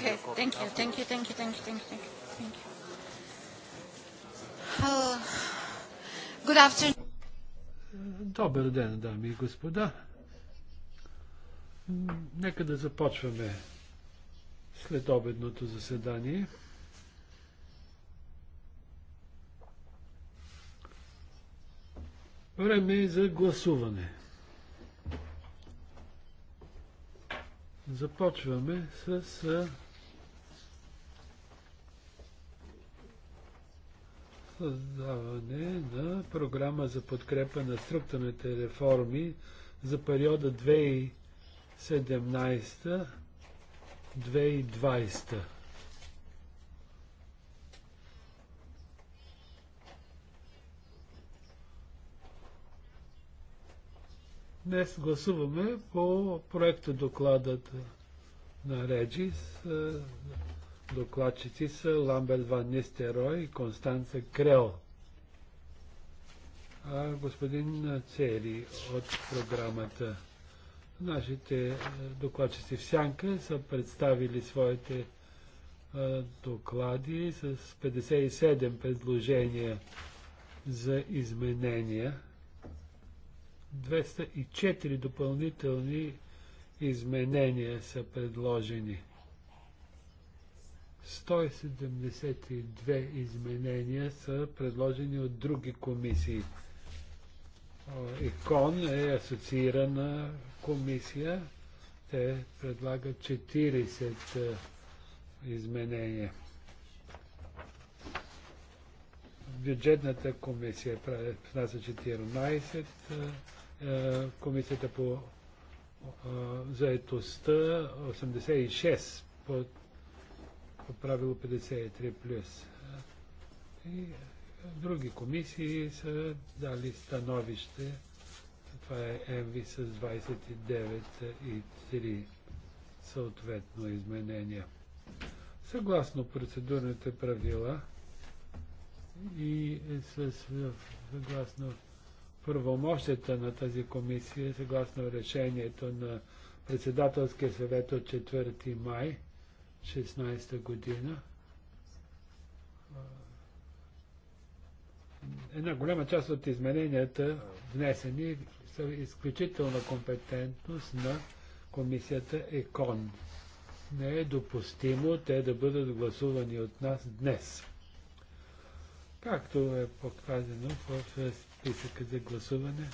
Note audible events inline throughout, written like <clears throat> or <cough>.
Okay, thank you, thank you, thank you, thank you, thank you, thank you. good afternoon. Добър ден, дами и господа. Нека да започваме след обедното заседание. Време е за гласуване. Започваме с създаване на програма за подкрепа на структурните реформи за периода 2017-2020. Днес гласуваме по проекта докладът на Реджис Докладчици са Ламберт Ван Нестерой и Констанца Крел. А господин Цели от програмата. Нашите е, докладчици в Сянка са представили своите е, доклади с 57 предложения за изменения. 204 допълнителни изменения са предложени. 172 изменения са предложени от други комисии. ИКОН е асоциирана комисия. Те предлагат 40 е, изменения. Бюджетната комисия внася 14, е, е, комисията по заетостта 86 по по правило 53+. И други комисии са дали становище. Това е МВ с 29 и 3 съответно изменения. Съгласно процедурните правила и с, съгласно първомощията на тази комисия, съгласно решението на председателския съвет от 4 май, 2016 година една голяма част от измененията внесени са изключителна компетентност на комисията ЕКОН. Не е допустимо те да бъдат гласувани от нас днес. Както е показано в списъка за гласуване,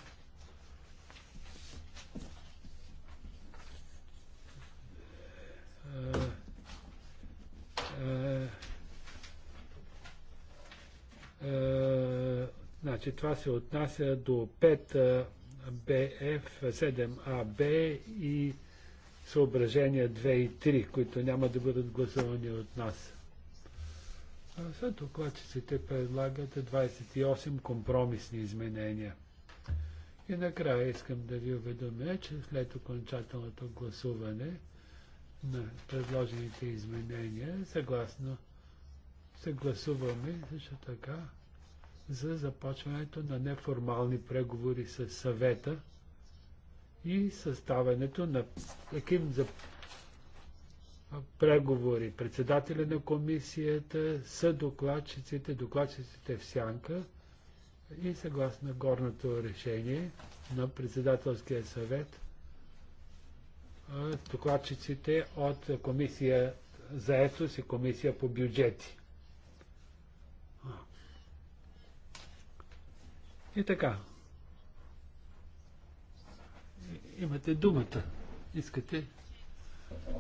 Uh... Е, е, значи, това се отнася до 5 БФ, 7АБ и съображения 2 и 3, които няма да бъдат гласувани от нас. След докладчиците предлагат 28 компромисни изменения. И накрая искам да ви уведомя, че след окончателното гласуване на предложените изменения. Съгласно се гласуваме също така за започването на неформални преговори с съвета и съставянето на екип за преговори. Председателя на комисията, докладчиците, докладчиците в сянка и съгласно горното решение на председателския съвет докладчиците от комисия за етос и комисия по бюджети. И така. Имате думата. Искате?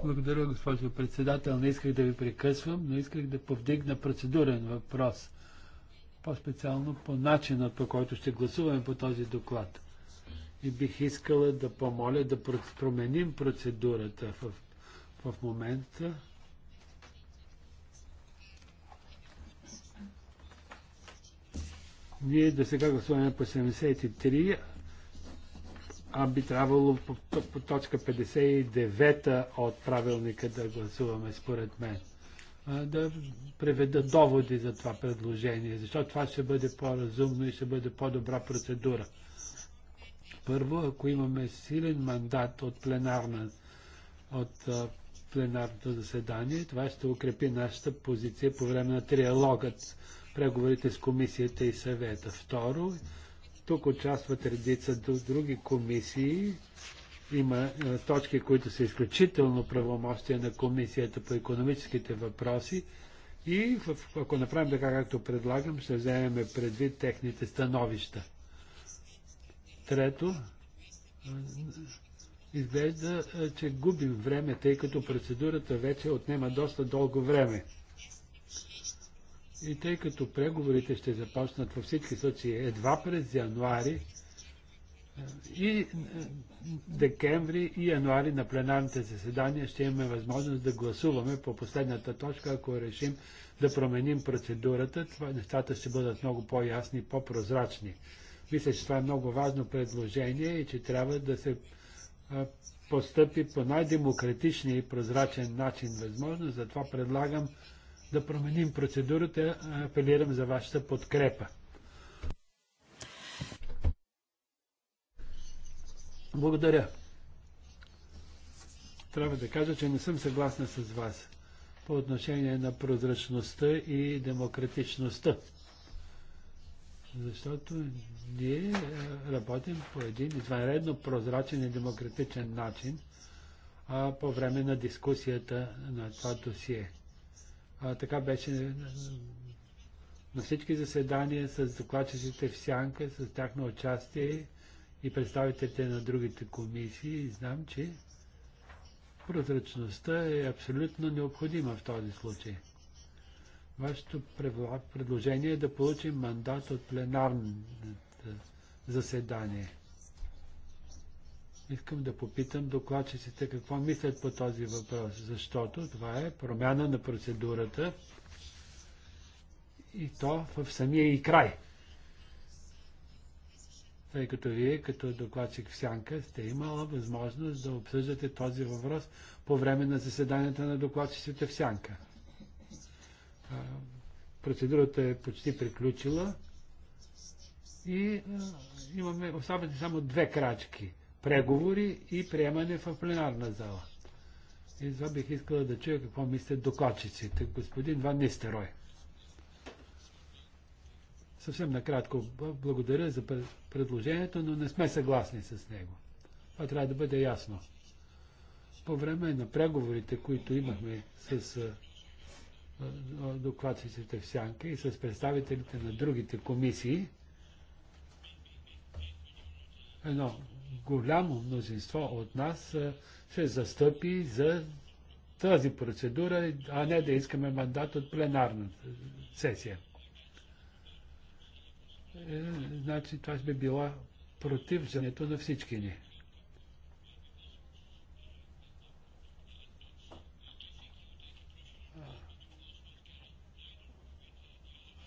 Благодаря, госпожо председател. Не исках да ви прекъсвам, но исках да повдигна процедурен въпрос. По-специално по начина, по който ще гласуваме по този доклад и бих искала да помоля да променим процедурата в, в момента. Ние до сега гласуваме по 73, а би трябвало по, по, по точка 59 от правилника да гласуваме, според мен. А, да преведа доводи за това предложение, защото това ще бъде по-разумно и ще бъде по-добра процедура. Първо, ако имаме силен мандат от, пленарна, от а, пленарното заседание, това ще укрепи нашата позиция по време на триалогът, преговорите с комисията и съвета. Второ, тук участват редица други комисии. Има точки, които са изключително правомощия на комисията по економическите въпроси. И ако направим така, както предлагам, ще вземем предвид техните становища. Трето, изглежда, е, че губим време, тъй като процедурата вече отнема доста дълго време. И тъй като преговорите ще започнат във всички случаи едва през януари, е, и е, декември и януари на пленарните заседания ще имаме възможност да гласуваме по последната точка, ако решим да променим процедурата. Това нещата ще бъдат много по-ясни, по-прозрачни. Мисля, че това е много важно предложение и че трябва да се постъпи по най-демократичния и прозрачен начин възможно. Затова предлагам да променим процедурата. Апелирам за вашата подкрепа. Благодаря. Трябва да кажа, че не съм съгласна с вас по отношение на прозрачността и демократичността. Защото ние е, работим по един извънредно прозрачен и демократичен начин а, по време на дискусията на това досие. А, така беше на всички заседания с докладчиците в Сянка, с тяхно участие и представителите на другите комисии. Знам, че прозрачността е абсолютно необходима в този случай. Вашето предложение е да получим мандат от пленарното заседание. Искам да попитам докладчиците какво мислят по този въпрос, защото това е промяна на процедурата и то в самия и край. Тъй като вие, като докладчик в Сянка, сте имала възможност да обсъждате този въпрос по време на заседанията на докладчиците в Сянка. Процедурата е почти приключила и имаме, остават само две крачки. Преговори и приемане в пленарна зала. И това бих искала да чуя какво мислят докладчиците. Господин Ван Нистерой. Съвсем накратко благодаря за предложението, но не сме съгласни с него. Това трябва да бъде ясно. По време на преговорите, които имахме с докладчиците в Сянка и с представителите на другите комисии. Едно голямо мнозинство от нас се застъпи за тази процедура, а не да искаме мандат от пленарната сесия. Е, значи това би била против женето на всички ни.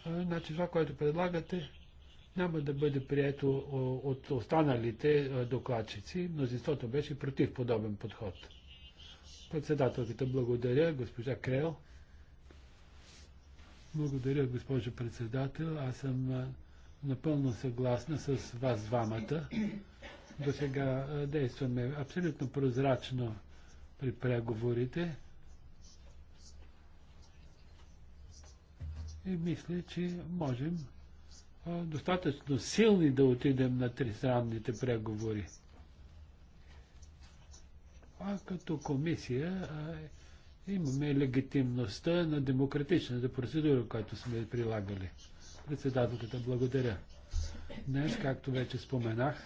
Е, значи това, което предлагате, няма да бъде прието от останалите е, докладчици. Мнозинството беше против подобен подход. Председателката благодаря, госпожа Крел. Благодаря, госпожо председател. Аз съм е, напълно съгласна с вас двамата. До сега действаме абсолютно прозрачно при преговорите. И мисля, че можем достатъчно силни да отидем на тристранните преговори. А като комисия а, имаме легитимността на демократичната процедура, която сме прилагали. Председателката, благодаря. Днес, както вече споменах,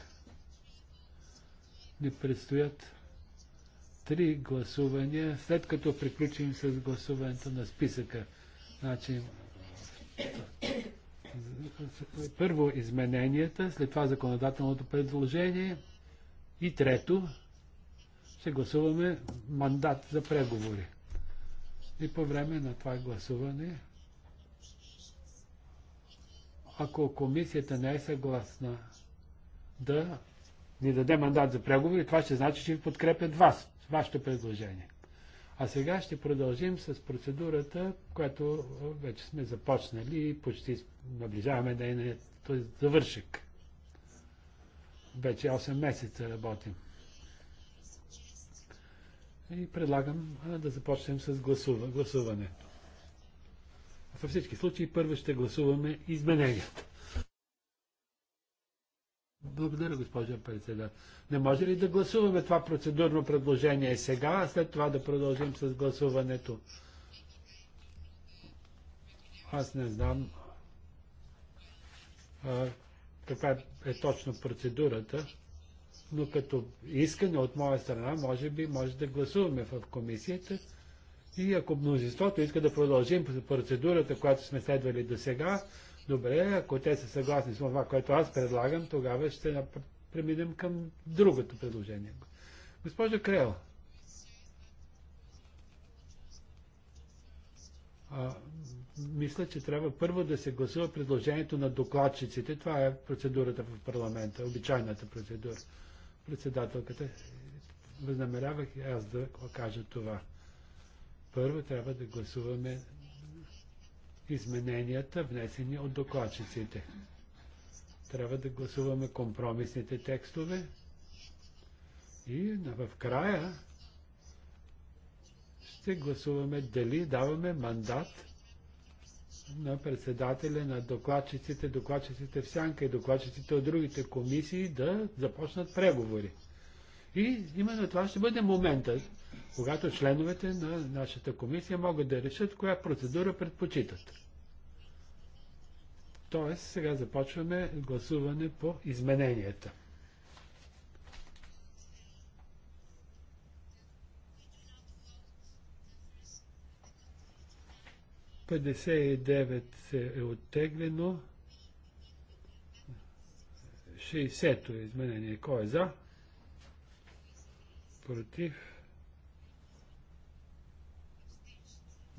ни предстоят три гласувания, след като приключим с гласуването на списъка. Значи първо измененията, след това законодателното предложение и трето ще гласуваме мандат за преговори. И по време на това гласуване, ако комисията не е съгласна да ни даде мандат за преговори, това ще значи, че ви подкрепят вас, вашето предложение. А сега ще продължим с процедурата, която вече сме започнали и почти наближаваме е нейното този завършек. Вече 8 месеца работим. И предлагам да започнем с гласуване. Във всички случаи първо ще гласуваме измененията. Благодаря, госпожа председател. Не може ли да гласуваме това процедурно предложение сега, а след това да продължим с гласуването? Аз не знам а, каква е точно процедурата, но като искане от моя страна, може би може да гласуваме в комисията и ако мнозинството иска да продължим процедурата, която сме следвали до сега, Добре, ако те са съгласни с това, което аз предлагам, тогава ще преминем към другото предложение. Госпожо Крел. А, мисля, че трябва първо да се гласува предложението на докладчиците. Това е процедурата в парламента, обичайната процедура. Председателката, възнамерявах и аз да кажа това. Първо трябва да гласуваме измененията, внесени от докладчиците. Трябва да гласуваме компромисните текстове и в края ще гласуваме дали даваме мандат на председателя, на докладчиците, докладчиците в сянка и докладчиците от другите комисии да започнат преговори. И именно това ще бъде моментът, когато членовете на нашата комисия могат да решат коя процедура предпочитат. Тоест, сега започваме гласуване по измененията. е оттеглено. 60-то е изменение. Кой е за? против,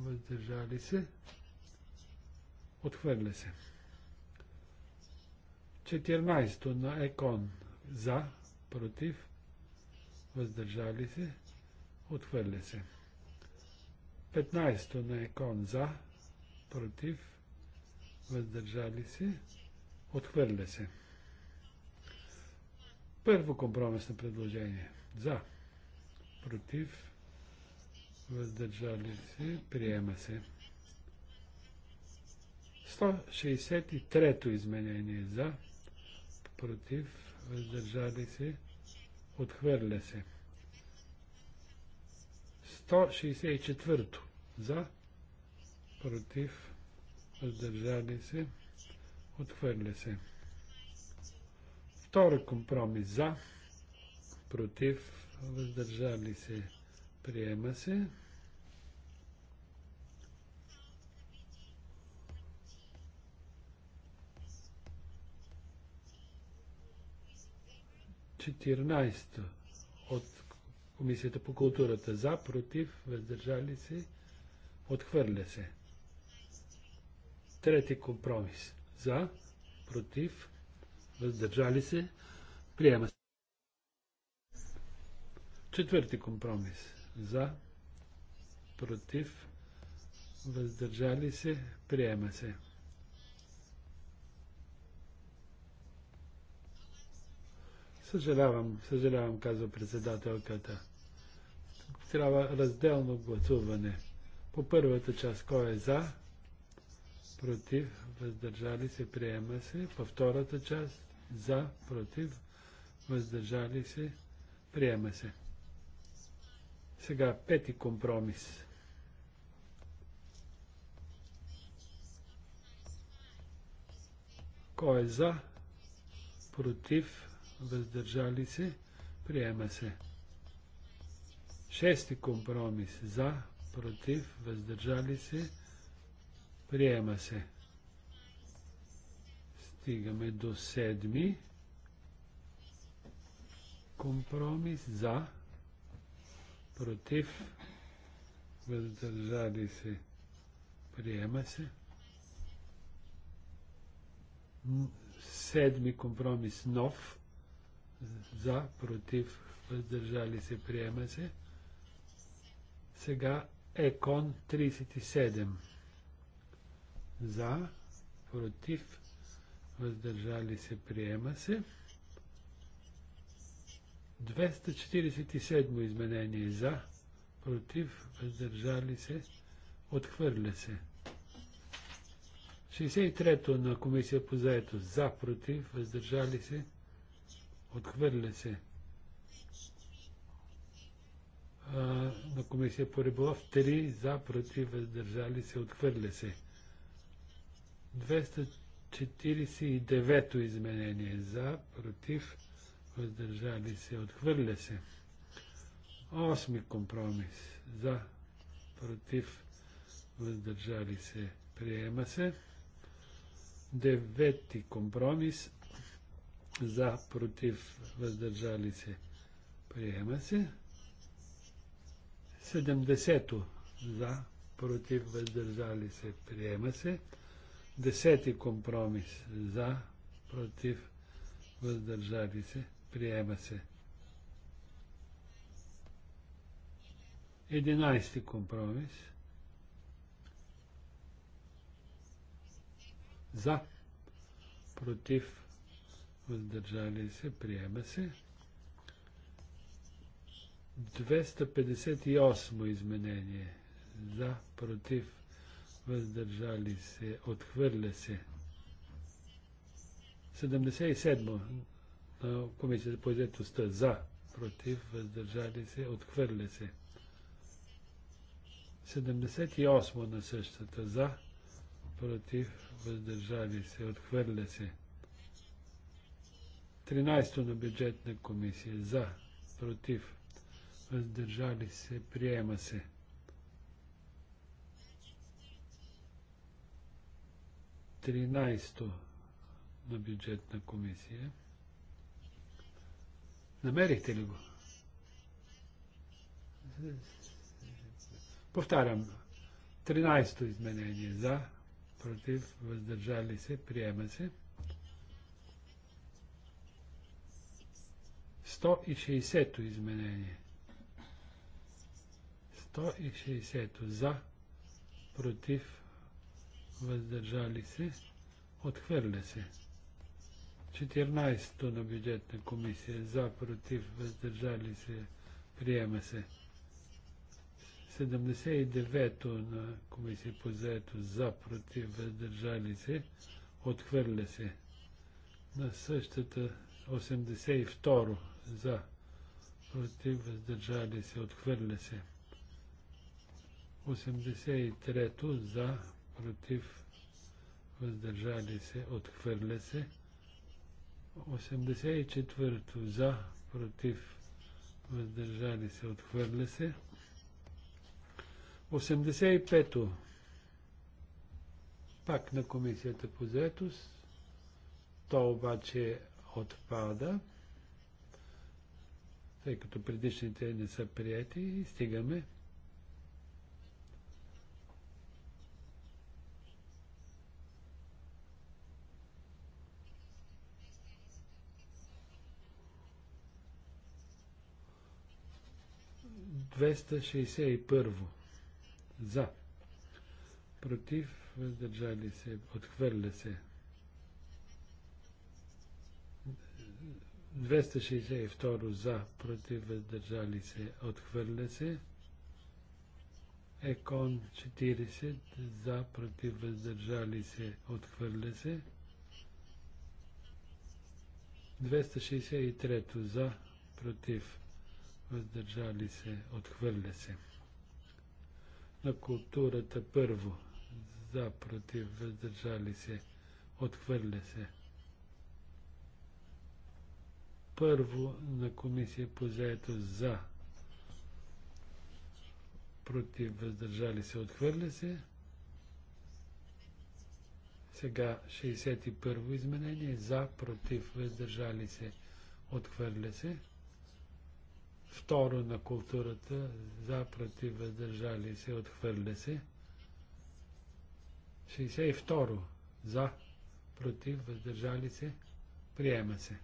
въздържали се, отхвърля се. 14 на Екон за, против, въздържали се, отхвърля се. 15 на Екон за, против, въздържали се, отхвърля се. Първо компромисно предложение. За против, въздържали се, приема се. 163-то изменение за, против, въздържали се, отхвърля се. 164-то за, против, въздържали се, отхвърля се. Втори компромис за, против, въздържали се, приема се. Четирнайсто от Комисията по културата за, против, въздържали се, отхвърля се. Трети компромис за, против, въздържали се, приема се. Четвърти компромис. За, против, въздържали се, приема се. Съжалявам, съжалявам, казва председателката. Трябва разделно гласуване. По първата част, кой е за, против, въздържали се, приема се. По втората част, за, против, въздържали се, приема се. Сега пети компромис. Кой е за? Против? Въздържали се? Приема се. Шести компромис. За? Против? Въздържали се? Приема се. Стигаме до седми. Компромис за против, въздържали се, приема се. Седми компромис нов, за, против, въздържали се, приема се. Сега Екон 37. За, против, въздържали се, приема се. 247 изменение за, против, въздържали се, отхвърля се. 63-то на комисия по заето за, против, въздържали се, отхвърля се. А, на комисия по риболов 3 за, против, въздържали се, отхвърля се. 249-то изменение за, против, въздържали се въздържали се, отхвърля се. Осми компромис за, против, въздържали се, приема се. Девети компромис за, против, въздържали се, приема се. Седемдесето за, против, въздържали се, приема се. Десети компромис за, против, въздържали се, Приема се. 11 компромис. За. Против. Въздържали се. Приема се. 258 изменение. За. Против. Въздържали се. Отхвърля се. 77 Комисията по заедостта за, против, въздържали се, отхвърля се. 78 на същата за, против, въздържали се, отхвърля се. 13 на бюджетна комисия за, против, въздържали се, приема се. Тринайсто на бюджетна комисия. Намерихте ли го? Повтарям. 13-то изменение за, против, въздържали се, приема се. 160-то изменение. 160-то за, против, въздържали се, отхвърля се. 14 на бюджетна комисия. За, против, въздържали се, приема се. 79-то на комисия по заето за, против, въздържали се, отхвърля се. На същата 82-ро за, против, въздържали се, отхвърля се. 83-то за, против, въздържали се, отхвърля се. 84-то за, против, въздържали се, отхвърля се. 85-то пак на комисията по заетост. То обаче отпада, тъй като предишните не са прияти и стигаме 261 за, против, въздържали се, отхвърля се. 262 за, против, въздържали се, отхвърля се. Екон 40 за, против, въздържали се, отхвърля се. 263 за, против, въздържали се, отхвърля се. На културата първо, за, против, въздържали се, отхвърля се. Първо на комисия по заето за, против, въздържали се, отхвърля се. Сега 61 изменение, за, против, въздържали се, отхвърля се. Второ на културата, за, против, въздържали се, отхвърля се. 62. За, против, въздържали се, приема се.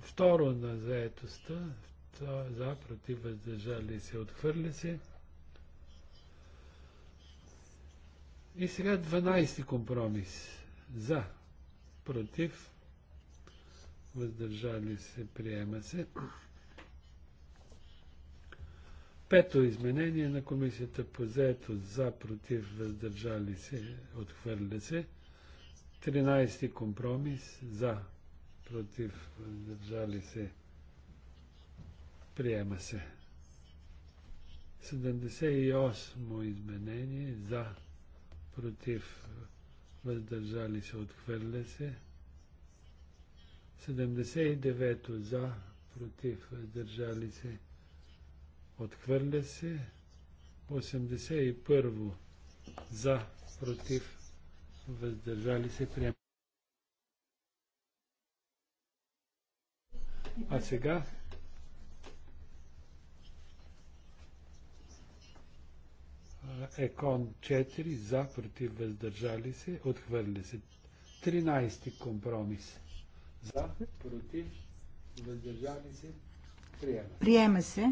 Второ на заетостта, за, против, въздържали се, отхвърля се. И сега 12 компромис. За, против, въздържали се, приема се. Пето изменение на комисията по заето за, против, въздържали се, отхвърля се. 13 компромис за, против, въздържали се, приема се. 78 изменение за, против, въздържали се, отхвърля се. 79 за, против, въздържали се, се. Отхвърля се. 81 за, против, въздържали се, приема. А сега Екон 4 за, против, въздържали се, отхвърли се. 13 компромис. За, против, въздържали се, приема. Приема се.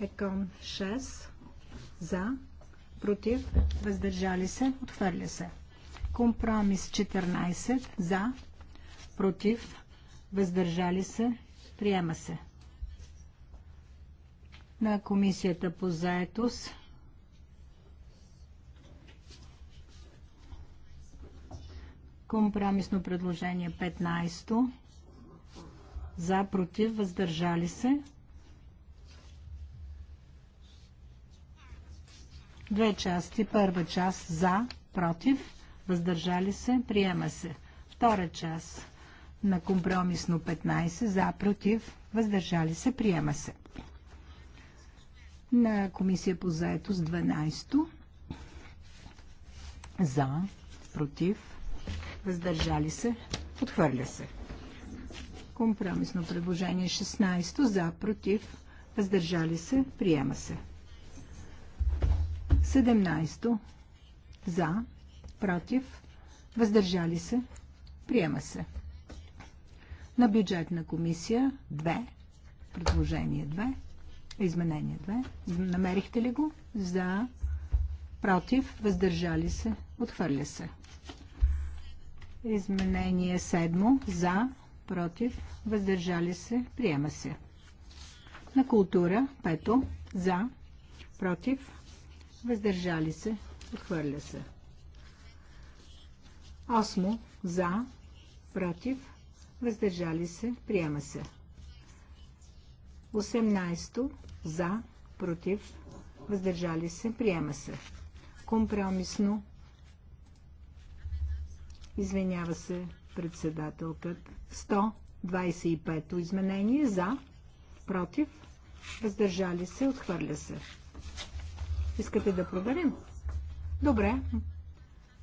Екон 6 за, против, въздържали се, отхвърля се. Компромис 14 за, против, въздържали се, приема се. На комисията по заетост компромисно предложение 15 за, против, въздържали се, Две части. Първа част за, против, въздържали се, приема се. Втора част на компромисно 15 за, против, въздържали се, приема се. На комисия по заетост 12 за, против, въздържали се, отхвърля се. Компромисно предложение 16 за, против, въздържали се, приема се. 17 за, против, въздържали се, приема се. На бюджетна комисия 2, предложение 2, изменение 2, намерихте ли го? За, против, въздържали се, отхвърля се. Изменение 7, за, против, въздържали се, приема се. На култура 5, за, против, въздържали се, отхвърля се. Осмо за, против, въздържали се, приема се. 18 за, против, въздържали се, приема се. Компромисно, извинява се председателкът, 125 изменение за, против, въздържали се, отхвърля се. Искате да проверим? Добре.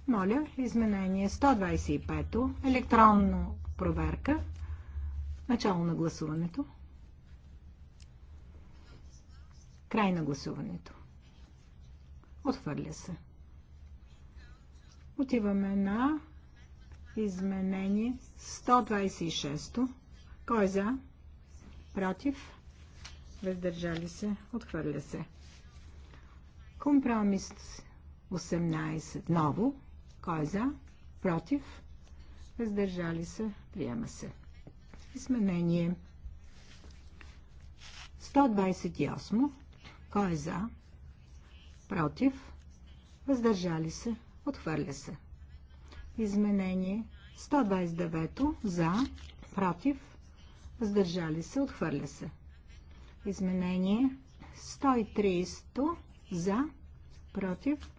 Моля, изменение 125-то, електронно проверка, начало на гласуването, край на гласуването. Отхвърля се. Отиваме на изменение 126-то. Кой е за? Против? Въздържали се? Отхвърля се. Компромис 18. Ново. Кой е за? Против? Въздържали се? Приема се. Изменение 128. Кой е за? Против? Въздържали се? Отхвърля се. Изменение 129. За? Против? Въздържали се? Отхвърля се. Изменение 130 за, против,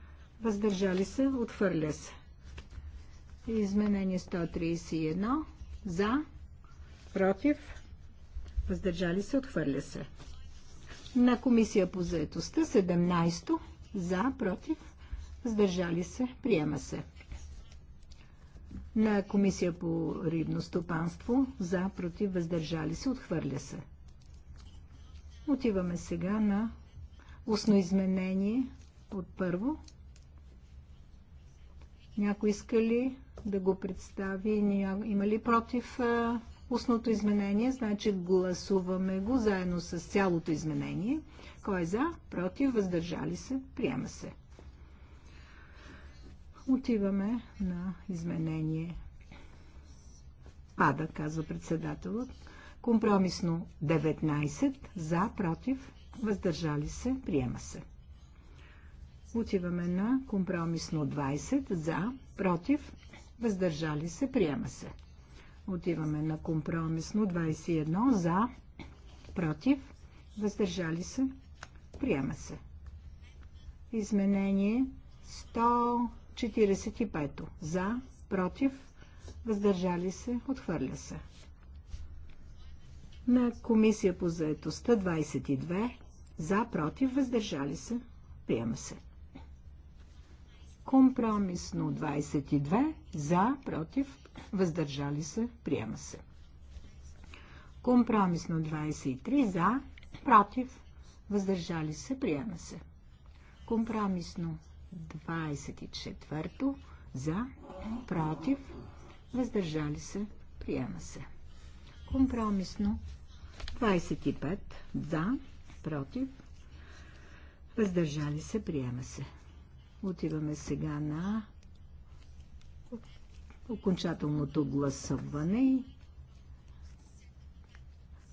въздържали се, отхвърля се. Изменение 131 за, против, въздържали се, отхвърля се. На комисия по заетостта 17 за, против, въздържали се, приема се. На комисия по рибно стопанство за, против, въздържали се, отхвърля се. Отиваме сега на устно изменение от първо. Някой иска ли да го представи? Има ли против устното изменение? Значи гласуваме го заедно с цялото изменение. Кой е за? Против? Въздържали се? Приема се. Отиваме на изменение. Пада, казва председателът. Компромисно 19, за, против, въздържали се, приема се. Отиваме на компромисно 20 за, против, въздържали се, приема се. Отиваме на компромисно 21 за, против, въздържали се, приема се. Изменение 145 за, против, въздържали се, отхвърля се. На комисия по заетостта 22 за, против, въздържали се, приема се. Компромисно 22. За, против, въздържали се, приема се. Компромисно 23. За, против, въздържали се, приема се. Компромисно 24. За, против, въздържали се, приема се. Компромисно 25. За, против, въздържали се, приема се. Отиваме сега на окончателното гласуване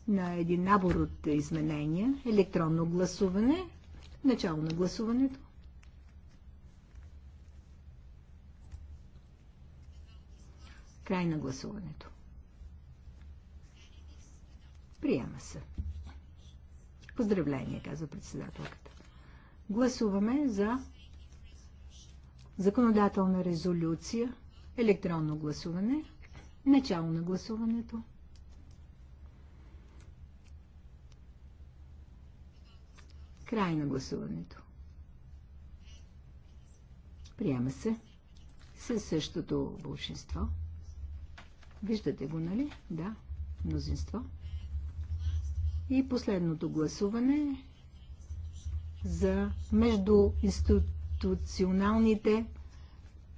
на един набор от изменения, електронно гласуване, начало на гласуването. Край на гласуването. Приема се. Поздравление, казва председателката. Гласуваме за законодателна резолюция, електронно гласуване, начало на гласуването. Край на гласуването. Приема се със същото большинство. Виждате го, нали? Да, мнозинство. И последното гласуване за междуинституционалните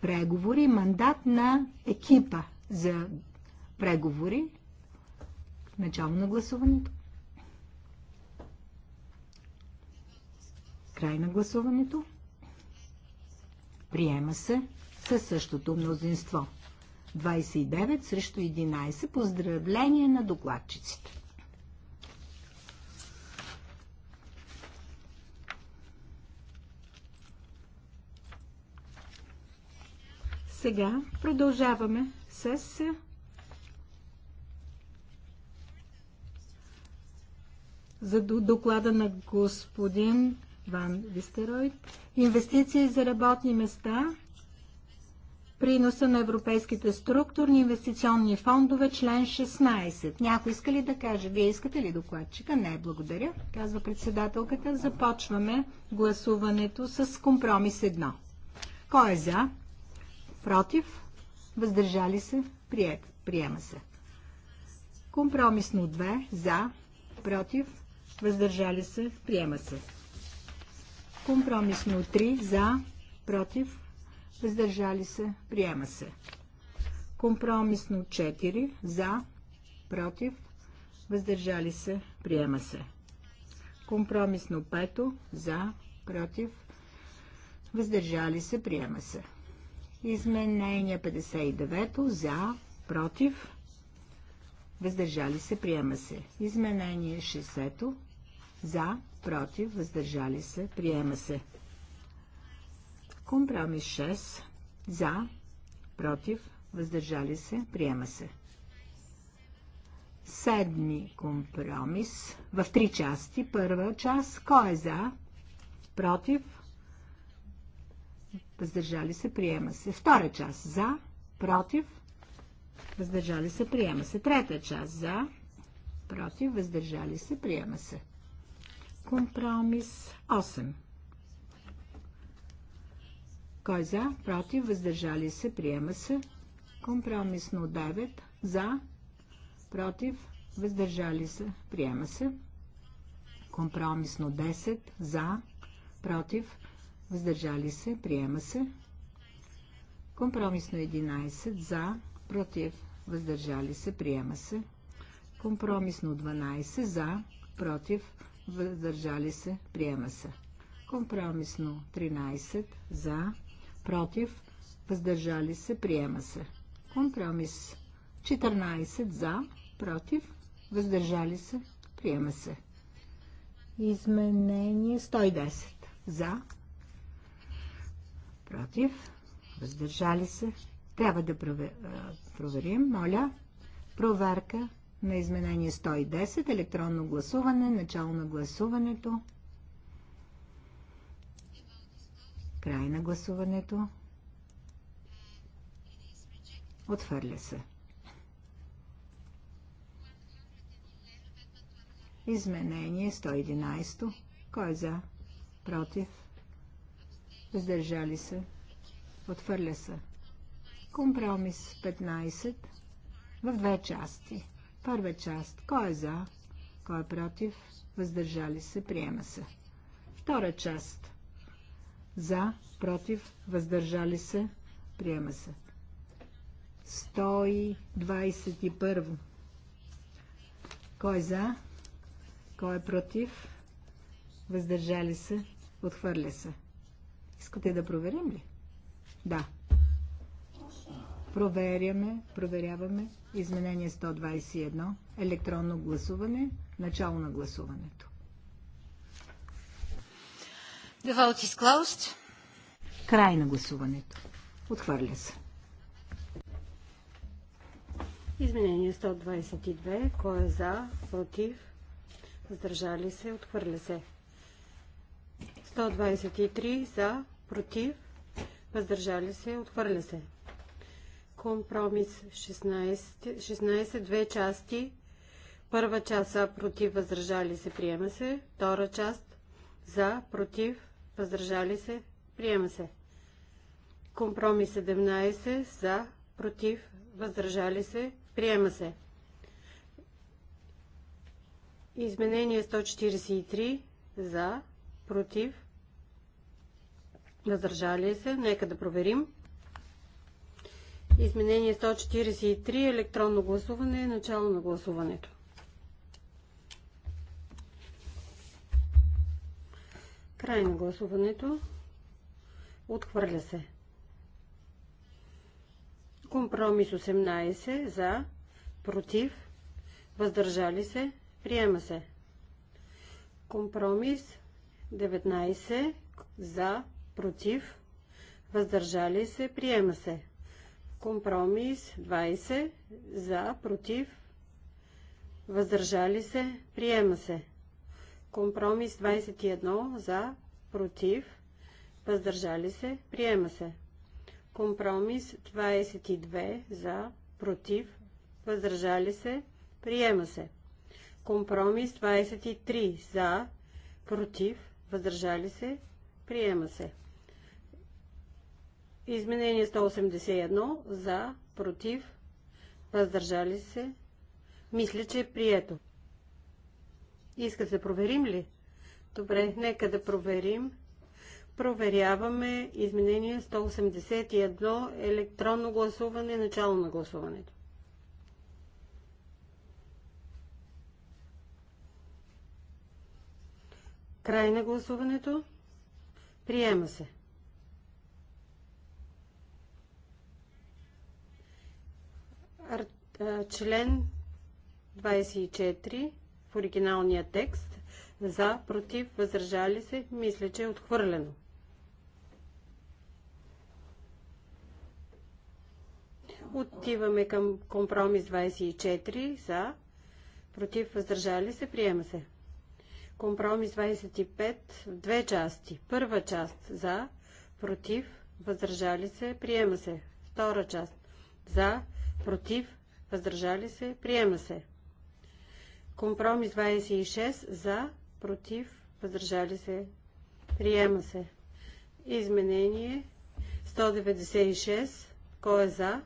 преговори, мандат на екипа за преговори. Начало на гласуването. Край на гласуването. Приема се със същото мнозинство. 29 срещу 11. Поздравление на докладчиците. Сега продължаваме с за доклада на господин Ван Вистерой. Инвестиции за работни места, приноса на европейските структурни инвестиционни фондове, член 16. Някой иска ли да каже? Вие искате ли докладчика? Не, благодаря, казва председателката. Започваме гласуването с компромис 1. Кой е за? против, въздържали се, прият, приема се. Компромисно 2 за, против, въздържали се, приема се. Компромисно 3 за, против, въздържали се, приема се. Компромисно 4 за, против, въздържали се, приема се. Компромисно 5 за, против, въздържали се, приема се. Изменение 59 за, против, въздържали се, приема се. Изменение 60 за, против, въздържали се, приема се. Компромис 6 за, против, въздържали се, приема се. Седми компромис в три части. Първа част, кой е за, против, въздържали се, приема се. Втора част за, против, въздържали се, приема се. Трета част за, против, въздържали се, приема се. Компромис 8. Кой за, против, въздържали се, приема се. Компромисно 9. За, против, въздържали се, приема се. Компромисно 10. За, против, въздържали се, приема се. Компромисно 11 за, против, въздържали се, приема се. Компромисно 12 за, против, въздържали се, приема се. Компромисно 13 за, против, въздържали се, приема се. Компромис 14 за, против, въздържали се, приема се. Изменение 110 за, против, въздържали се. Трябва да проверим, моля. Проверка на изменение 110, електронно гласуване, начало на гласуването. Край на гласуването. Отвърля се. Изменение 111. Кой е за? Против? въздържали се, отхвърля се. Компромис 15 в две части. Първа част. Кой е за? Кой е против? Въздържали се. Приема се. Втора част. За, против, въздържали се. Приема се. 121. Кой е за? Кой е против? Въздържали се. Отхвърля се. Искате да проверим ли? Да. Проверяме, проверяваме. Изменение 121. Електронно гласуване. Начало на гласуването. The vote is closed. Край на гласуването. Отхвърля се. Изменение 122. Кой е за? Против? Въздържали се? Отхвърля се. 123 за, против, въздържали се, отхвърля се. Компромис 16, 16 две части. Първа част за, против, въздържали се, приема се. Втора част за, против, въздържали се, приема се. Компромис 17 за, против, въздържали се, приема се. Изменение 143 за, против, Въздържали се. Нека да проверим. Изменение 143. Електронно гласуване. Начало на гласуването. Край на гласуването. Отхвърля се. Компромис 18 за, против, въздържали се, приема се. Компромис 19 за, против, въздържали се, приема се. Компромис 20 за, против, въздържали се, приема се. Компромис 21 за, против, въздържали се, приема се. Компромис 22 за, против, въздържали се, приема се. Компромис 23 за, против, въздържали се, приема се. Изменение 181 за, против, въздържали се. Мисля, че е прието. Искате да проверим ли? Добре, нека да проверим. Проверяваме изменение 181 електронно гласуване, начало на гласуването. Край на гласуването. Приема се. член 24 в оригиналния текст за, против, въздържали се, мисля, че е отхвърлено. Отиваме към компромис 24 за, против, въздържали се, приема се. Компромис 25 в две части. Първа част за, против, въздържали се, приема се. Втора част за, против, въздържали се, приема се. Компромис 26 за, против, въздържали се, приема се. Изменение 196, кой е за,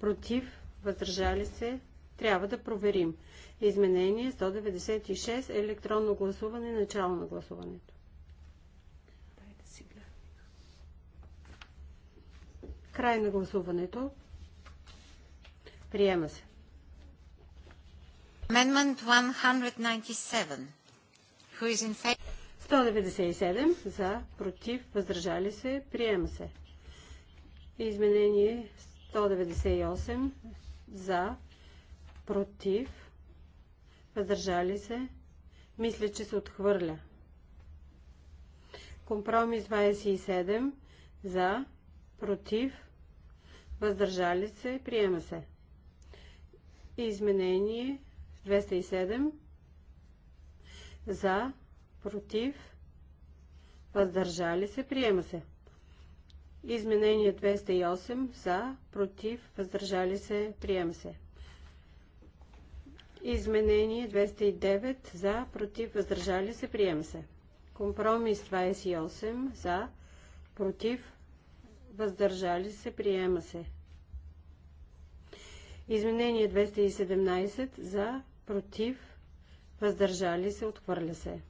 против, въздържали се, трябва да проверим. Изменение 196, електронно гласуване, начало на гласуването. Край на гласуването. Приема се. Amendment 197. Who is in favor? 197 за, против, въздържали се, приема се. Изменение 198 за, против, въздържали се, мисля, че се отхвърля. Компромис 27 за, против, въздържали се, приема се. Изменение 207 за, против, въздържали се, приема се. Изменение 208 за, против, въздържали се, приема се. Изменение 209 за, против, въздържали се, приема се. Компромис 28 за, против, въздържали се, приема се. Изменение 217 за, против, въздържали се, отхвърля се.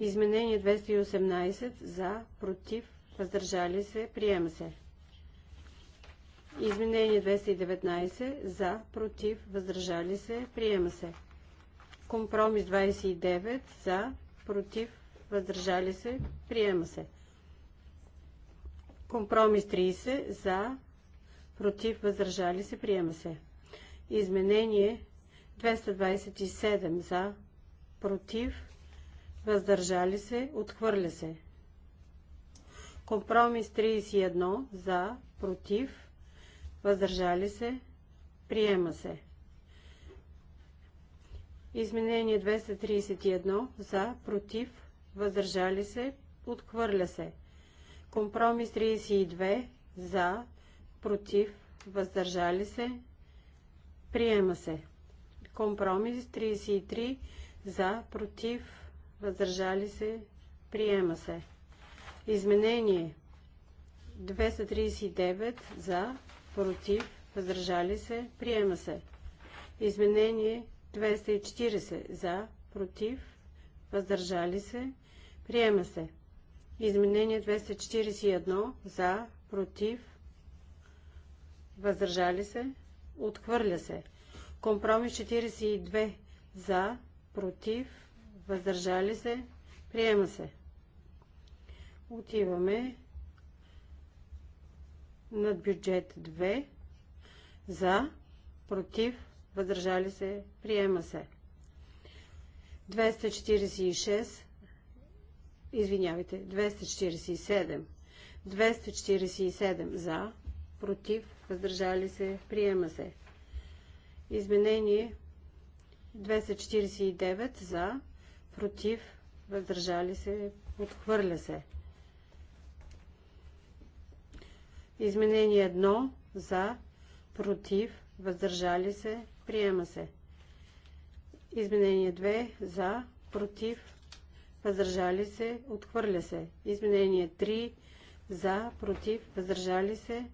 Изменение 218 за, против, въздържали се, приема се. Изменение 219 за, против, въздържали се, приема се. Компромис 29 за, против, въздържали се, приема се. Компромис 30 за, против, въздържали се, приема се. Изменение 227 за, против, въздържали се, отхвърля се. Компромис 31 за, против, въздържали се, приема се. Изменение 231 за, против, въздържали се, отхвърля се. Компромис 32 за, против, въздържали се, приема се. Компромис 33 за, против, въздържали се, приема се. Изменение 239 за, против, въздържали се, приема се. Изменение 240 за, против, въздържали се, приема се. Изменение 241 за, против, въздържали се, отхвърля се. Компромис 42 за, против, въздържали се, приема се. Отиваме над бюджет 2 за, против, въздържали се, приема се. 246, извинявайте, 247, 247 за, против, въздържали се, приема се. Изменение 249 за, против, въздържали се, отхвърля се. Изменение 1 за, против, въздържали се, приема се. Изменение 2 за, против, въздържали се, отхвърля се. Изменение 3 за, против, въздържали се,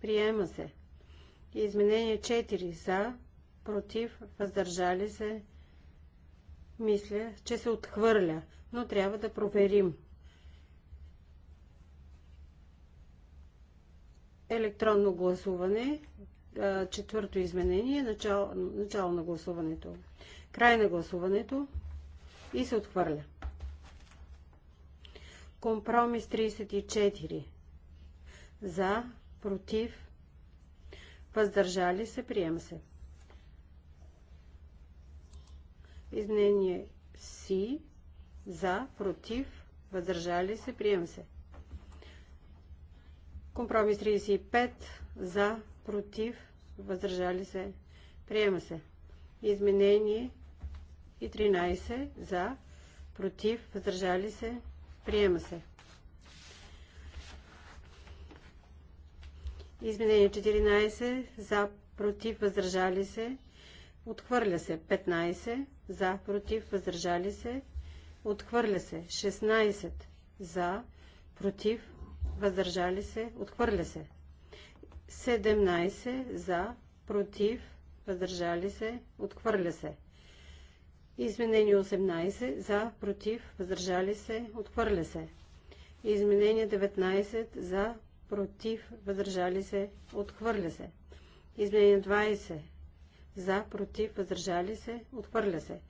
Приема се. Изменение 4 за, против, въздържали се. Мисля, че се отхвърля, но трябва да проверим. Електронно гласуване, четвърто изменение, начало, начало на гласуването, край на гласуването и се отхвърля. Компромис 34. За, против, въздържали се, приема се. Изменение си, за, против, въздържали се, приема се. Компромис 35, за, против, въздържали се, приема се. Изменение и 13, за, против, въздържали се, приема се. Изменение 14 за, против, въздържали се. Отхвърля се 15 за, против, въздържали се. Отхвърля се 16 за, против, въздържали се. Отхвърля се 17 за, против, въздържали се. Отхвърля се. Изменение 18 за, против, въздържали се. Отхвърля се. Изменение 19 за, против, въздържали се, отхвърля се. Изменение 20. За, против, въздържали се, отхвърля се.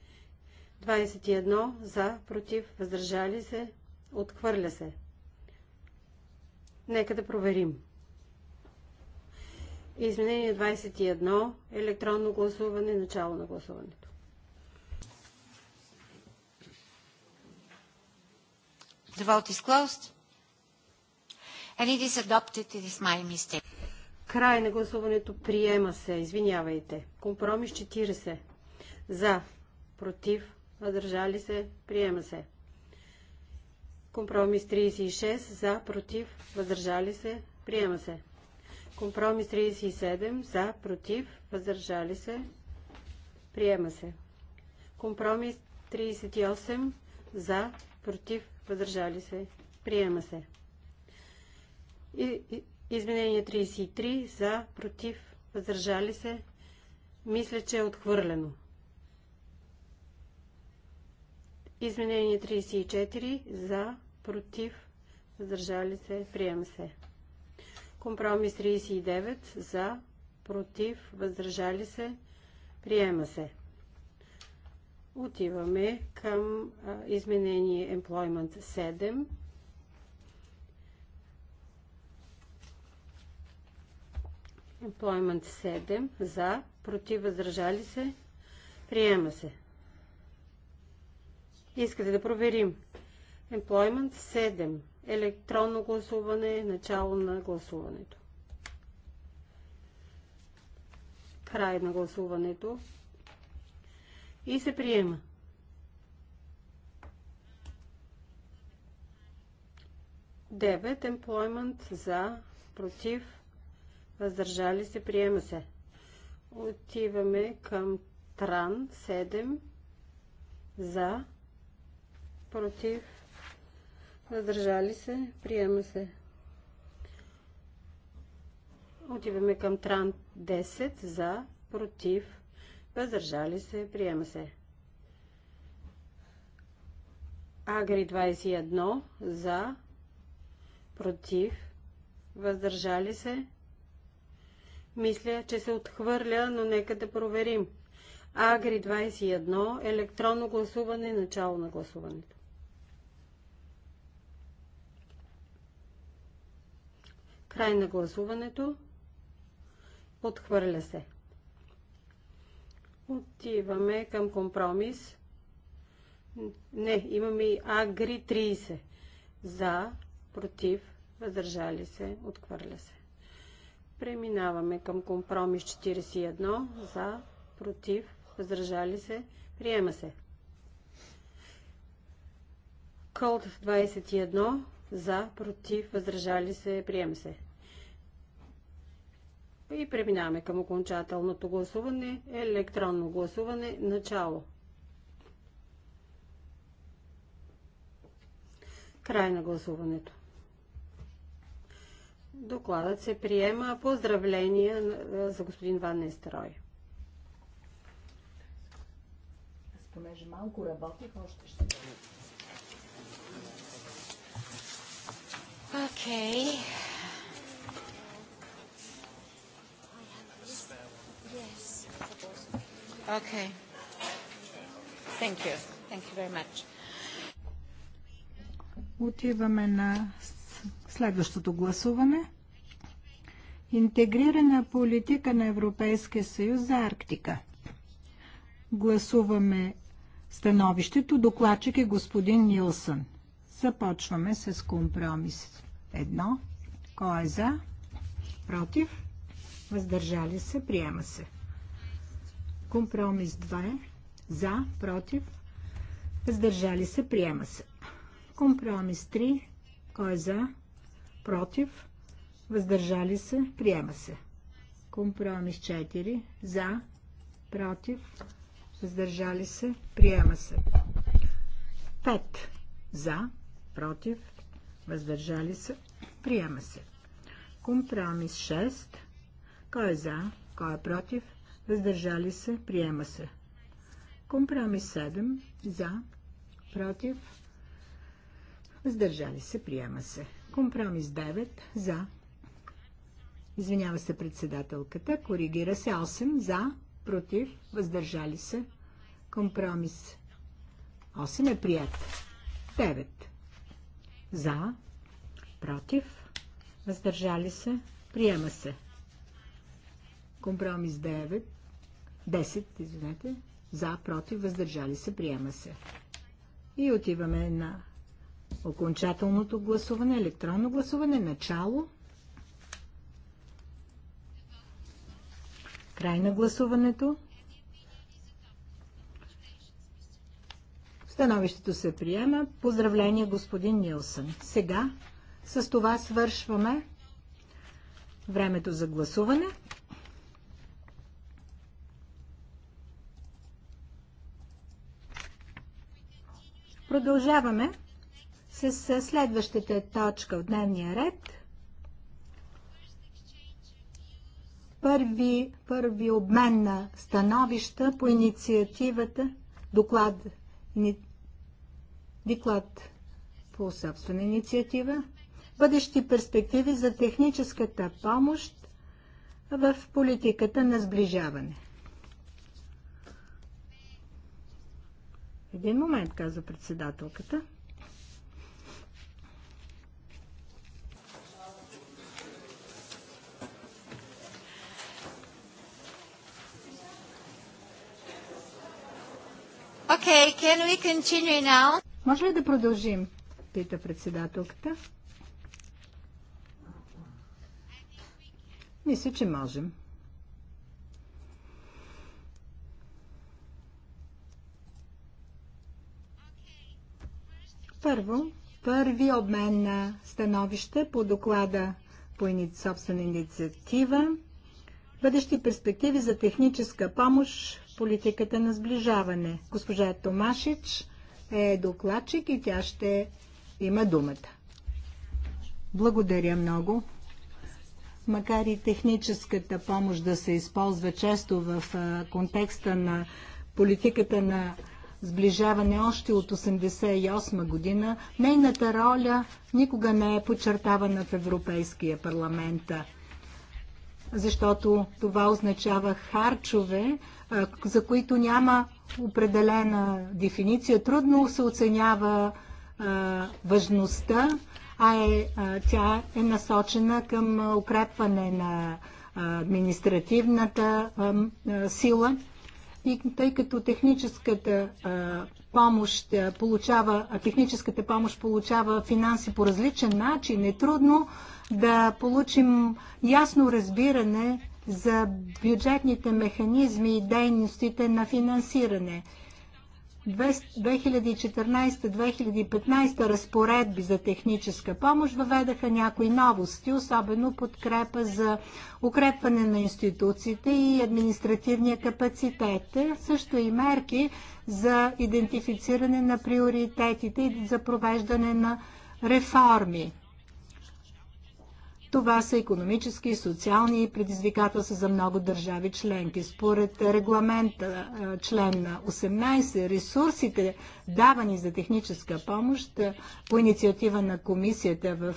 21. За, против, въздържали се, отхвърля се. Нека да проверим. Изменение 21. Електронно гласуване. Начало на гласуването. The vote is closed. And it is adopted. It is my mistake. Край на гласуването. Приема се. Извинявайте. Компромис 40. За. Против. Въздържали се. Приема се. Компромис 36. За. Против. Въздържали се. Приема се. Компромис 37. За. Против. Въздържали се. Приема се. Компромис 38. За. Против. Въздържали се. Приема се. Изменение 33 за, против, въздържали се. Мисля, че е отхвърлено. Изменение 34 за, против, въздържали се, приема се. Компромис 39 за, против, въздържали се, приема се. Отиваме към а, изменение Employment 7 Employment 7 за, против, въздържали се, приема се. Искате да проверим. Employment 7. Електронно гласуване, начало на гласуването. Край на гласуването. И се приема. Девет. Employment за, против, въздържали се, приема се. Отиваме към Тран 7 за, против, въздържали се, приема се. Отиваме към Тран 10 за, против, въздържали се, приема се. Агри 21 за, против, въздържали се, мисля, че се отхвърля, но нека да проверим. Агри 21. Електронно гласуване. Начало на гласуването. Край на гласуването. Отхвърля се. Отиваме към компромис. Не, имаме и Агри 30. За, против, въздържали се, отхвърля се. Преминаваме към компромис 41 за, против, въздържали се, приема се. Колд 21 за, против, въздържали се, приема се. И преминаваме към окончателното гласуване, електронно гласуване, начало. Край на гласуването. Докладът се приема. Поздравления за господин Ван Нестерой. Понеже малко работих, още ще... Окей. Окей. Okay. Thank you. Thank you very much. Отиваме на Следващото гласуване. Интегрирана политика на Европейския съюз за Арктика. Гласуваме становището. Докладчик е господин Нилсън. Започваме с компромис. Едно. Кой е за? Против? Въздържали се? Приема се. Компромис 2. За? Против? Въздържали се? Приема се. Компромис 3. Кой е за? Против? Въздържали се? Приема се. Компромис 4. За? Против? Въздържали се? Приема се. 5. За? Против? Въздържали се? Приема се. Компромис 6. Кой е за? Кой е против? Въздържали се? Приема се. Компромис 7. За? Против? Въздържали се, приема се. Компромис 9 за. Извинява се председателката. Коригира се 8 за, против, въздържали се. Компромис 8 е прият. 9 за, против, въздържали се, приема се. Компромис 9, 10, извинете, за, против, въздържали се, приема се. И отиваме на окончателното гласуване, електронно гласуване, начало, край на гласуването. Становището се приема. Поздравление, господин Нилсън. Сега с това свършваме времето за гласуване. Продължаваме с следващата точка в дневния ред. Първи, първи обмен на становища по инициативата доклад, ни, доклад по собствена инициатива бъдещи перспективи за техническата помощ в политиката на сближаване. Един момент, каза председателката. Okay, can we continue now? Може ли да продължим? Пита председателката. Мисля, че можем. Първо, първи обмен на становище по доклада по собствена инициатива, бъдещи перспективи за техническа помощ политиката на сближаване. Госпожа Томашич е докладчик и тя ще има думата. Благодаря много. Макар и техническата помощ да се използва често в контекста на политиката на сближаване още от 1988 година, нейната роля никога не е подчертавана в Европейския парламент защото това означава харчове, за които няма определена дефиниция. Трудно се оценява важността, а, е, тя е насочена към укрепване на административната сила. И тъй като техническата помощ получава, техническата помощ получава финанси по различен начин, е трудно да получим ясно разбиране за бюджетните механизми и дейностите на финансиране. 2014-2015 разпоредби за техническа помощ въведаха някои новости, особено подкрепа за укрепване на институциите и административния капацитет, също и мерки за идентифициране на приоритетите и за провеждане на реформи. Това са економически и социални предизвикателства за много държави членки. Според регламента член на 18, ресурсите давани за техническа помощ по инициатива на комисията в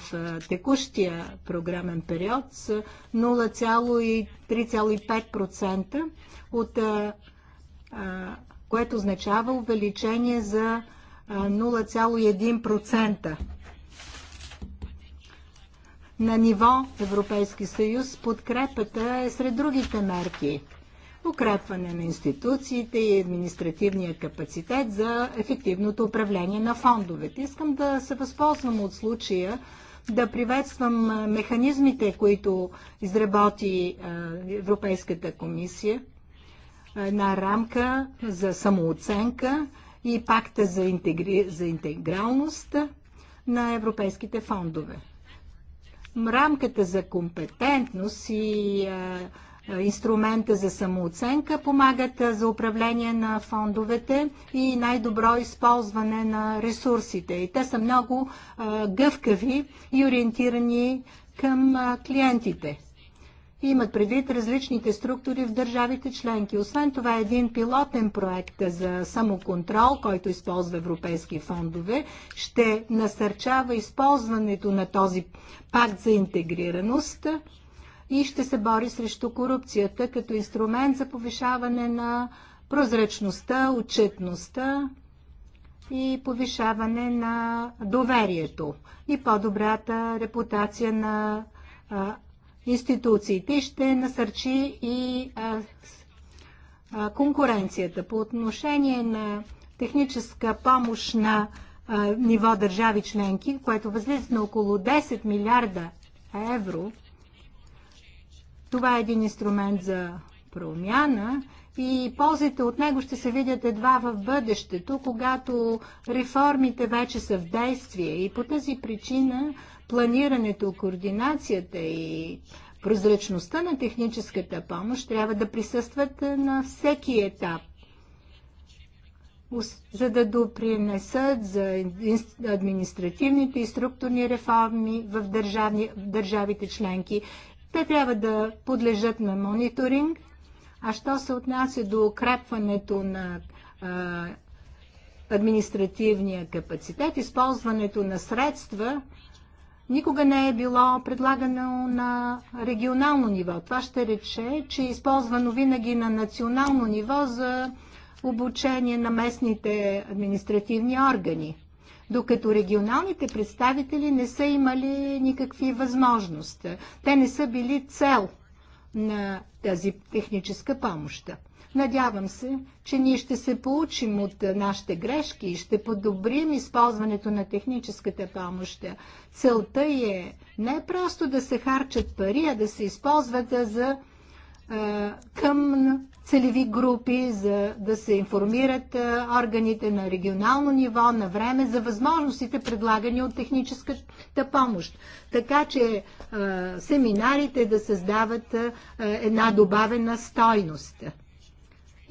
текущия програмен период са 0,3,5% от което означава увеличение за 0,1% на ниво Европейски съюз подкрепата е сред другите мерки. Укрепване на институциите и административния капацитет за ефективното управление на фондовете. Искам да се възползвам от случая да приветствам механизмите, които изработи Европейската комисия. Една рамка за самооценка и пакта за, интегри... за интегралност на европейските фондове рамката за компетентност и инструмента за самооценка помагат за управление на фондовете и най-добро използване на ресурсите. И те са много гъвкави и ориентирани към клиентите и имат предвид различните структури в държавите членки. Освен това е един пилотен проект за самоконтрол, който използва европейски фондове, ще насърчава използването на този пакт за интегрираност и ще се бори срещу корупцията като инструмент за повишаване на прозрачността, отчетността и повишаване на доверието и по-добрата репутация на институциите ще насърчи и а, а, конкуренцията. По отношение на техническа помощ на а, ниво държави членки, което възлиза на около 10 милиарда евро, това е един инструмент за промяна и ползите от него ще се видят едва в бъдещето, когато реформите вече са в действие. И по тази причина планирането, координацията и прозрачността на техническата помощ трябва да присъстват на всеки етап за да допринесат за административните и структурни реформи в, държавни, в държавите членки. Те трябва да подлежат на мониторинг, а що се отнася до укрепването на а, административния капацитет, използването на средства, никога не е било предлагано на регионално ниво. Това ще рече, че е използвано винаги на национално ниво за обучение на местните административни органи, докато регионалните представители не са имали никакви възможности. Те не са били цел на тази техническа помощ. Надявам се, че ние ще се получим от нашите грешки и ще подобрим използването на техническата помощ. Целта е не просто да се харчат пари, а да се използват за е, към целеви групи, за да се информират е, органите на регионално ниво, на време, за възможностите предлагани от техническата помощ. Така че е, семинарите да създават една добавена стойност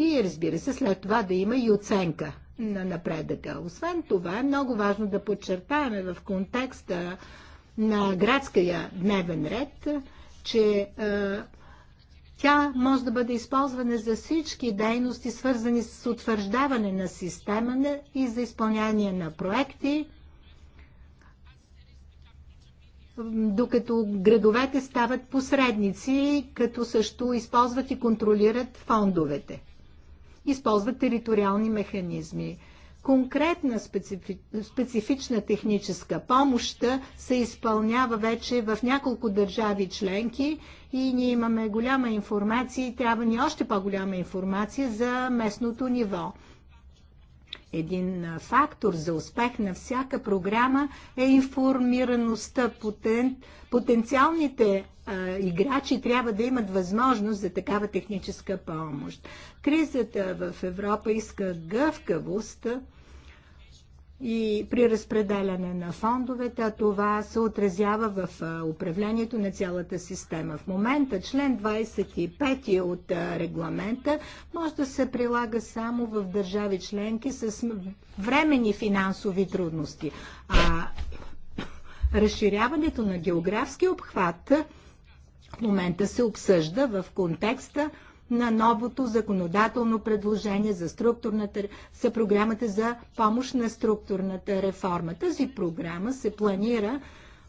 и разбира се след това да има и оценка на напредъка. Освен това е много важно да подчертаем в контекста на градския дневен ред, че е, тя може да бъде използвана за всички дейности, свързани с утвърждаване на система и за изпълнение на проекти, докато градовете стават посредници, като също използват и контролират фондовете използват териториални механизми. Конкретна специфи... специфична техническа помощ се изпълнява вече в няколко държави членки и ние имаме голяма информация и трябва ни още по-голяма информация за местното ниво. Един фактор за успех на всяка програма е информираността. Потен, потенциалните а, играчи трябва да имат възможност за такава техническа помощ. Кризата в Европа иска гъвкавост и при разпределяне на фондовете, а това се отразява в управлението на цялата система. В момента член 25 е от регламента може да се прилага само в държави членки с времени финансови трудности. А разширяването на географски обхват в момента се обсъжда в контекста на новото законодателно предложение за структурната, за програмата за помощ на структурната реформа. Тази програма се планира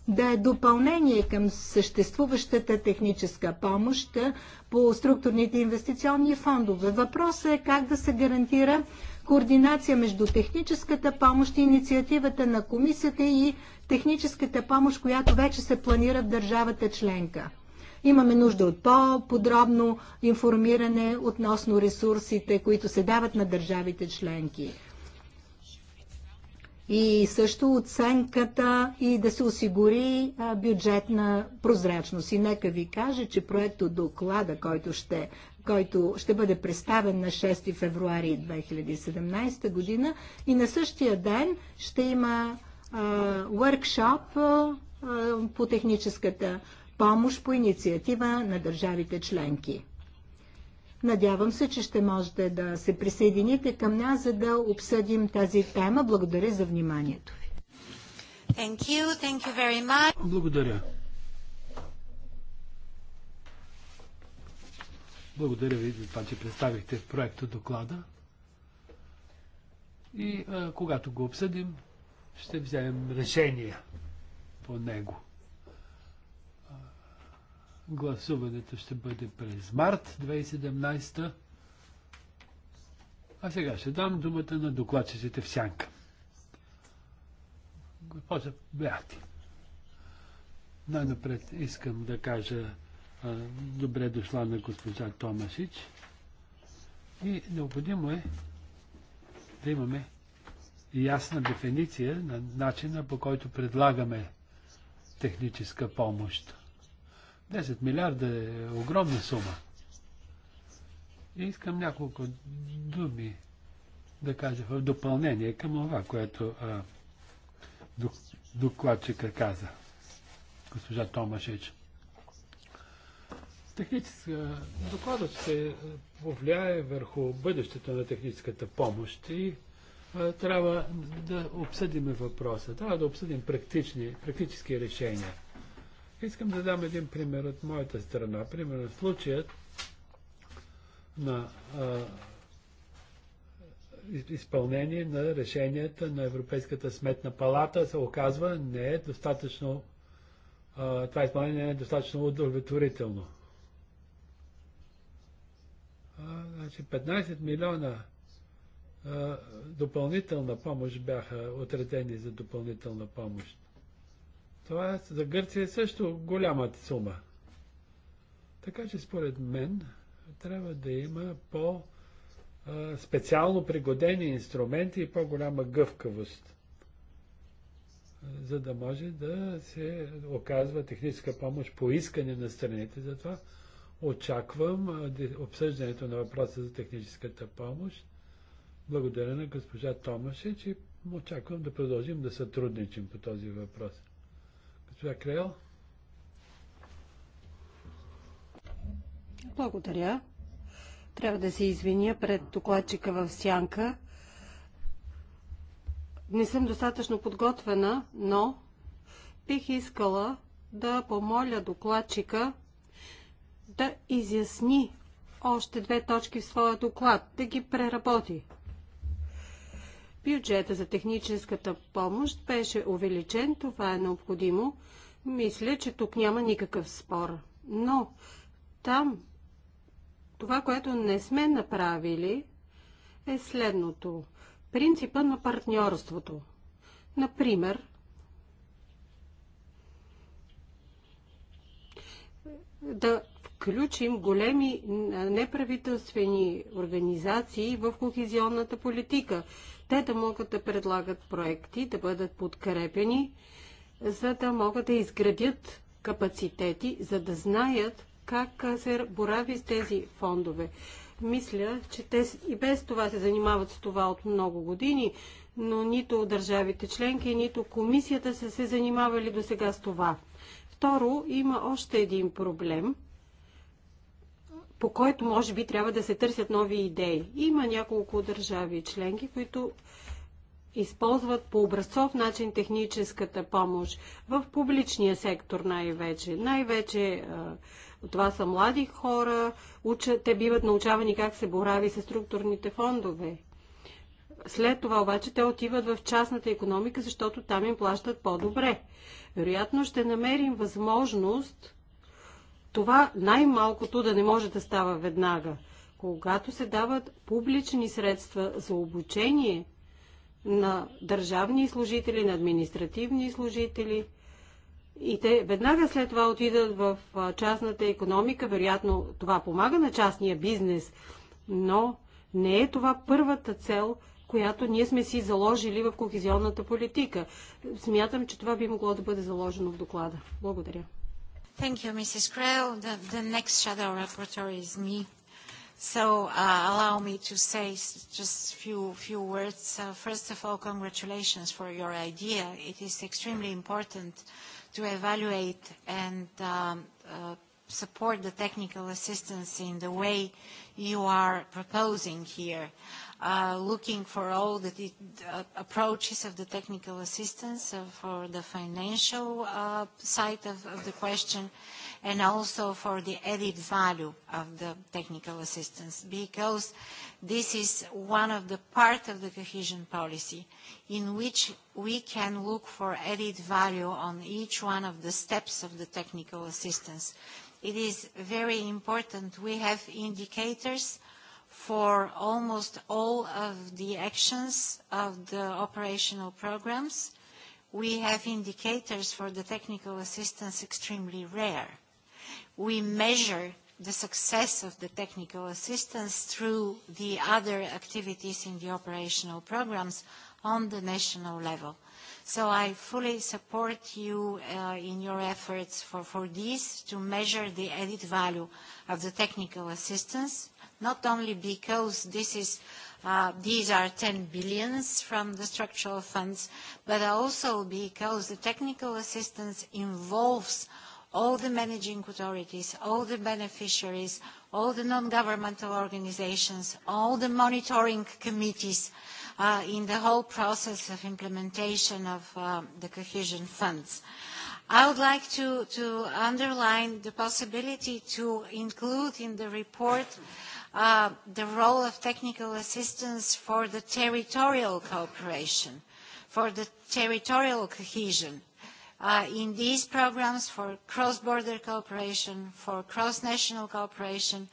да е допълнение към съществуващата техническа помощ по структурните инвестиционни фондове. Въпросът е как да се гарантира координация между техническата помощ и инициативата на комисията и техническата помощ, която вече се планира в държавата членка. Имаме нужда от по-подробно информиране относно ресурсите, които се дават на държавите членки. И също оценката и да се осигури бюджетна прозрачност. И нека ви кажа, че проекто доклада, който ще който ще бъде представен на 6 февруари 2017 година. И на същия ден ще има а, workshop а, по техническата помощ по инициатива на държавите членки. Надявам се, че ще можете да се присъедините към нас, за да обсъдим тази тема. Благодаря за вниманието ви. Thank you. Thank you very much. Благодаря. Благодаря ви за това, че представихте в проекта доклада. И а, когато го обсъдим, ще вземем решение по него. Гласуването ще бъде през март 2017. А сега ще дам думата на докладчиците в сянка. Госпожа Бяхти. Най-напред искам да кажа а, добре дошла на госпожа Томашич. И необходимо е да имаме ясна дефиниция на начина по който предлагаме техническа помощ. 10 милиарда е огромна сума. И искам няколко думи да кажа в допълнение към това, което а, докладчика каза, госпожа Томашич. Техническа, докладът ще повлияе върху бъдещето на техническата помощ и а, трябва да обсъдим въпроса. Трябва да обсъдим практични, практически решения. Искам да дам един пример от моята страна. Примерно случаят на а, изпълнение на решенията на Европейската сметна палата се оказва не е достатъчно а, това изпълнение не е достатъчно удовлетворително. А, значи 15 милиона а, допълнителна помощ бяха отредени за допълнителна помощ. Това е, за Гърция е също голямата сума. Така че според мен трябва да има по- специално пригодени инструменти и по-голяма гъвкавост, за да може да се оказва техническа помощ по искане на страните. Затова очаквам обсъждането на въпроса за техническата помощ. Благодаря на госпожа Томаше, и очаквам да продължим да сътрудничим по този въпрос. Госпожа Крел. Благодаря. Трябва да се извиня пред докладчика в Сянка. Не съм достатъчно подготвена, но бих искала да помоля докладчика да изясни още две точки в своя доклад, да ги преработи. Бюджета за техническата помощ беше увеличен, това е необходимо. Мисля, че тук няма никакъв спор. Но там това, което не сме направили, е следното. Принципа на партньорството. Например, да включим големи неправителствени организации в кохезионната политика те да могат да предлагат проекти, да бъдат подкрепени, за да могат да изградят капацитети, за да знаят как се борави с тези фондове. Мисля, че те и без това се занимават с това от много години, но нито държавите членки, нито комисията са се занимавали до сега с това. Второ, има още един проблем по който може би трябва да се търсят нови идеи. Има няколко държави членки, които използват по образцов начин техническата помощ в публичния сектор най-вече. Най-вече е, това са млади хора, учат, те биват научавани как се борави с структурните фондове. След това обаче те отиват в частната економика, защото там им плащат по-добре. Вероятно ще намерим възможност това най-малкото да не може да става веднага. Когато се дават публични средства за обучение на държавни служители, на административни служители, и те веднага след това отидат в частната економика, вероятно това помага на частния бизнес, но не е това първата цел, която ние сме си заложили в кохезионната политика. Смятам, че това би могло да бъде заложено в доклада. Благодаря. Thank you, Mrs. Krell. The, the next shadow rapporteur is me. So uh, allow me to say just a few, few words. Uh, first of all, congratulations for your idea. It is extremely important to evaluate and um, uh, support the technical assistance in the way you are proposing here looking for all the approaches of the technical assistance for the financial side of, the question and also for the added value of the technical assistance because this is one of the part of the cohesion policy in which we can look for added value on each one of the steps of the technical assistance. It is very important we have indicators for almost all of the actions of the operational programs. We have indicators for the technical assistance extremely rare. We measure the success of the technical assistance through the other activities in the operational programs on the national level. So I fully support you in your efforts for this to measure the added value of the technical assistance not only because this is these are 10 billion from the structural funds, but also because the technical assistance involves all the managing authorities, all the beneficiaries, all the non-governmental organizations, all the monitoring committees in the whole process of implementation of the cohesion funds. I would like to underline the possibility to include in the report the role of technical assistance for the territorial cooperation, for the territorial cohesion, uh, in these programs for cross-border cooperation, for cross-national cooperation,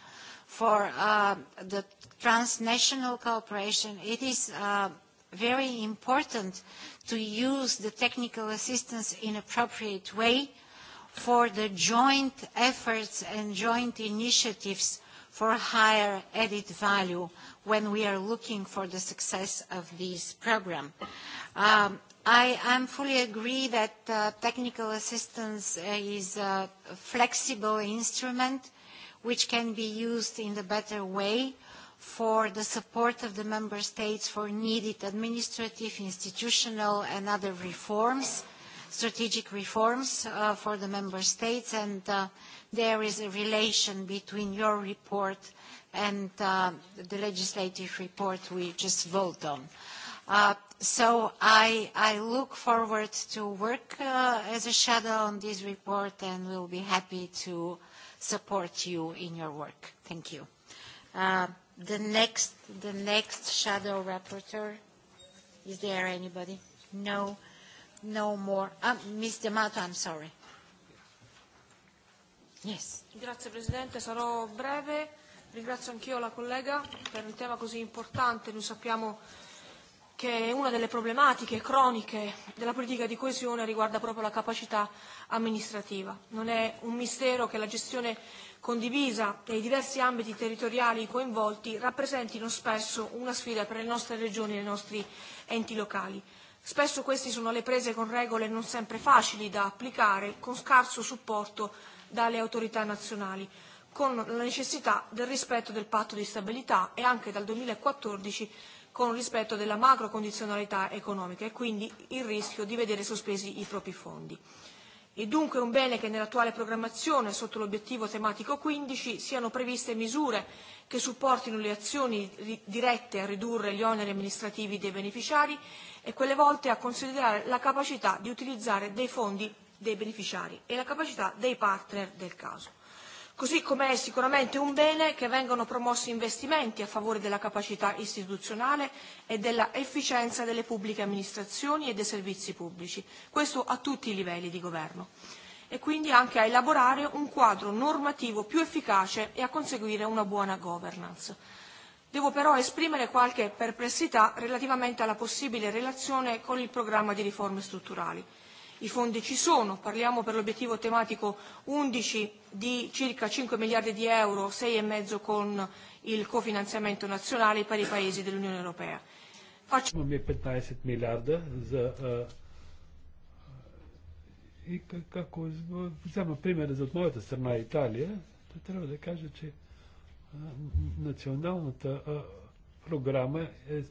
for uh, the transnational cooperation, it is uh, very important to use the technical assistance in appropriate way for the joint efforts and joint initiatives for higher added value when we are looking for the success of this program. I fully agree that technical assistance is a flexible instrument which can be used in a better way for the support of the member states for needed administrative, institutional and other reforms strategic reforms for the member states, and there is a relation between your report and the legislative report we just vote on. So I I look forward to work as a shadow on this report, and will be happy to support you in your work. Thank you. The next shadow rapporteur, is there anybody? No no more. Mr. Mato, I'm sorry. Yes. Grazie Presidente, sarò breve. Ringrazio anch'io la collega per un tema così importante. Noi sappiamo che una delle problematiche croniche della politica di coesione riguarda proprio la capacità amministrativa. Non è un mistero che la gestione condivisa e i diversi ambiti territoriali coinvolti rappresentino spesso una sfida per le nostre regioni e i nostri enti locali. Spesso queste sono le prese con regole non sempre facili da applicare, con scarso supporto dalle autorità nazionali, con la necessità del rispetto del patto di stabilità e anche dal 2014 con rispetto della macrocondizionalità economica e quindi il rischio di vedere sospesi i propri fondi. È dunque un bene che nell'attuale programmazione, sotto l'obiettivo tematico 15, siano previste misure che supportino le azioni dirette a ridurre gli oneri amministrativi dei beneficiari e quelle volte a considerare la capacità di utilizzare dei fondi dei beneficiari e la capacità dei partner del caso. Così come è sicuramente un bene che vengano promossi investimenti a favore della capacità istituzionale e della efficienza delle pubbliche amministrazioni e dei servizi pubblici, questo a tutti i livelli di governo, e quindi anche a elaborare un quadro normativo più efficace e a conseguire una buona governance. Devo però esprimere qualche perplessità relativamente alla possibile relazione con il programma di riforme strutturali i fondi ci sono, parliamo per l'obiettivo tematico 11 di circa 5 miliardi di euro, 6,5 con il cofinanziamento nazionale per i paesi dell'Unione Europea. Facciamo 15 miliarda за и ако взема пример за моята страна Италия, то трябва да кажа, че националната програма е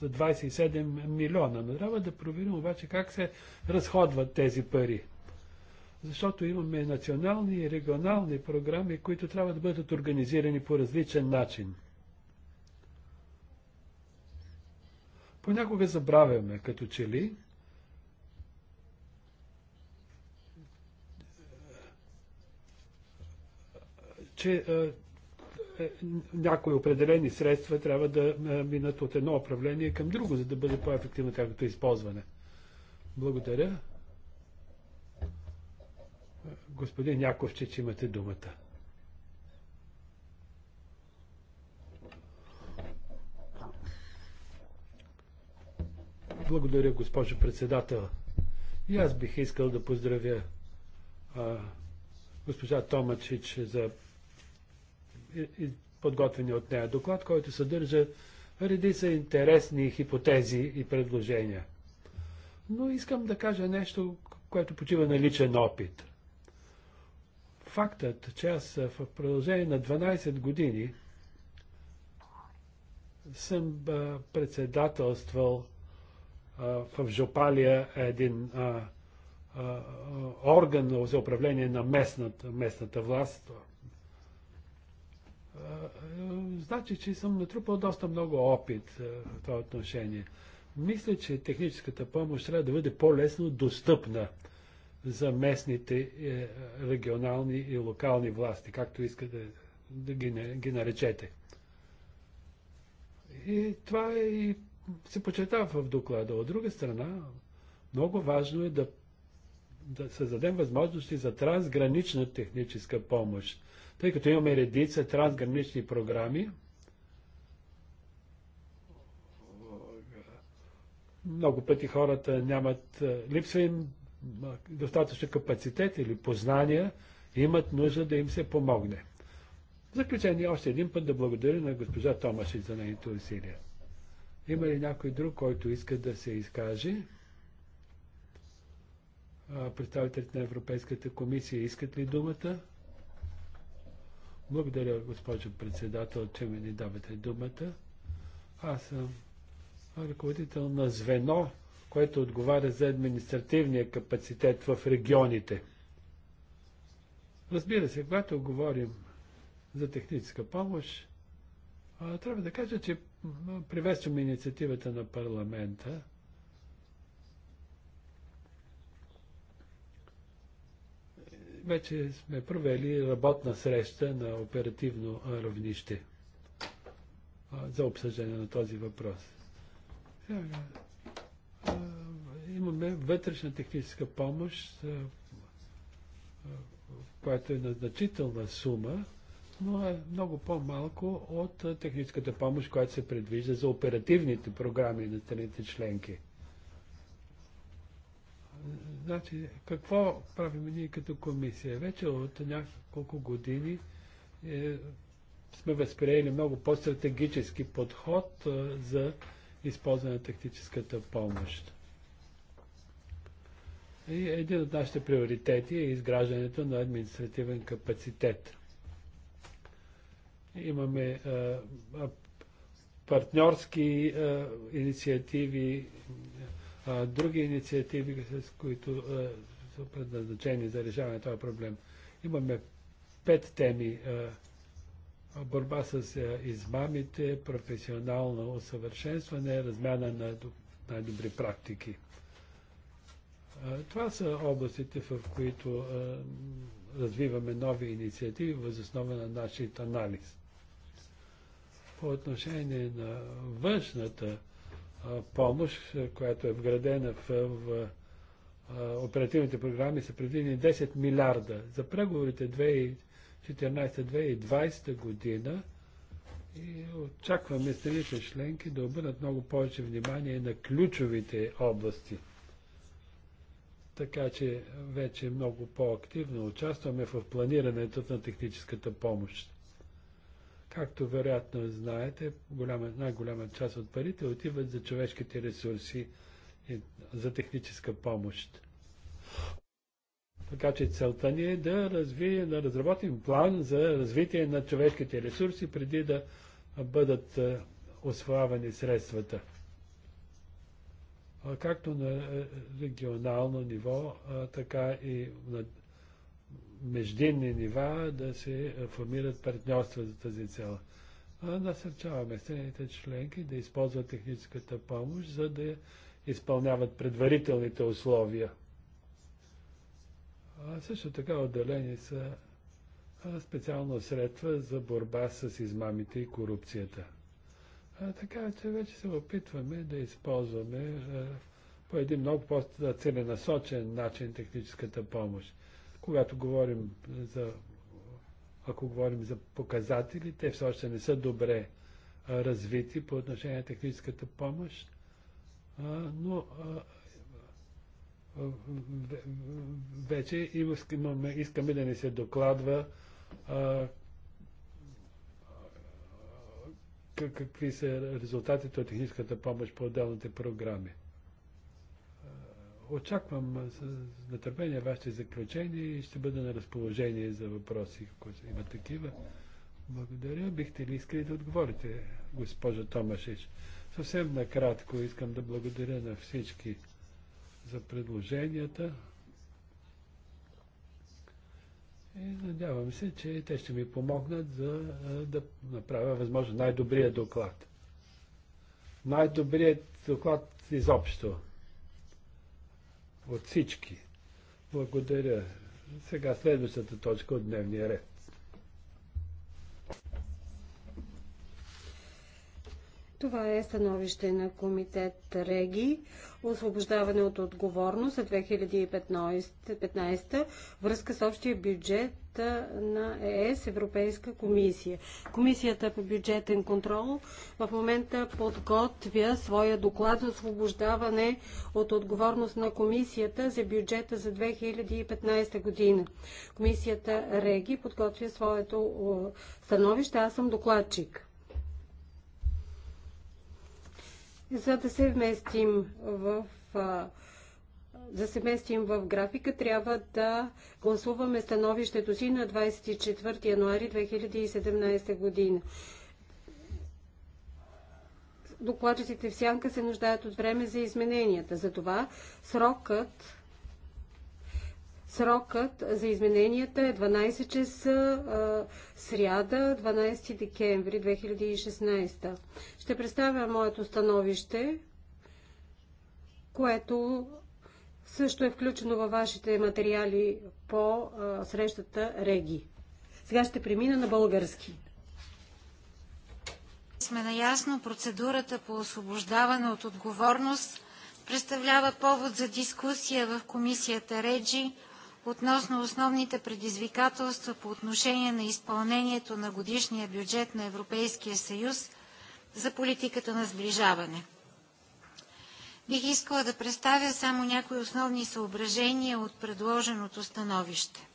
за 27 милиона. Но трябва да проверим обаче как се разходват тези пари. Защото имаме национални и регионални програми, които трябва да бъдат организирани по различен начин. Понякога забравяме, като че ли, че е, някои определени средства трябва да е, минат от едно управление към друго, за да бъде по-ефективно тяхното използване. Благодаря. Господин Яковчич, имате думата. Благодаря, госпожо председател. И аз бих искал да поздравя а, госпожа Томачич за подготвени от нея доклад, който съдържа редица интересни хипотези и предложения. Но искам да кажа нещо, което почива на личен опит. Фактът, че аз в продължение на 12 години съм председателствал в Жопалия един орган за управление на местната, местната власт, значи, че съм натрупал доста много опит в това отношение. Мисля, че техническата помощ трябва да бъде по-лесно достъпна за местните е, регионални и локални власти, както искате да, да ги, ги наречете. И това е и се почетава в доклада. От друга страна, много важно е да, да създадем възможности за трансгранична техническа помощ тъй като имаме редица трансгранични програми, много пъти хората нямат, е, липсва им е, достатъчно капацитет или познания, имат нужда да им се помогне. В заключение още един път да благодаря на госпожа Томаши за нейните усилия. Има ли някой друг, който иска да се изкаже? Представителите на Европейската комисия искат ли думата? Благодаря, госпожо председател, че ми не давате думата. Аз съм ръководител на звено, което отговаря за административния капацитет в регионите. Разбира се, когато говорим за техническа помощ, трябва да кажа, че приветствам инициативата на парламента – вече сме провели работна среща на оперативно равнище за обсъждане на този въпрос. Имаме вътрешна техническа помощ, която е на значителна сума, но е много по-малко от техническата помощ, която се предвижда за оперативните програми на страните членки. Значи, какво правим ние като комисия? Вече от няколко години е, сме възприели много по-стратегически подход е, за използване на тактическата помощ. И един от нашите приоритети е изграждането на административен капацитет. Имаме е, партньорски е, инициативи, а, други инициативи, с които а, са предназначени за решаване на този проблем. Имаме пет теми. А, борба с а, измамите, професионално усъвършенстване, размяна на най-добри практики. това са областите, в които развиваме нови инициативи въз основа на нашия анализ. По отношение на външната помощ, която е вградена в, в оперативните програми, са предвидени 10 милиарда. За преговорите 2014-2020 година и очакваме страните членки да обърнат много повече внимание на ключовите области. Така че вече много по-активно участваме в планирането на техническата помощ. Както вероятно знаете, голяма, най-голяма част от парите отиват за човешките ресурси и за техническа помощ. Така че целта ни е да, развие, да разработим план за развитие на човешките ресурси преди да бъдат е, освоявани средствата. Както на е, регионално ниво, така и на междинни нива да се формират партньорства за тази цел. Насърчаваме страните членки да използват техническата помощ, за да изпълняват предварителните условия. А също така отделени са специално средства за борба с измамите и корупцията. А, така че вече се опитваме да използваме а, по един много по-целенасочен начин техническата помощ когато говорим за ако говорим за показатели, те все още не са добре а, развити по отношение на техническата помощ, а, но а, вече имаме, искаме да ни се докладва какви са резултатите от техническата помощ по отделните програми. Очаквам с нетърпение вашите заключения и ще бъда на разположение за въпроси, които има такива. Благодаря. Бихте ли искали да отговорите, госпожо Томашич? Съвсем накратко искам да благодаря на всички за предложенията. И надявам се, че те ще ми помогнат за да направя възможно най-добрия доклад. Най-добрият доклад изобщо от всички. Благодаря. Сега следващата точка от дневния ред. Това е становище на комитет Реги освобождаване от отговорност за 2015 връзка с общия бюджет проекта на ЕС Европейска комисия. Комисията по бюджетен контрол в момента подготвя своя доклад за освобождаване от отговорност на комисията за бюджета за 2015 година. Комисията Реги подготвя своето становище. Аз съм докладчик. За да се вместим в да се местим в графика, трябва да гласуваме становището си на 24 януари 2017 година. Докладчиците в сянка се нуждаят от време за измененията. Затова срокът Срокът за измененията е 12 часа сряда, 12 декември 2016. Ще представя моето становище, което също е включено във вашите материали по а, срещата Реги. Сега ще премина на български. Сме наясно, процедурата по освобождаване от отговорност представлява повод за дискусия в комисията Реджи относно основните предизвикателства по отношение на изпълнението на годишния бюджет на Европейския съюз за политиката на сближаване – Бих искала да представя само някои основни съображения от предложеното становище.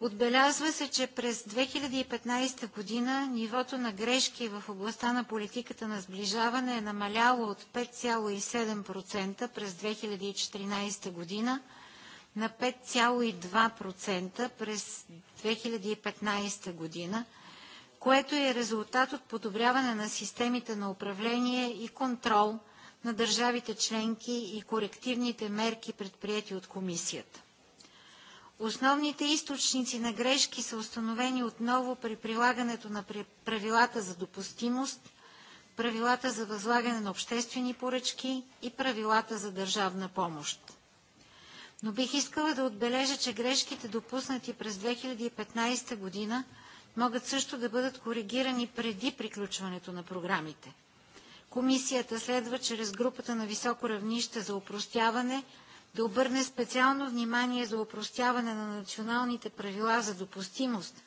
Отбелязва се, че през 2015 година нивото на грешки в областта на политиката на сближаване е намаляло от 5,7% през 2014 година на 5,2% през 2015 година, което е резултат от подобряване на системите на управление и контрол – на държавите членки и корективните мерки, предприяти от комисията. Основните източници на грешки са установени отново при прилагането на правилата за допустимост, правилата за възлагане на обществени поръчки и правилата за държавна помощ. Но бих искала да отбележа, че грешките, допуснати през 2015 година, могат също да бъдат коригирани преди приключването на програмите – Комисията следва чрез групата на високо равнище за упростяване да обърне специално внимание за упростяване на националните правила за допустимост,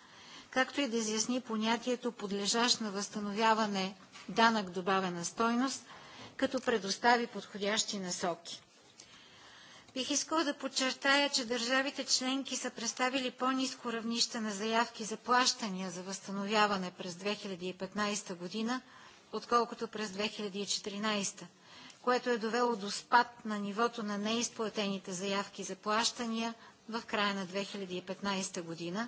както и да изясни понятието подлежащ на възстановяване данък добавена стойност, като предостави подходящи насоки. Бих искала да подчертая, че държавите членки са представили по-низко равнище на заявки за плащания за възстановяване през 2015 година – отколкото през 2014, което е довело до спад на нивото на неизплатените заявки за плащания в края на 2015 година,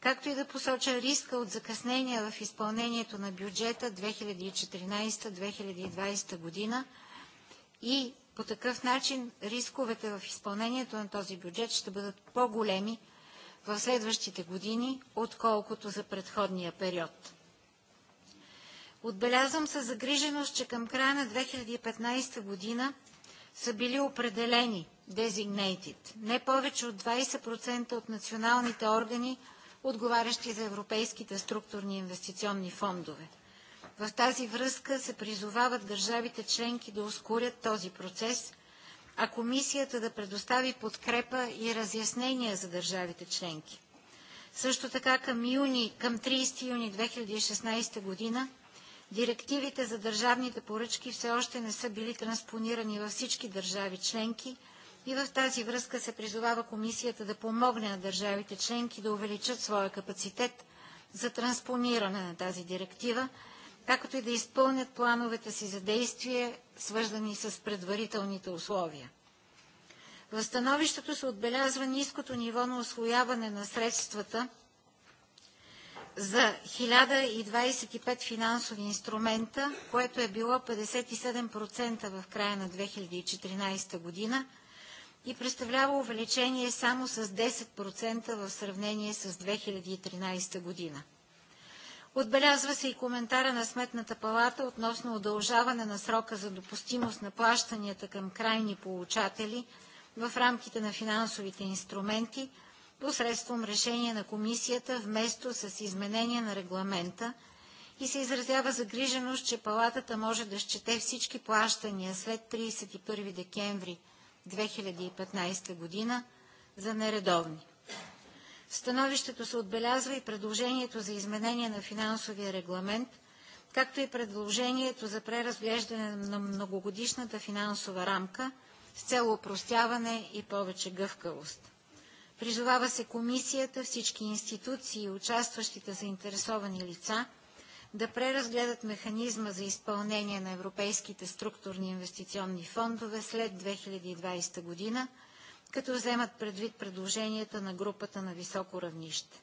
както и да посоча риска от закъснения в изпълнението на бюджета 2014-2020 година и по такъв начин рисковете в изпълнението на този бюджет ще бъдат по-големи в следващите години, отколкото за предходния период. Отбелязвам със загриженост, че към края на 2015 година са били определени designated не повече от 20% от националните органи, отговарящи за европейските структурни инвестиционни фондове. В тази връзка се призовават държавите членки да ускорят този процес, а комисията да предостави подкрепа и разяснения за държавите членки. Също така към, юни, към 30 юни 2016 година Директивите за държавните поръчки все още не са били транспонирани във всички държави членки и в тази връзка се призовава Комисията да помогне на държавите членки да увеличат своя капацитет за транспониране на тази директива, както и да изпълнят плановете си за действие, свързани с предварителните условия. В становището се отбелязва ниското ниво на освояване на средствата – за 1025 финансови инструмента, което е било 57% в края на 2014 година и представлява увеличение само с 10% в сравнение с 2013 година. Отбелязва се и коментара на Сметната палата относно удължаване на срока за допустимост на плащанията към крайни получатели в рамките на финансовите инструменти – посредством решение на комисията вместо с изменение на регламента и се изразява загриженост, че палатата може да счете всички плащания след 31 декември 2015 година за нередовни. В становището се отбелязва и предложението за изменение на финансовия регламент, както и предложението за преразглеждане на многогодишната финансова рамка с цел упростяване и повече гъвкавост. Призовава се комисията, всички институции и участващите заинтересовани лица да преразгледат механизма за изпълнение на европейските структурни инвестиционни фондове след 2020 година, като вземат предвид предложенията на групата на високо равнище.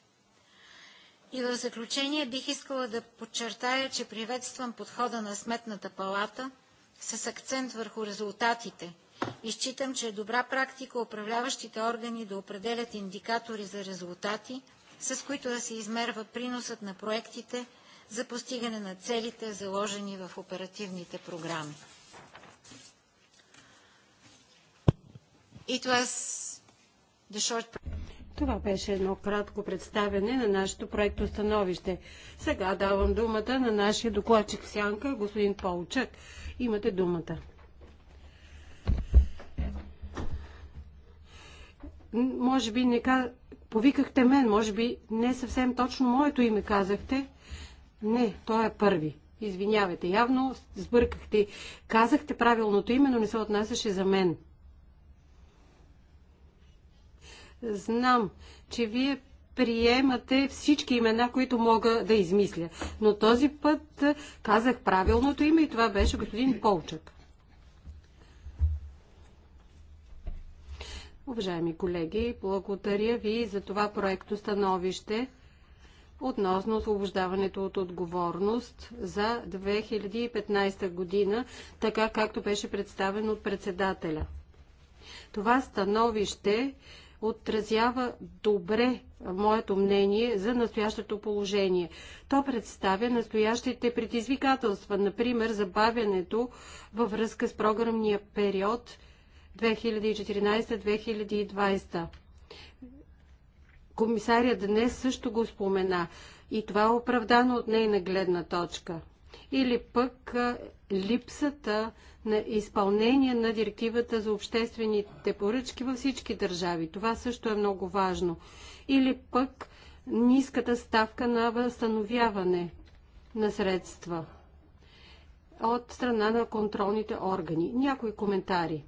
И в заключение бих искала да подчертая, че приветствам подхода на Сметната палата с акцент върху резултатите Изчитам, че е добра практика управляващите органи да определят индикатори за резултати, с които да се измерва приносът на проектите за постигане на целите, заложени в оперативните програми. Short... Това беше едно кратко представяне на нашето проекто становище. Сега давам думата на нашия докладчик Сянка, господин Полчак. Имате думата. може би не каз... повикахте мен, може би не съвсем точно моето име казахте. Не, той е първи. Извинявайте, явно сбъркахте. Казахте правилното име, но не се отнасяше за мен. Знам, че вие приемате всички имена, които мога да измисля. Но този път казах правилното име и това беше господин Полчък. Уважаеми колеги, благодаря ви за това проекто становище относно освобождаването от отговорност за 2015 година, така както беше представено от председателя. Това становище отразява добре моето мнение за настоящото положение. То представя настоящите предизвикателства, например забавянето във връзка с програмния период – 2014-2020. Комисария днес също го спомена и това е оправдано от нейна гледна точка. Или пък липсата на изпълнение на директивата за обществените поръчки във всички държави. Това също е много важно. Или пък ниската ставка на възстановяване на средства от страна на контролните органи. Някои коментари.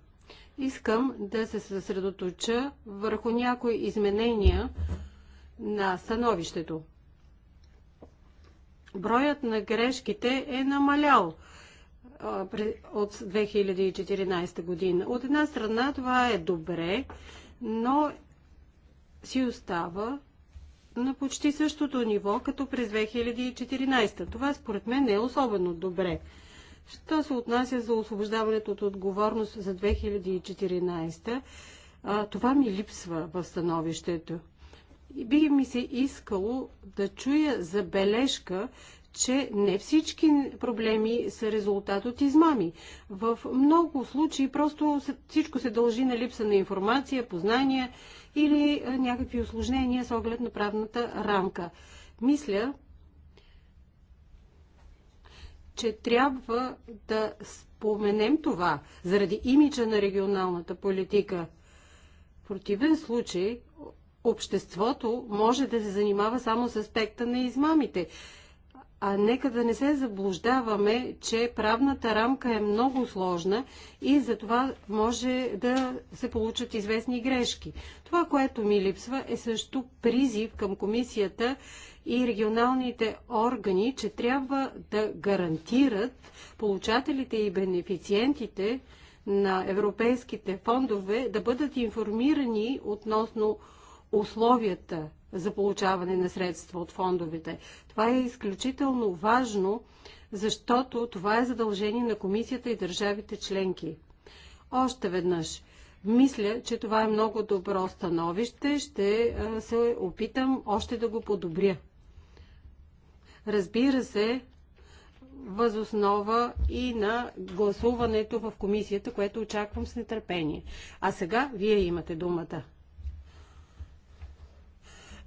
Искам да се съсредоточа върху някои изменения на становището. Броят на грешките е намалял от 2014 година. От една страна това е добре, но си остава на почти същото ниво, като през 2014. Това според мен не е особено добре. Що се отнася за освобождаването от отговорност за 2014, това ми липсва в становището. И би ми се искало да чуя забележка, че не всички проблеми са резултат от измами. В много случаи просто всичко се дължи на липса на информация, познания или някакви осложнения с оглед на правната рамка. Мисля, че трябва да споменем това заради имиджа на регионалната политика. В противен случай обществото може да се занимава само с аспекта на измамите. А нека да не се заблуждаваме, че правната рамка е много сложна и затова може да се получат известни грешки. Това, което ми липсва, е също призив към комисията и регионалните органи, че трябва да гарантират получателите и бенефициентите на европейските фондове да бъдат информирани относно условията за получаване на средства от фондовете. Това е изключително важно, защото това е задължение на комисията и държавите членки. Още веднъж, мисля, че това е много добро становище. Ще се опитам още да го подобря. Разбира се, възоснова и на гласуването в комисията, което очаквам с нетърпение. А сега вие имате думата.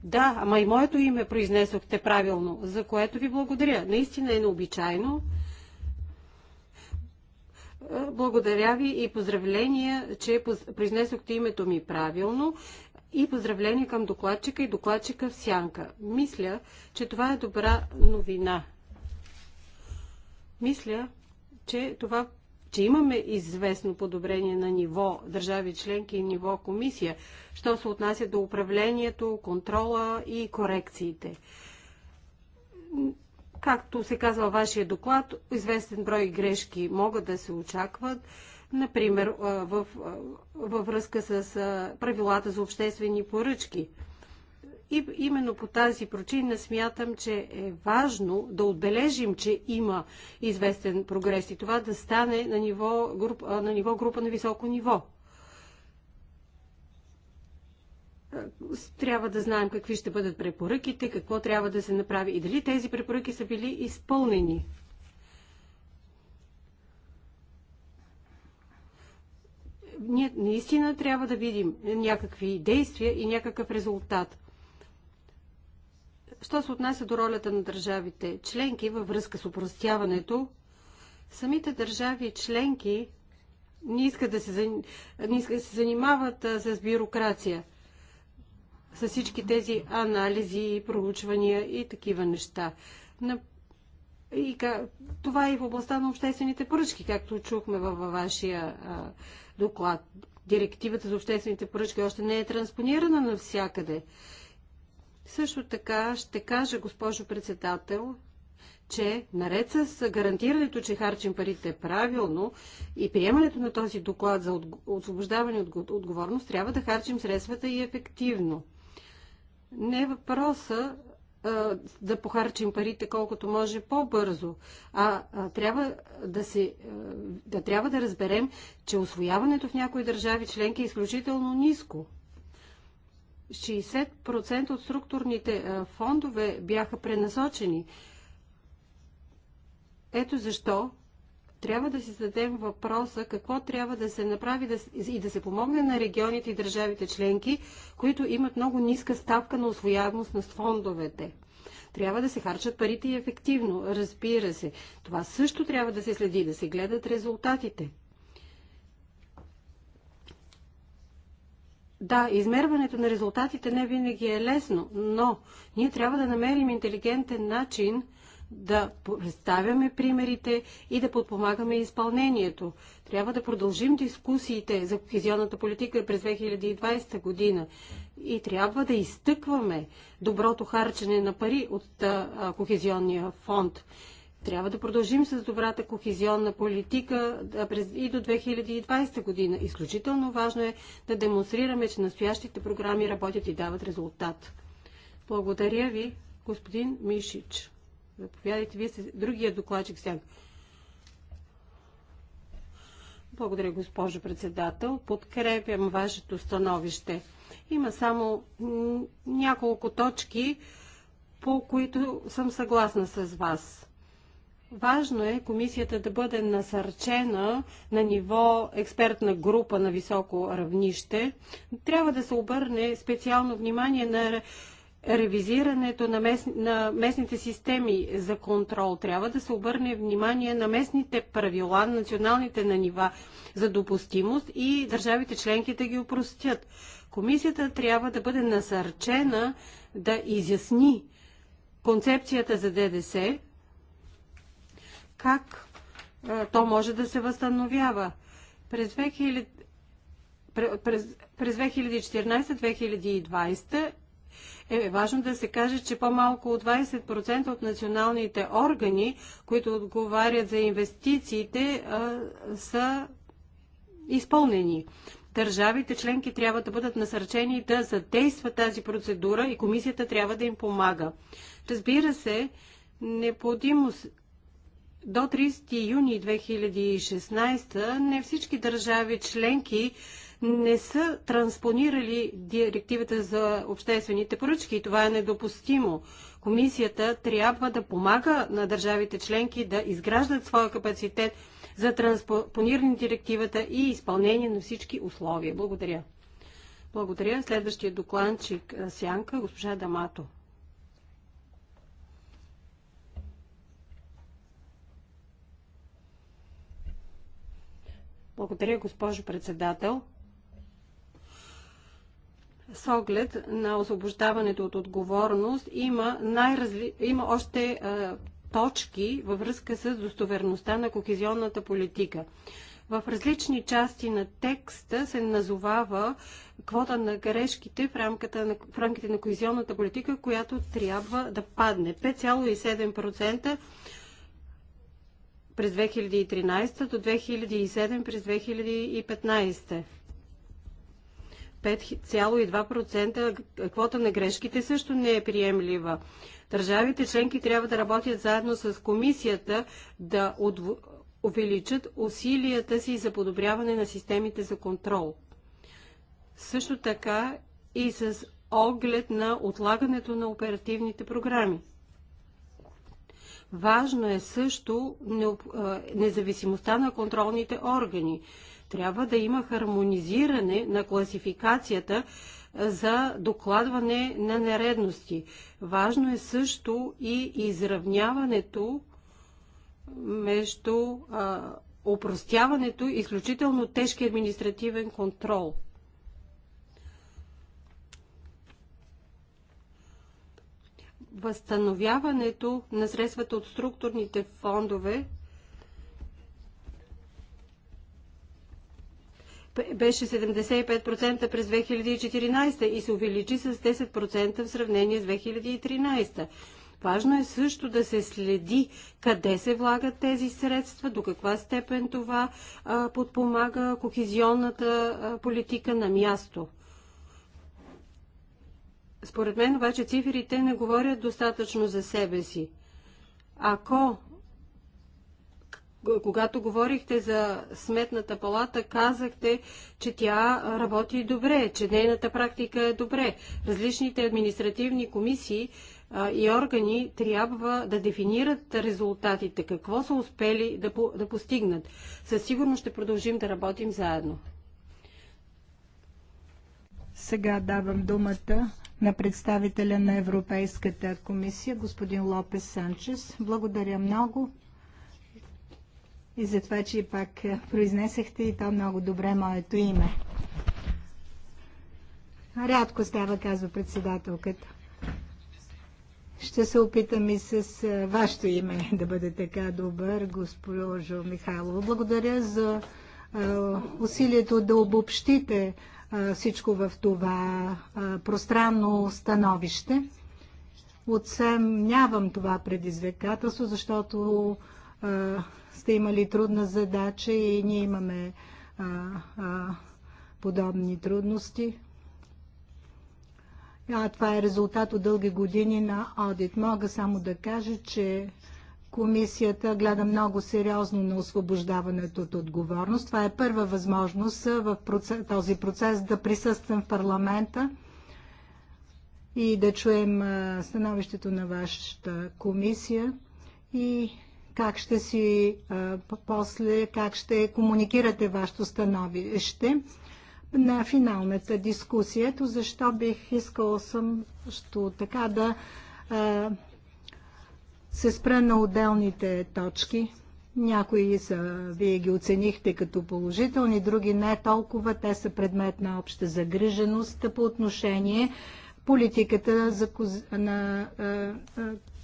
Да, ама и моето име произнесохте правилно, за което ви благодаря. Наистина е необичайно. Благодаря ви и поздравления, че произнесохте името ми правилно. И поздравления към докладчика и докладчика в сянка. Мисля, че това е добра новина. Мисля, че това че имаме известно подобрение на ниво държави членки и ниво комисия, що се отнася до управлението, контрола и корекциите. Както се казва във вашия доклад, известен брой грешки могат да се очакват например във връзка с правилата за обществени поръчки. И именно по тази причина смятам, че е важно да отбележим, че има известен прогрес и това да стане на ниво, група на ниво група на високо ниво. Трябва да знаем какви ще бъдат препоръките, какво трябва да се направи и дали тези препоръки са били изпълнени. ние наистина трябва да видим някакви действия и някакъв резултат. Що се отнася до ролята на държавите членки във връзка с упростяването, самите държави членки не искат да се, не искат да се занимават с бюрокрация, с всички тези анализи, проучвания и такива неща. И това е и в областта на обществените поръчки, както чухме във вашия доклад. Директивата за обществените поръчки още не е транспонирана навсякъде. Също така ще кажа, госпожо председател, че наред с гарантирането, че харчим парите правилно и приемането на този доклад за освобождаване от отговорност, трябва да харчим средствата и ефективно. Не е въпроса да похарчим парите колкото може по-бързо. А, а трябва да, се, да трябва да разберем, че освояването в някои държави членки е изключително ниско. 60% от структурните фондове бяха пренасочени. Ето защо трябва да си зададем въпроса какво трябва да се направи да, и да се помогне на регионите и държавите членки, които имат много ниска ставка на освояемост на фондовете. Трябва да се харчат парите и ефективно, разбира се. Това също трябва да се следи, да се гледат резултатите. Да, измерването на резултатите не винаги е лесно, но ние трябва да намерим интелигентен начин – да представяме примерите и да подпомагаме изпълнението. Трябва да продължим дискусиите за кохезионната политика през 2020 година и трябва да изтъкваме доброто харчене на пари от кохезионния фонд. Трябва да продължим с добрата кохезионна политика и до 2020 година. Изключително важно е да демонстрираме, че настоящите програми работят и дават резултат. Благодаря ви, господин Мишич. Заповядайте, вие сте другия докладчик сега. Благодаря, госпожо председател. Подкрепям вашето становище. Има само няколко точки, по които съм съгласна с вас. Важно е комисията да бъде насърчена на ниво експертна група на високо равнище. Трябва да се обърне специално внимание на ревизирането на, мест, на местните системи за контрол. Трябва да се обърне внимание на местните правила, националните на нива за допустимост и държавите членки да ги опростят. Комисията трябва да бъде насърчена да изясни концепцията за ДДС, как а, то може да се възстановява. През 2000 през 2014-2020 е важно да се каже, че по-малко от 20% от националните органи, които отговарят за инвестициите, са изпълнени. Държавите членки трябва да бъдат насърчени да задействат тази процедура и комисията трябва да им помага. Разбира се, необходимо до 30 юни 2016 не всички държави членки не са транспонирали директивата за обществените поръчки и това е недопустимо. Комисията трябва да помага на държавите членки да изграждат своя капацитет за транспониране на директивата и изпълнение на всички условия. Благодаря. Благодаря. Следващия докладчик Сянка, госпожа Дамато. Благодаря, госпожо председател с оглед на освобождаването от отговорност има, най-разли... има още а, точки във връзка с достоверността на кохезионната политика. В различни части на текста се назовава квота на грешките в, рамката на, в рамките на коизионната политика, която трябва да падне. 5,7% през 2013 до 2007 през 2015. 5,2% квота на грешките също не е приемлива. Държавите членки трябва да работят заедно с комисията да увеличат усилията си за подобряване на системите за контрол. Също така и с оглед на отлагането на оперативните програми. Важно е също независимостта на контролните органи. Трябва да има хармонизиране на класификацията за докладване на нередности. Важно е също и изравняването между а, упростяването и изключително тежки административен контрол. Възстановяването на средствата от структурните фондове беше 75% през 2014 и се увеличи с 10% в сравнение с 2013. Важно е също да се следи къде се влагат тези средства, до каква степен това подпомага кохезионната политика на място. Според мен обаче цифрите не говорят достатъчно за себе си. Ако когато говорихте за сметната палата, казахте, че тя работи добре, че нейната практика е добре. Различните административни комисии и органи трябва да дефинират резултатите, какво са успели да, по, да постигнат. Със сигурност ще продължим да работим заедно. Сега давам думата на представителя на Европейската комисия, господин Лопес Санчес. Благодаря много и за това, че пак е, произнесахте и то много добре моето име. Рядко става, казва председателката. Ще се опитам и с е, вашето име <laughs> да бъде така добър, госпожо Михайлова. Благодаря за е, усилието да обобщите всичко в това пространно становище. Отсъмнявам това предизвикателство, защото сте имали трудна задача и ние имаме а, а, подобни трудности. А, това е резултат от дълги години на одит. Мога само да кажа, че комисията гледа много сериозно на освобождаването от отговорност. Това е първа възможност в процес, този процес да присъствам в парламента и да чуем становището на вашата комисия и как ще си а, после, как ще комуникирате вашето становище на финалната дискусия. Ето защо бих искал що така да а, се спра на отделните точки. Някои са, вие ги оценихте като положителни, други не толкова. Те са предмет на обща загриженост по отношение политиката за, на а,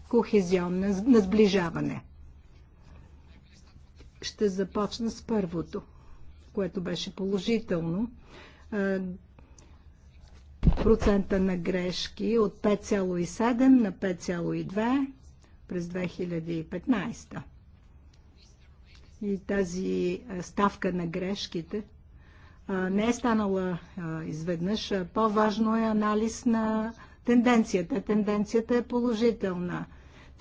кохезионна, на сближаване. Ще започна с първото, което беше положително. Процента на грешки от 5,7 на 5,2 през 2015. И тази ставка на грешките не е станала изведнъж. По-важно е анализ на тенденцията. Тенденцията е положителна.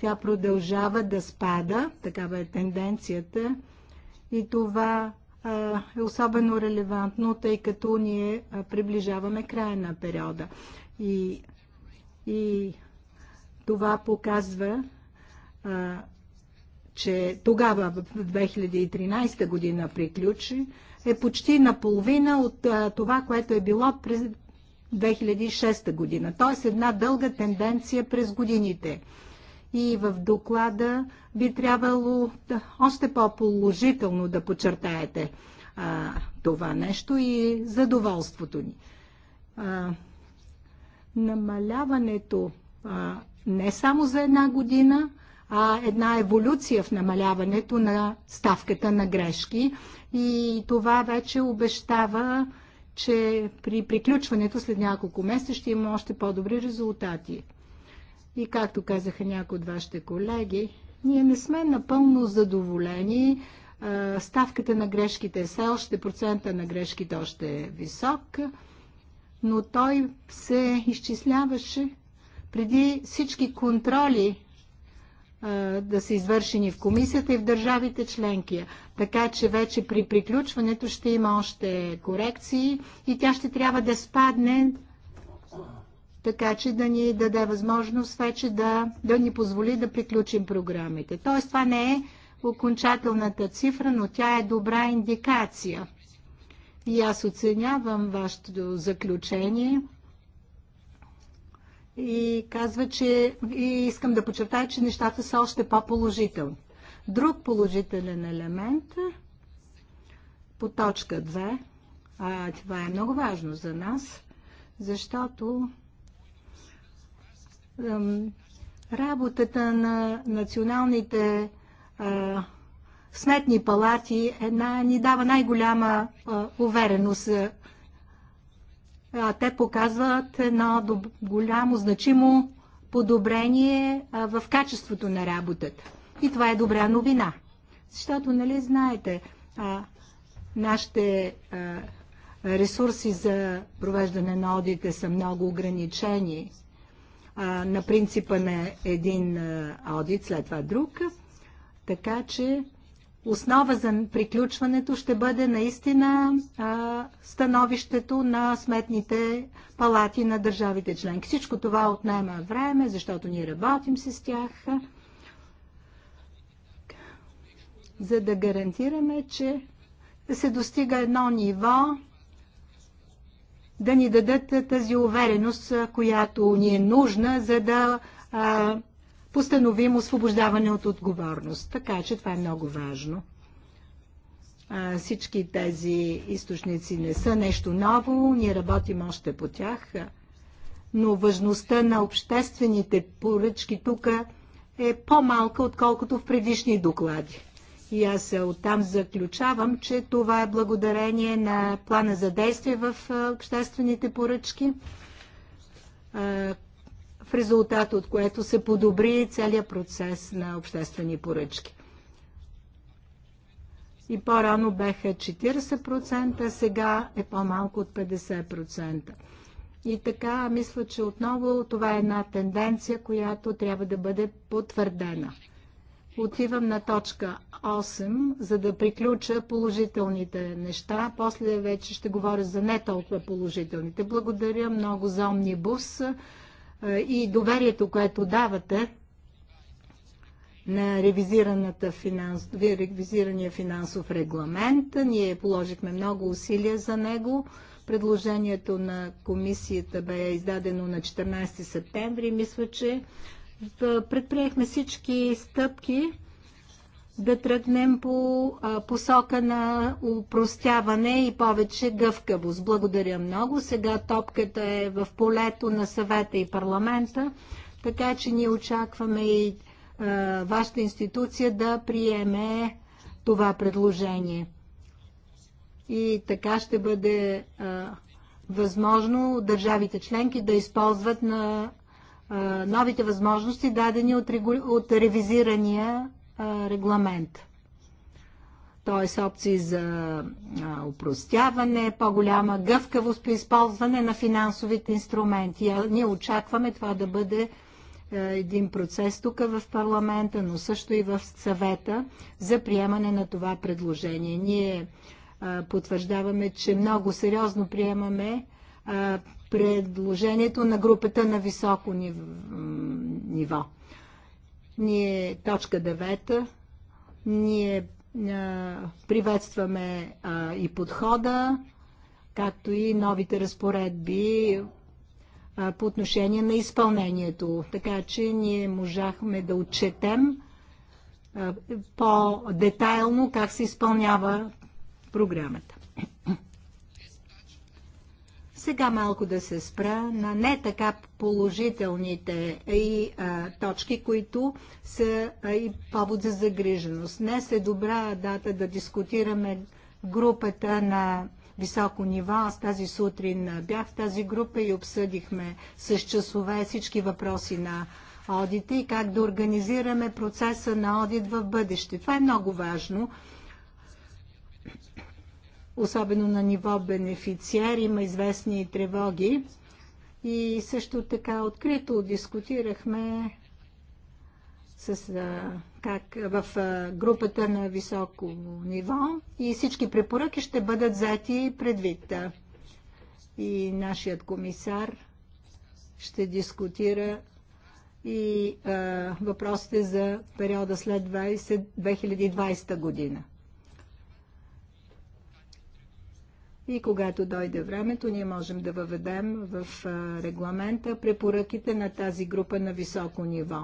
Тя продължава да спада, такава е тенденцията, и това е особено релевантно, тъй като ние приближаваме края на периода. И, и това показва, че тогава, в 2013 година, приключи, е почти наполовина от това, което е било през 2006 година. Тоест една дълга тенденция през годините и в доклада би трябвало да, още по-положително да подчертаете а, това нещо и задоволството ни. А, намаляването а, не само за една година, а една еволюция в намаляването на ставката на грешки и това вече обещава, че при приключването след няколко месеца ще има още по-добри резултати. И както казаха някои от вашите колеги, ние не сме напълно задоволени. Ставката на грешките е все още, процента на грешките още е висок, но той се изчисляваше преди всички контроли да са извършени в комисията и в държавите членки. Така че вече при приключването ще има още корекции и тя ще трябва да спадне така че да ни даде възможност вече да, да ни позволи да приключим програмите. Тоест това не е окончателната цифра, но тя е добра индикация. И аз оценявам вашето заключение и казва, че и искам да подчертая, че нещата са още по-положителни. Друг положителен елемент по точка 2, а това е много важно за нас, защото работата на националните сметни палати една, ни дава най-голяма увереност. те показват едно голямо, значимо подобрение в качеството на работата. И това е добра новина. Защото, нали, знаете, нашите ресурси за провеждане на одите са много ограничени на принципа на един аудит, след това друг. Така че основа за приключването ще бъде наистина а, становището на сметните палати на държавите членки. Всичко това отнема време, защото ние работим с тях, за да гарантираме, че се достига едно ниво, да ни дадат тази увереност, която ни е нужна, за да а, постановим освобождаване от отговорност. Така че това е много важно. А, всички тези източници не са нещо ново, ние работим още по тях, но важността на обществените поръчки тук е по-малка, отколкото в предишни доклади. И аз оттам заключавам, че това е благодарение на плана за действие в обществените поръчки, в резултат от което се подобри целият процес на обществени поръчки. И по-рано беха 40%, сега е по-малко от 50%. И така, мисля, че отново това е една тенденция, която трябва да бъде потвърдена. Отивам на точка 8, за да приключа положителните неща. После вече ще говоря за не толкова положителните. Благодаря много за Омнибус е, и доверието, което давате на ревизираната финанс... ревизирания финансов регламент. Ние положихме много усилия за него. Предложението на комисията бе издадено на 14 септември. Мисля, че предприехме всички стъпки да тръгнем по посока на упростяване и повече гъвкавост. Благодаря много. Сега топката е в полето на съвета и парламента, така че ние очакваме и а, вашата институция да приеме това предложение. И така ще бъде а, възможно държавите членки да използват на новите възможности, дадени от, регу... от ревизирания регламент. Т.е. опции за упростяване, по-голяма гъвкавост при използване на финансовите инструменти. А ние очакваме това да бъде един процес тук в парламента, но също и в съвета за приемане на това предложение. Ние а, потвърждаваме, че много сериозно приемаме а, предложението на групата на високо ниво. Ние, точка 9, ние а, приветстваме а, и подхода, както и новите разпоредби а, по отношение на изпълнението. Така че ние можахме да отчетем по-детайлно как се изпълнява програмата. Сега малко да се спра на не така положителните и а, точки, които са а, и повод за загриженост. Днес е добра дата да дискутираме групата на високо ниво. Аз тази сутрин бях в тази група и обсъдихме с часове всички въпроси на одите и как да организираме процеса на одит в бъдеще. Това е много важно особено на ниво бенефициар, има известни тревоги. И също така открито дискутирахме с, а, как, в а, групата на високо ниво и всички препоръки ще бъдат взети предвид. И нашият комисар ще дискутира и а, въпросите за периода след 20, 2020 година. И когато дойде времето, ние можем да въведем в регламента препоръките на тази група на високо ниво.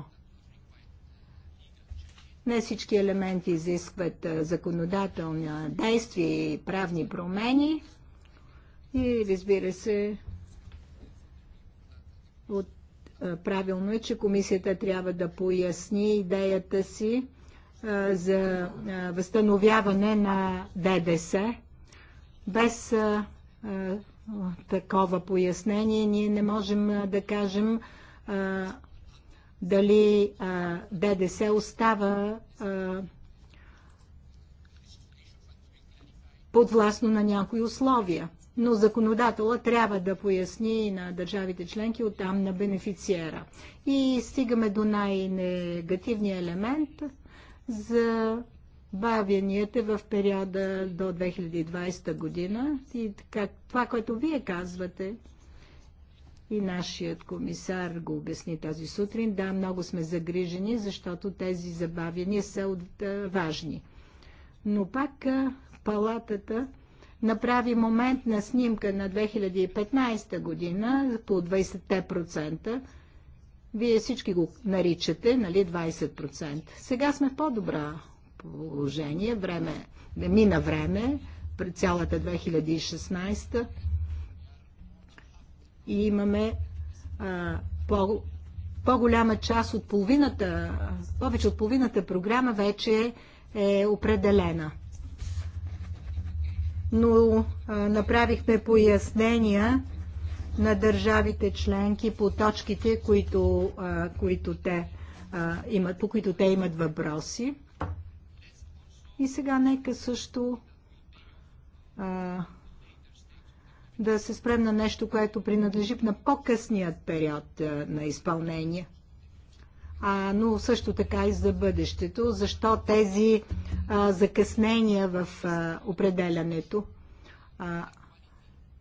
Не всички елементи изискват законодателни действия и правни промени. И разбира се, от, правилно е, че комисията трябва да поясни идеята си за възстановяване на ДДС без а, а, такова пояснение ние не можем а, да кажем а, дали а, ДДС остава а, подвластно на някои условия. Но законодателът трябва да поясни на държавите членки оттам на бенефициера. И стигаме до най-негативния елемент за бавянията е в периода до 2020 година и така, това, което вие казвате и нашият комисар го обясни тази сутрин, да, много сме загрижени, защото тези забавяния са от, а, важни. Но пак а, палатата направи момент на снимка на 2015 година по 20%. Вие всички го наричате, нали, 20%. Сега сме в по-добра положение. Време, мина време, пред цялата 2016 и имаме а, по, по-голяма част от половината, повече от половината програма вече е определена. Но а, направихме пояснения на държавите членки по точките, които, а, които те, а, имат, по които те имат въпроси. И сега нека също а, да се спрем на нещо, което принадлежи на по-късният период а, на изпълнение. А, но също така и за бъдещето, защо тези а, закъснения в а, определянето а,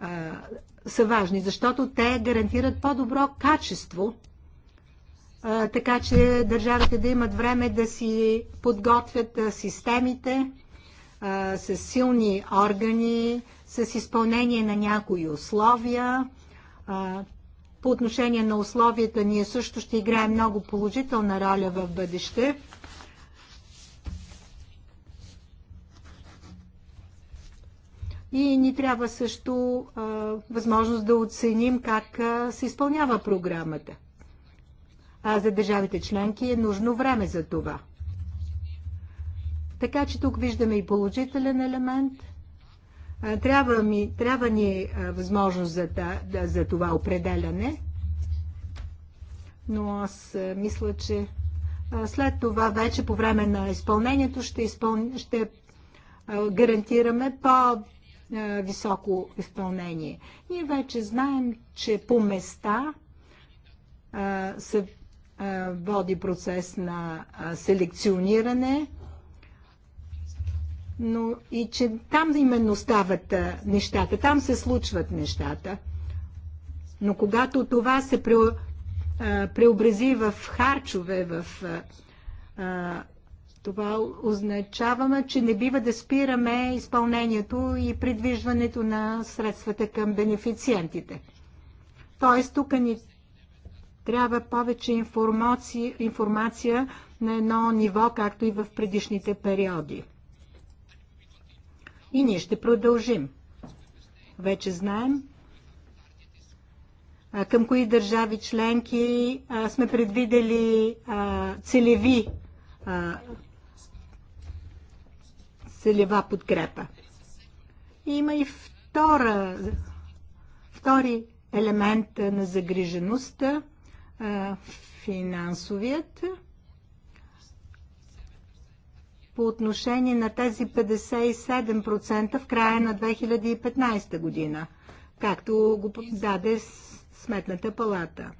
а, са важни, защото те гарантират по-добро качество така че държавите да имат време да си подготвят системите с силни органи, с изпълнение на някои условия. По отношение на условията ние също ще играем много положителна роля в бъдеще. И ни трябва също а, възможност да оценим как а, се изпълнява програмата а за държавите членки е нужно време за това. Така че тук виждаме и положителен елемент. Трябва, ми, трябва ни възможност за, за това определяне, но аз мисля, че след това вече по време на изпълнението ще, изпълн... ще гарантираме по-високо изпълнение. Ние вече знаем, че по места са води процес на селекциониране, но и че там именно стават нещата, там се случват нещата. Но когато това се преобрази в харчове, в това означава, че не бива да спираме изпълнението и придвижването на средствата към бенефициентите. Тоест, тук ни трябва повече информация, информация на едно ниво, както и в предишните периоди. И ние ще продължим. Вече знаем към кои държави членки сме предвидели целеви целева подкрепа. Има и втора, втори елемент на загрижеността – финансовият по отношение на тези 57% в края на 2015 година, както го даде Сметната палата.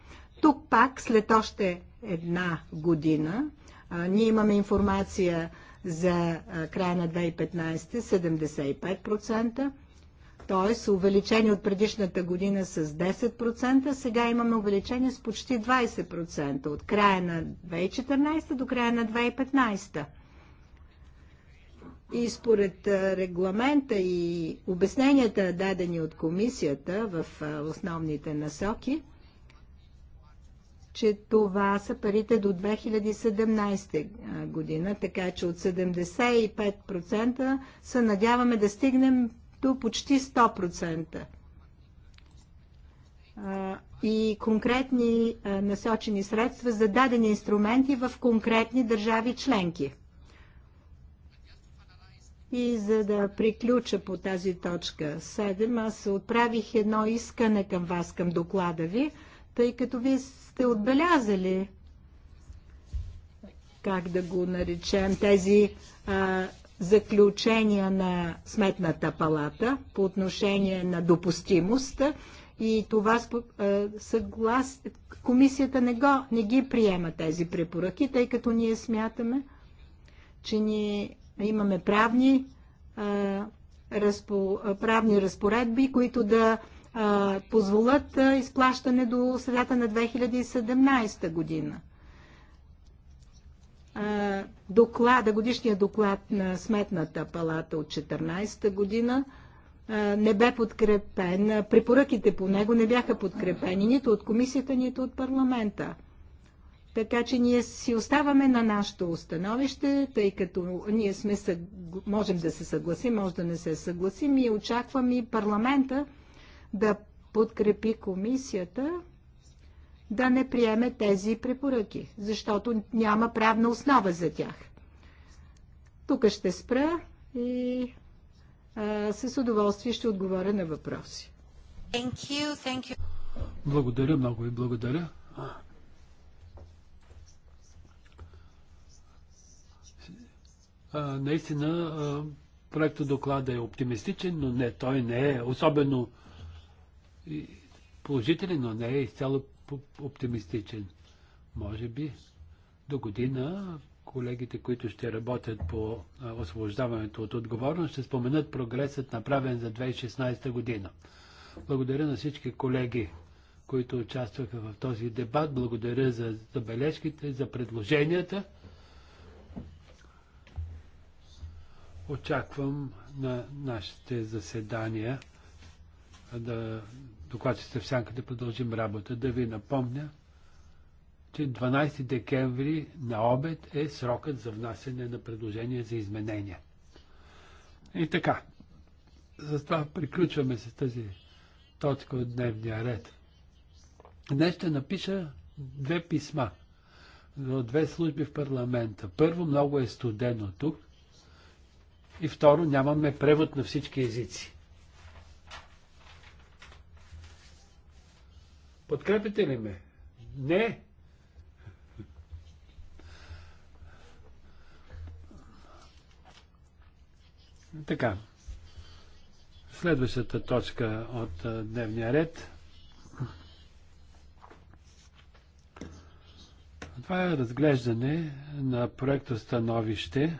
Тук пак след още една година а, ние имаме информация за а, края на 2015 75%, т.е. увеличение от предишната година с 10%, сега имаме увеличение с почти 20% от края на 2014 до края на 2015. И според регламента и обясненията, дадени от комисията в основните насоки, че това са парите до 2017 година, така че от 75% се надяваме да стигнем до почти 100%. И конкретни насочени средства за дадени инструменти в конкретни държави членки. И за да приключа по тази точка 7, аз отправих едно искане към вас, към доклада ви, тъй като вие сте отбелязали, как да го наречем, тези а, заключения на Сметната палата по отношение на допустимост и това е, съглас... Комисията не, го, не ги приема тези препоръки, тъй като ние смятаме, че ние имаме правни, е, правни разпоредби, които да е, позволят изплащане до средата на 2017 година доклада, годишния доклад на Сметната палата от 2014 година не бе подкрепен. Препоръките по него не бяха подкрепени нито от комисията, нито от парламента. Така че ние си оставаме на нашето установище, тъй като ние сме, можем да се съгласим, може да не се съгласим и очаквам и парламента да подкрепи комисията да не приеме тези препоръки, защото няма правна основа за тях. Тук ще спра и а, с удоволствие ще отговоря на въпроси. Thank you, thank you. Благодаря, много ви благодаря. А, наистина, проектът доклада е оптимистичен, но не, той не е особено положителен, но не е изцяло оптимистичен. Може би до година колегите, които ще работят по освобождаването от отговорност, ще споменат прогресът направен за 2016 година. Благодаря на всички колеги, които участваха в този дебат. Благодаря за забележките, за предложенията. Очаквам на нашите заседания да докладчите в сянка да продължим работа. Да ви напомня, че 12 декември на обед е срокът за внасяне на предложения за изменения. И така, за това приключваме с тази точка от дневния ред. Днес ще напиша две писма от две служби в парламента. Първо, много е студено тук. И второ, нямаме превод на всички езици. Подкрепите ли ме? Не. Така. Следващата точка от дневния ред. Това е разглеждане на проекта становище,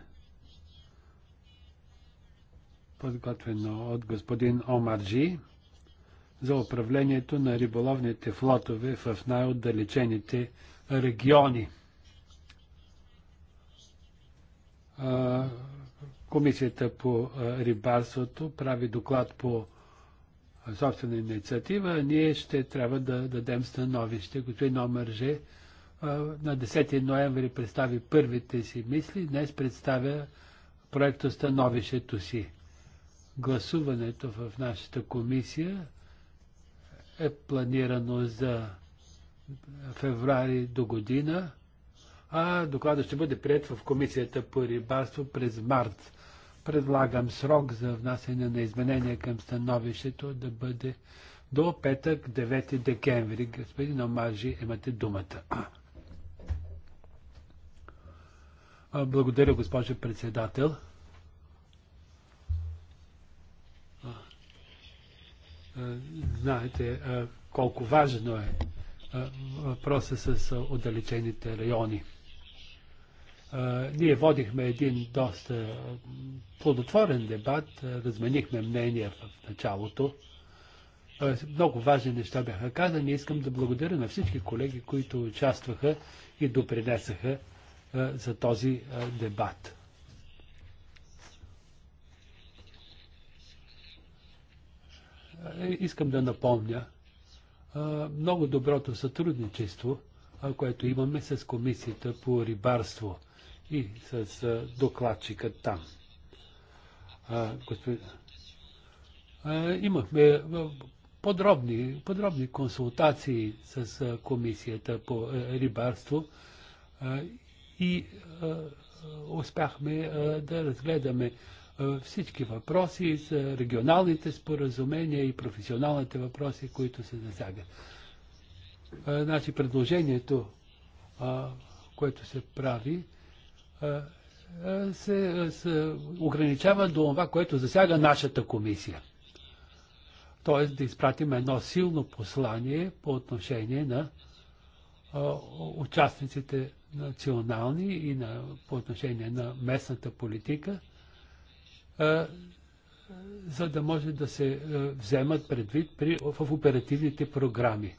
подготвено от господин Омарджи за управлението на риболовните флотове в най-отдалечените региони. Комисията по рибарството прави доклад по собствена инициатива. Ние ще трябва да дадем становище. Господин Же на 10 ноември представи първите си мисли, днес представя проекто становището си. Гласуването в нашата комисия е планирано за феврари до година, а докладът ще бъде прият в Комисията по рибарство през март. Предлагам срок за внасяне на изменения към становището да бъде до петък 9 декември. Господин Омажи, имате думата. Благодаря, госпожо председател. знаете колко важно е въпроса с отдалечените райони. Ние водихме един доста плодотворен дебат, разменихме мнения в началото. Много важни неща бяха казани. Искам да благодаря на всички колеги, които участваха и допринесаха за този дебат. Е, искам да напомня много доброто сътрудничество, което имаме с комисията по рибарство и с докладчика там. Имахме подробни, подробни консултации с комисията по рибарство и успяхме да разгледаме е, всички въпроси за регионалните споразумения и професионалните въпроси, които се засягат. Е, значи предложението, което се прави, е, се, се ограничава до това, което засяга нашата комисия. Тоест да изпратим едно силно послание по отношение на участниците национални и на, по отношение на местната политика за да може да се вземат предвид при, в оперативните програми.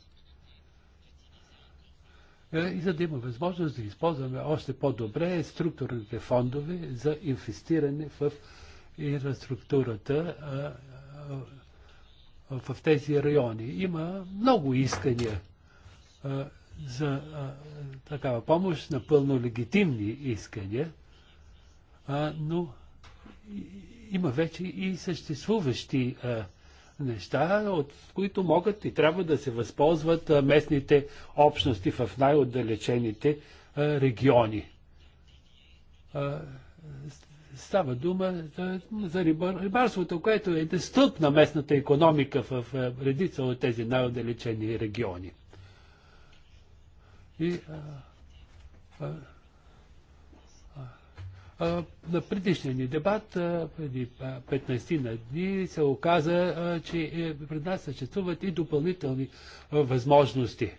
И за да има възможност да използваме още по-добре структурните фондове за инвестиране в инфраструктурата в тези райони. Има много искания за такава помощ, напълно легитимни искания, но има вече и съществуващи а, неща, от които могат и трябва да се възползват а, местните общности в най-отдалечените региони. А, става дума за, за рибар, рибарството, което е стълб на местната економика в редица от тези най-отдалечени региони. И а, а, на предишния ни дебат, преди 15 на дни, се оказа, че е, пред нас съществуват и допълнителни възможности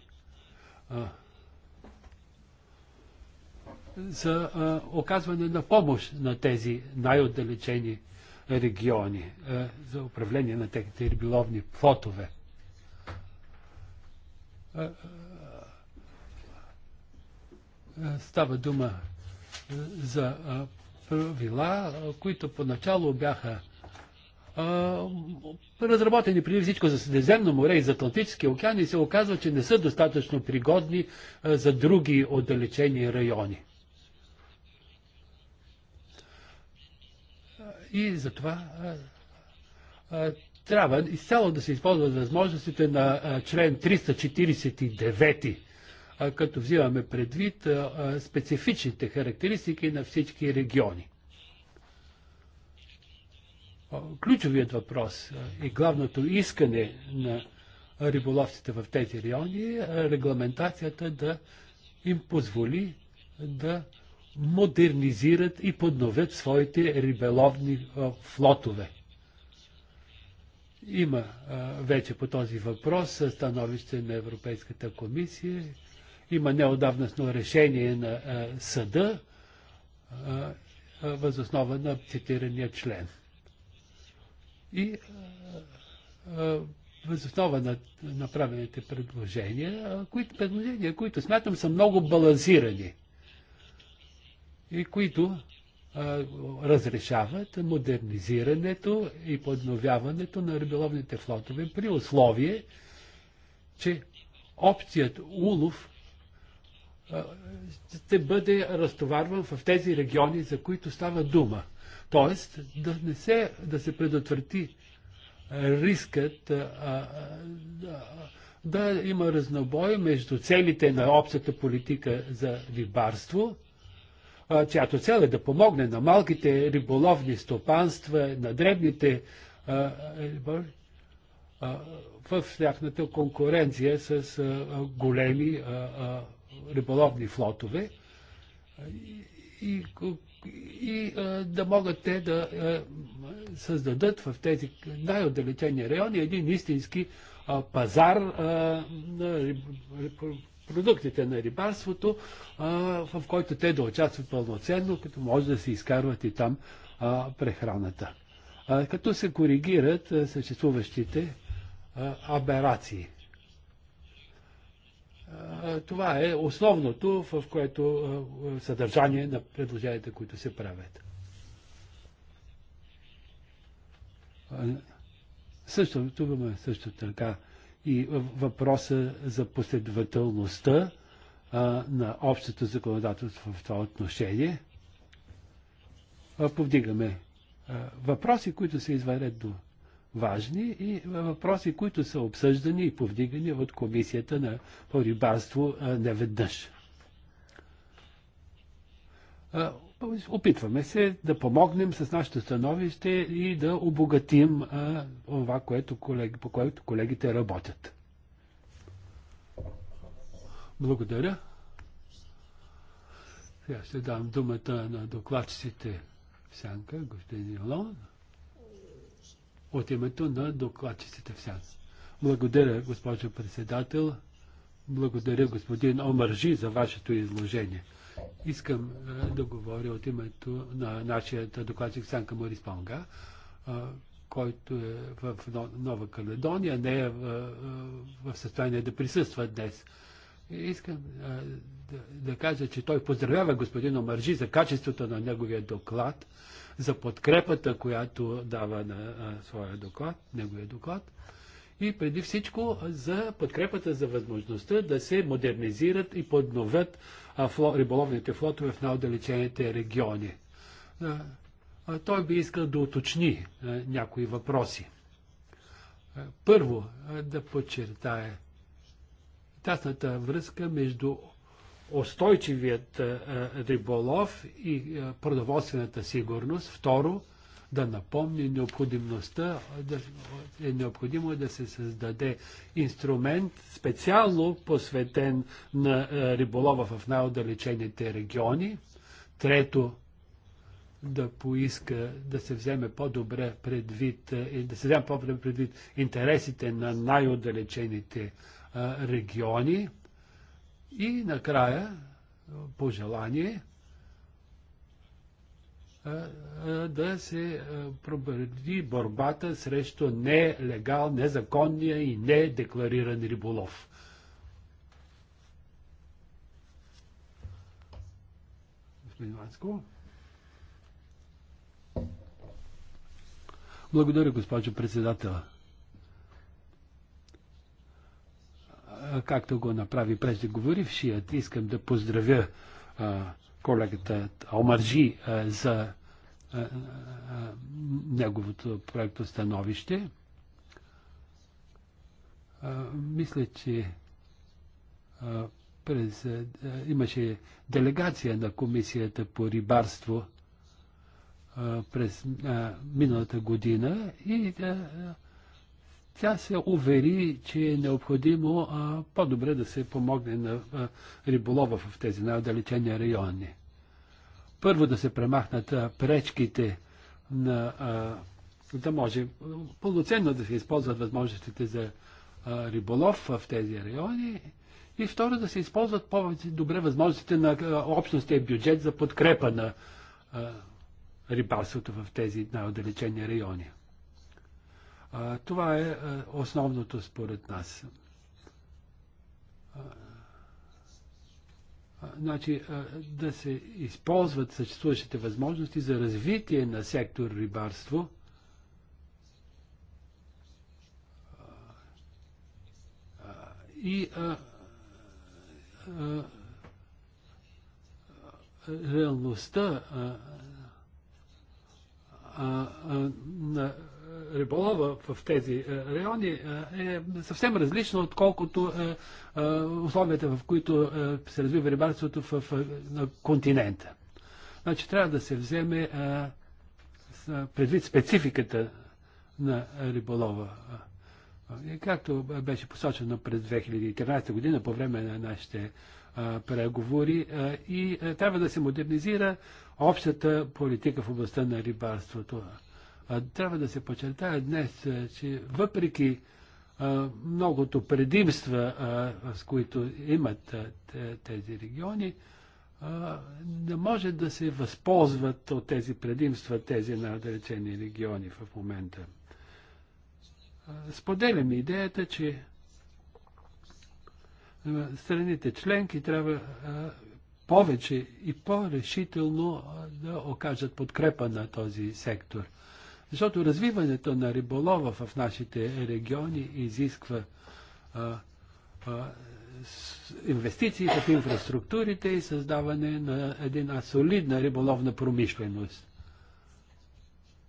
за оказване на помощ на тези най-отдалечени региони, за управление на техните рибиловни флотове. Става дума за правила, които поначало бяха разработени преди всичко за Средиземно море и за Атлантическия океан и се оказва, че не са достатъчно пригодни за други отдалечени райони. И затова трябва изцяло да се използват възможностите на член 349 като взимаме предвид специфичните характеристики на всички региони. Ключовият въпрос и главното искане на риболовците в тези райони е регламентацията да им позволи да модернизират и подновят своите риболовни флотове. Има вече по този въпрос становище на Европейската комисия има неодавнасно решение на а, е, съда е, е, възоснова на цитирания член. И възоснова на направените предложения, които, предложения, които смятам са много балансирани и които а, разрешават модернизирането и подновяването на риболовните флотове при условие, че опцият улов ще бъде разтоварван в тези региони, за които става дума. Тоест, да, не се, да се предотврати рискът да, има разнобой между целите на общата политика за рибарство, чиято цел е да помогне на малките риболовни стопанства, на дребните в тяхната конкуренция с големи а, а, риболовни флотове и, и да могат те да създадат в тези най-отдалечени райони един истински пазар на продуктите на рибарството, в който те да участват пълноценно, като може да се изкарват и там прехраната. Като се коригират съществуващите аберации това е основното, в което съдържание на предложенията, които се правят. Също, има също така и въпроса за последователността а, на общото законодателство в това отношение. А, повдигаме а, въпроси, които са до важни и въпроси, които са обсъждани и повдигани от комисията на, по рибарство неведнъж. Опитваме се да помогнем с нашето становище и да обогатим това, което колеги, по което колегите работят. Благодаря. Сега ще дам думата на докладчиците в Сянка, господин Илон от името на докладчиците в сянка. Благодаря, госпожо председател. Благодаря, господин Омържи, за вашето изложение. Искам да говоря от името на нашия докладчик Сянка Морис Понга, който е в Нова Каледония, не е в, състояние да присъства днес. Искам да, да кажа, че той поздравява господин Омържи за качеството на неговия доклад за подкрепата, която дава на своя доклад, неговия доклад и преди всичко за подкрепата за възможността да се модернизират и подновят фло, риболовните флотове в най-отдалечените региони. Той би искал да уточни някои въпроси. Първо, да подчертая тясната връзка между устойчивият риболов и продоволствената сигурност. Второ, да напомни необходимостта, да, е необходимо да се създаде инструмент специално посветен на риболова в най-отдалечените региони. Трето, да поиска да се вземе по-добре предвид и да се вземе по-добре предвид интересите на най-отдалечените региони. И накрая пожелание да се пробърди борбата срещу нелегал, незаконния и недеклариран риболов. Господин Ванско. Благодаря, госпожо председател. както го направи преждеговорившият, искам да поздравя колегата Омаржи за неговото проекто становище. Мисля, че през, имаше делегация на комисията по рибарство през миналата година и тя се увери, че е необходимо по-добре да се помогне на а, риболова в тези най-отдалечени райони. Първо да се премахнат а, пречките, на, а, да може пълноценно да се използват възможностите за а, риболов в тези райони. И второ да се използват повече добре възможностите на общностния бюджет за подкрепа на а, рибарството в тези най-отдалечени райони. А, това е а, основното според нас. А, значи, а, да се използват съществуващите възможности за развитие на сектор рибарство. и а, а, реалността а, а, а, на риболова в тези е, райони е, е съвсем различно, отколкото е, условията, в които се развива рибарството в, на континента. Значи трябва да се вземе предвид спецификата на риболова. И както беше посочено през 2013 година по време на нашите преговори и трябва да се модернизира общата политика в областта на рибарството. Трябва да се подчертая днес, че въпреки многото предимства, с които имат тези региони, не може да се възползват от тези предимства, тези на наречени региони в момента. Споделям идеята, че страните членки трябва повече и по-решително да окажат подкрепа на този сектор – защото развиването на риболова в нашите региони изисква а, а, инвестиции в инфраструктурите и създаване на една солидна риболовна промишленост.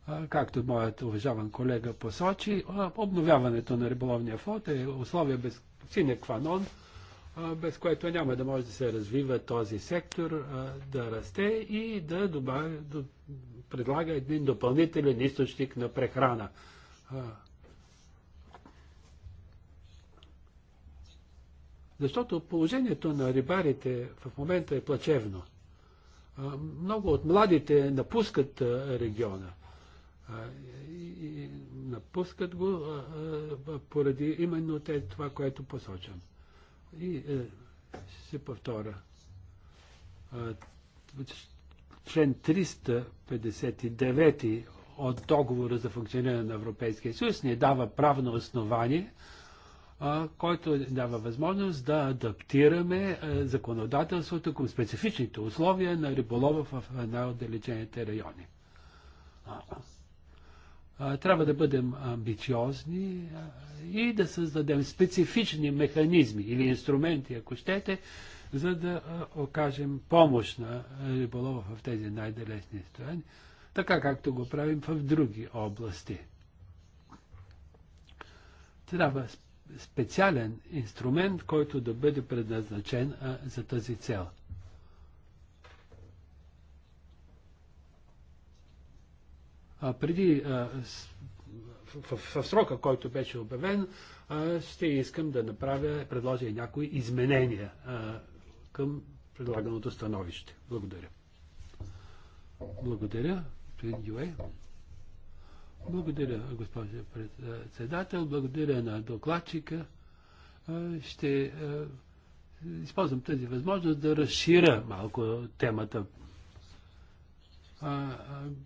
А, както моят уважаван колега посочи, обновяването на риболовния флот е условие без синекванон без което няма да може да се развива този сектор, да расте и да, добави, да предлага един допълнителен източник на прехрана. Защото положението на рибарите в момента е плачевно. Много от младите напускат региона. И напускат го поради именно това, което посочвам. И е, ще повторя. Член 359 от договора за функциониране на Европейския съюз ни дава правно основание, който дава възможност да адаптираме е, законодателството към специфичните условия на риболова в най-отдалечените райони. Трябва да бъдем амбициозни и да създадем специфични механизми или инструменти, ако щете, за да окажем помощ на риболова в тези най далесни страни, така както го правим в други области. Трябва специален инструмент, който да бъде предназначен за тази цел. а, преди а, в, в, в срока, който беше обявен, а, ще искам да направя, предложа и някои изменения а, към предлаганото становище. Благодаря. Благодаря, господин Благодаря, госпожа председател. Благодаря на докладчика. Ще използвам тази възможност да разширя малко темата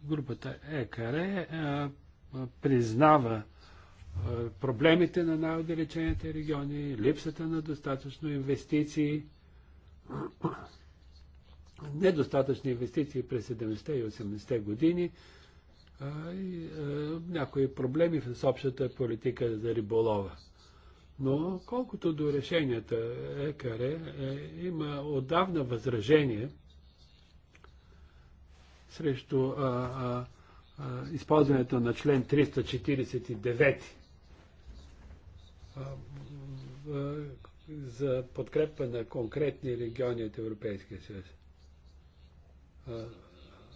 групата ЕКАРЕ признава проблемите на най-отдалечените региони, липсата на достатъчно инвестиции, <clears throat> недостатъчни инвестиции през 70-те и 80-те години, и, някои проблеми с общата политика за риболова. Но колкото до решенията ЕКАРЕ, е, има отдавна възражение – срещу а, а, а, използването на член 349 а, а, за подкрепа на конкретни региони от Европейския съюз.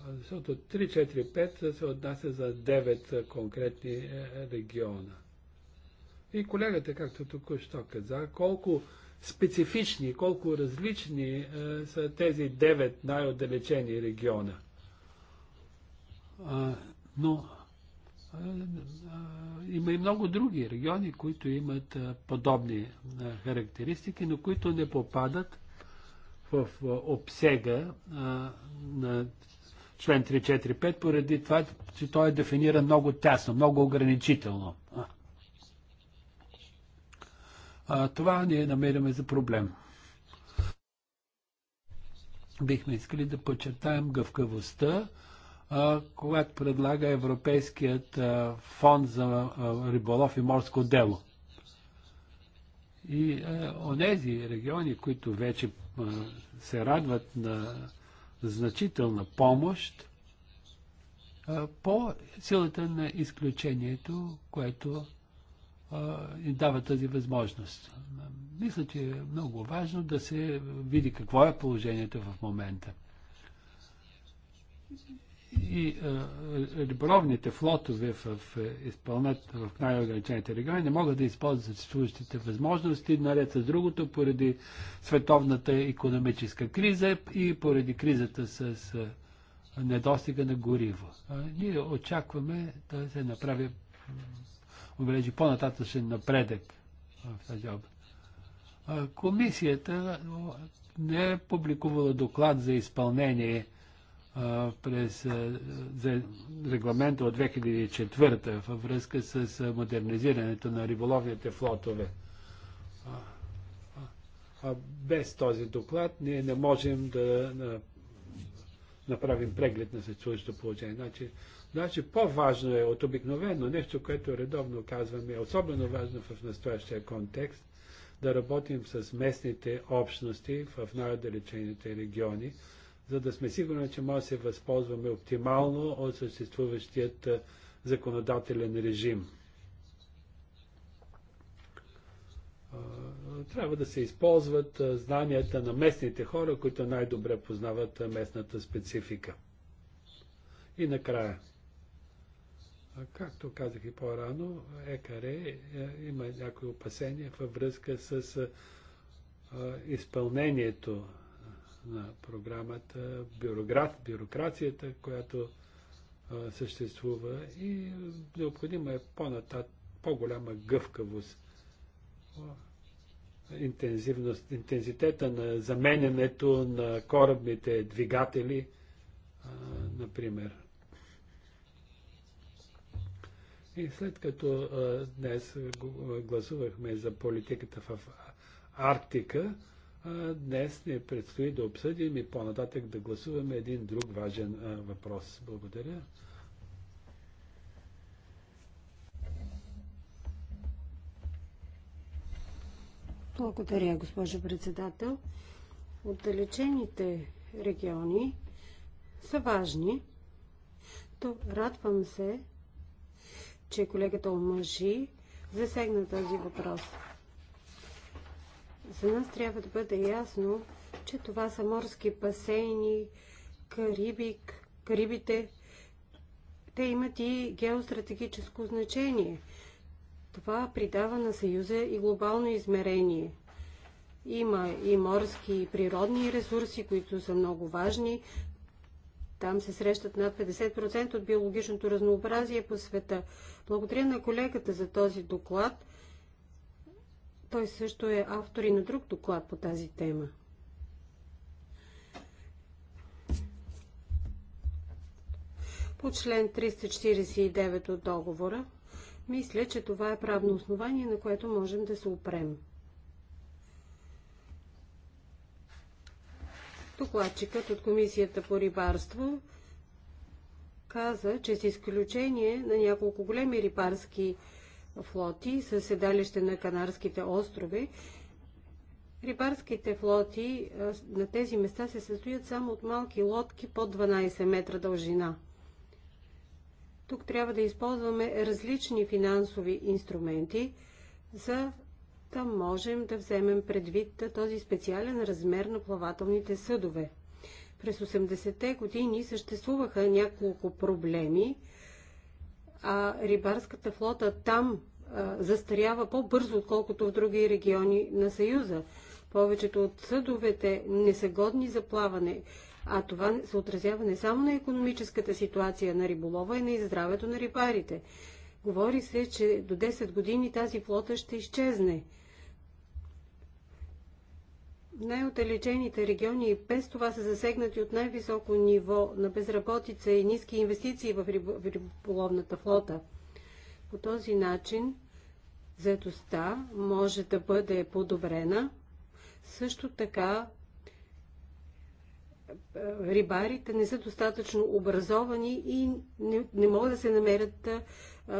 защото 345 се отнася за 9 конкретни е, региона. И колегата, както току-що каза, колко специфични, колко различни е, са тези 9 най-отдалечени региона но има и много други региони, които имат подобни характеристики, но които не попадат в обсега на член 345, поради това, че той е дефиниран много тясно, много ограничително. А, това ние намираме за проблем. Бихме искали да подчертаем гъвкавостта, когато предлага Европейският фонд за риболов и морско дело. И онези региони, които вече се радват на значителна помощ, по силата на изключението, което им дава тази възможност. Мисля, че е много важно да се види какво е положението в момента и риболовните флотове в, в, изпълнат, в най-ограничените региони не могат да използват съществуващите възможности, наред с другото, поради световната економическа криза и поради кризата с недостига на гориво. А, ние очакваме да се направи, обележи по-нататъчен напредък в тази област. Комисията не е публикувала доклад за изпълнение през регламента от 2004 във връзка с модернизирането на риболовните флотове. А без този доклад ние не можем да направим преглед на съществуващото положение. Значи, значи по-важно е от обикновено нещо, което редовно казваме, е особено важно в настоящия контекст, да работим с местните общности в най-отдалечените региони, за да сме сигурни, че може да се възползваме оптимално от съществуващият законодателен режим. Трябва да се използват знанията на местните хора, които най-добре познават местната специфика. И накрая. Както казах и по-рано, ЕКАРЕ е, има някои опасения във връзка с изпълнението на програмата, бюрократ, бюрокрацията, която а, съществува и необходима е по-натат, по-голяма гъвкавост, интензивност, интензитета на заменянето на корабните двигатели, а, например. И след като а, днес гласувахме за политиката в Арктика, Днес ни предстои да обсъдим и по-нататък да гласуваме един друг важен въпрос. Благодаря. Благодаря, госпожо председател. Отдалечените региони са важни. То радвам се, че колегата омъжи засегна този въпрос. За нас трябва да бъде ясно, че това са морски басейни, Карибик, Карибите. Те имат и геостратегическо значение. Това придава на Съюза и глобално измерение. Има и морски и природни ресурси, които са много важни. Там се срещат над 50% от биологичното разнообразие по света. Благодаря на колегата за този доклад. Той също е автор и на друг доклад по тази тема. По член 349 от договора, мисля, че това е правно основание, на което можем да се опрем. Докладчикът от Комисията по рибарство каза, че с изключение на няколко големи рибарски флоти със седалище на Канарските острови. Рибарските флоти на тези места се състоят само от малки лодки под 12 метра дължина. Тук трябва да използваме различни финансови инструменти, за да можем да вземем предвид този специален размер на плавателните съдове. През 80-те години съществуваха няколко проблеми, а рибарската флота там а, застарява по-бързо, отколкото в други региони на Съюза. Повечето от съдовете не са годни за плаване, а това се отразява не само на економическата ситуация на риболова и на и здравето на рибарите. Говори се, че до 10 години тази флота ще изчезне най-отдалечените региони и без това са засегнати от най-високо ниво на безработица и ниски инвестиции в риболовната флота. По този начин заедостта може да бъде подобрена. Също така е, рибарите не са достатъчно образовани и не, не могат да се намерят а,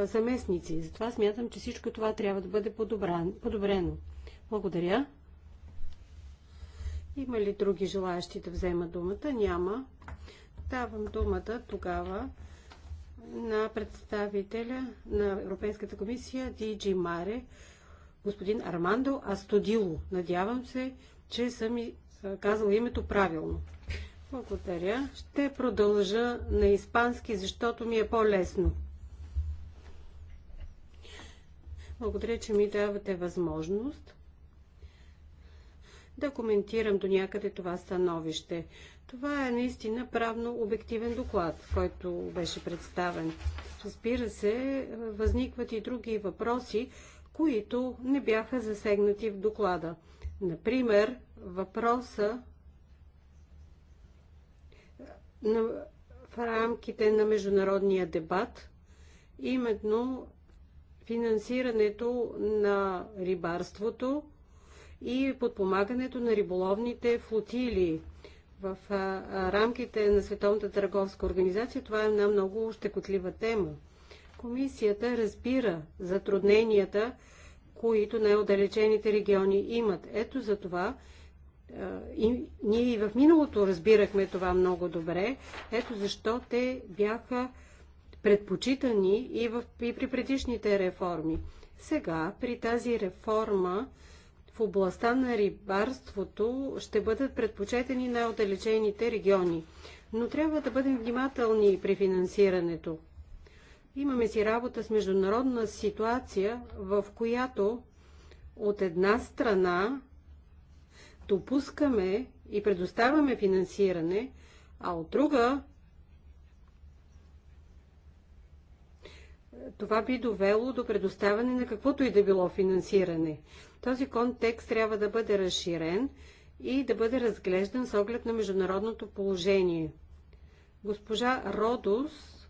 е, заместници. Затова смятам, че всичко това трябва да бъде подобрено. Благодаря. Има ли други желаящи да вземат думата? Няма. Давам думата тогава на представителя на Европейската комисия DG Маре, господин Армандо Астодило. Надявам се, че съм и казала името правилно. Благодаря. Ще продължа на испански, защото ми е по-лесно. Благодаря, че ми давате възможност да коментирам до някъде това становище. Това е наистина правно обективен доклад, който беше представен. Разбира се, възникват и други въпроси, които не бяха засегнати в доклада. Например, въпроса на, в рамките на международния дебат, именно финансирането на рибарството и подпомагането на риболовните флотилии. В рамките на Световната търговска организация това е една много щекотлива тема. Комисията разбира затрудненията, които най-отдалечените региони имат. Ето за това и, ние и в миналото разбирахме това много добре. Ето защо те бяха предпочитани и, в, и при предишните реформи. Сега, при тази реформа, в областта на рибарството ще бъдат предпочетени най-отдалечените региони. Но трябва да бъдем внимателни при финансирането. Имаме си работа с международна ситуация, в която от една страна допускаме и предоставяме финансиране, а от друга това би довело до предоставяне на каквото и да било финансиране. Този контекст трябва да бъде разширен и да бъде разглеждан с оглед на международното положение. Госпожа Родос,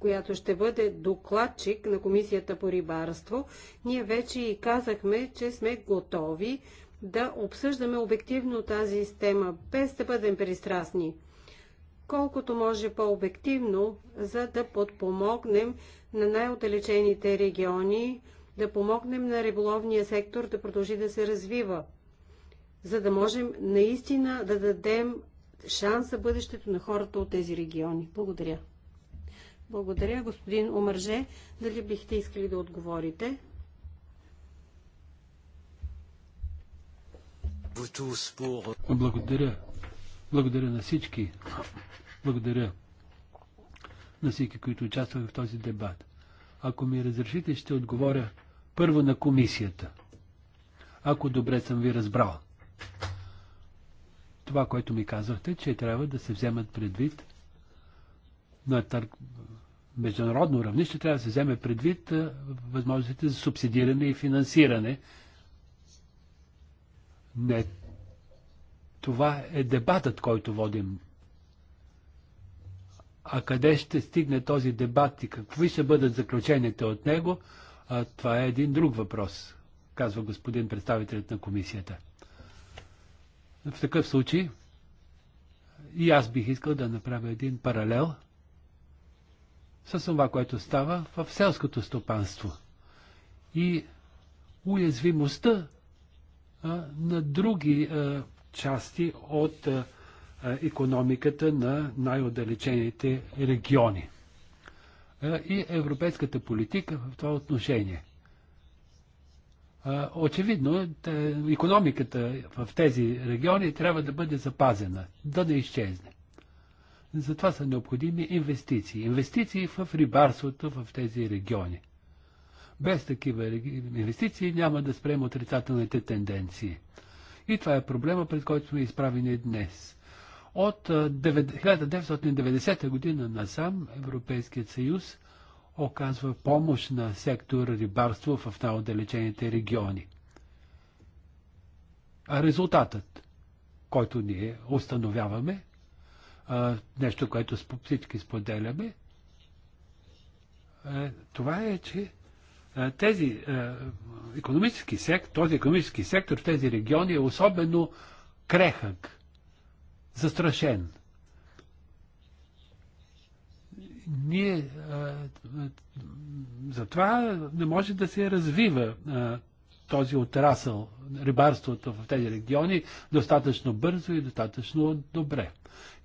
която ще бъде докладчик на Комисията по рибарство, ние вече и казахме, че сме готови да обсъждаме обективно тази тема, без да бъдем пристрастни. Колкото може по-обективно, за да подпомогнем на най-отдалечените региони, да помогнем на риболовния сектор да продължи да се развива, за да можем наистина да дадем шанс за бъдещето на хората от тези региони. Благодаря. Благодаря, господин Омърже. Дали бихте искали да отговорите? Благодаря. Благодаря на всички. Благодаря на всички, които участваха в този дебат. Ако ми разрешите, ще отговоря първо на комисията. Ако добре съм ви разбрал. Това, което ми казахте, че трябва да се вземат предвид на тър... международно равнище, трябва да се вземе предвид възможностите за субсидиране и финансиране. Не. Това е дебатът, който водим а къде ще стигне този дебат и какви ще бъдат заключенията от него, а, това е един друг въпрос, казва господин представителят на комисията. В такъв случай и аз бих искал да направя един паралел с това, което става в селското стопанство и уязвимостта а, на други а, части от а, економиката на най-отдалечените региони и европейската политика в това отношение. Очевидно, економиката в тези региони трябва да бъде запазена, да не изчезне. Затова са необходими инвестиции. Инвестиции в рибарството в тези региони. Без такива инвестиции няма да спрем отрицателните тенденции. И това е проблема, пред който сме изправени днес. От 1990 година насам Европейският съюз оказва помощ на сектор рибарство в най-отдалечените региони. А резултатът, който ние установяваме, нещо, което всички споделяме, е, това е, че е, тези економически сектор, този економически сектор в тези региони е особено крехък застрашен. Ние а, затова не може да се развива а, този отрасъл, рибарството в тези региони, достатъчно бързо и достатъчно добре.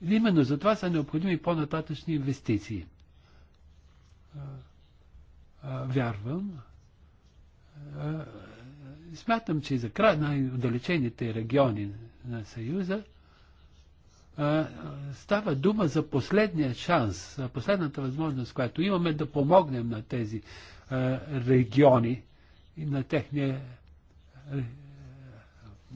И именно за това са необходими по-нататъчни инвестиции. А, а, вярвам. А, смятам, че и за край най-отдалечените региони на Съюза става дума за последния шанс, последната възможност, която имаме да помогнем на тези региони и на техния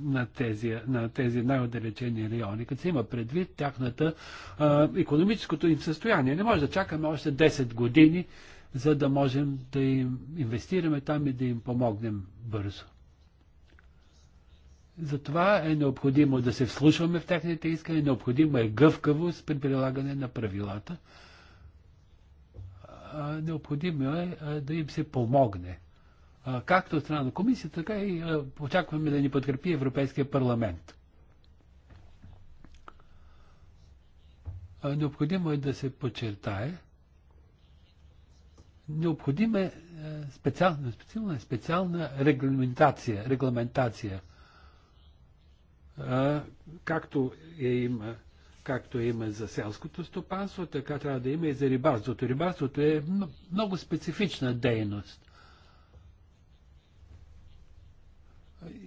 на тези, на тези най-отдалечени райони, като се има предвид тяхната а, економическото им състояние. Не може да чакаме още 10 години, за да можем да им инвестираме там и да им помогнем бързо. Затова е необходимо да се вслушваме в техните искания, необходимо е гъвкавост при прилагане на правилата. Необходимо е да им се помогне. Както от страна на комисията, така и очакваме да ни подкрепи Европейския парламент. Необходимо е да се подчертае, необходима е специална, специална, специална регламентация, регламентация – както е има както е има за селското стопанство, така трябва да има и за рибарството. Рибарството е много специфична дейност.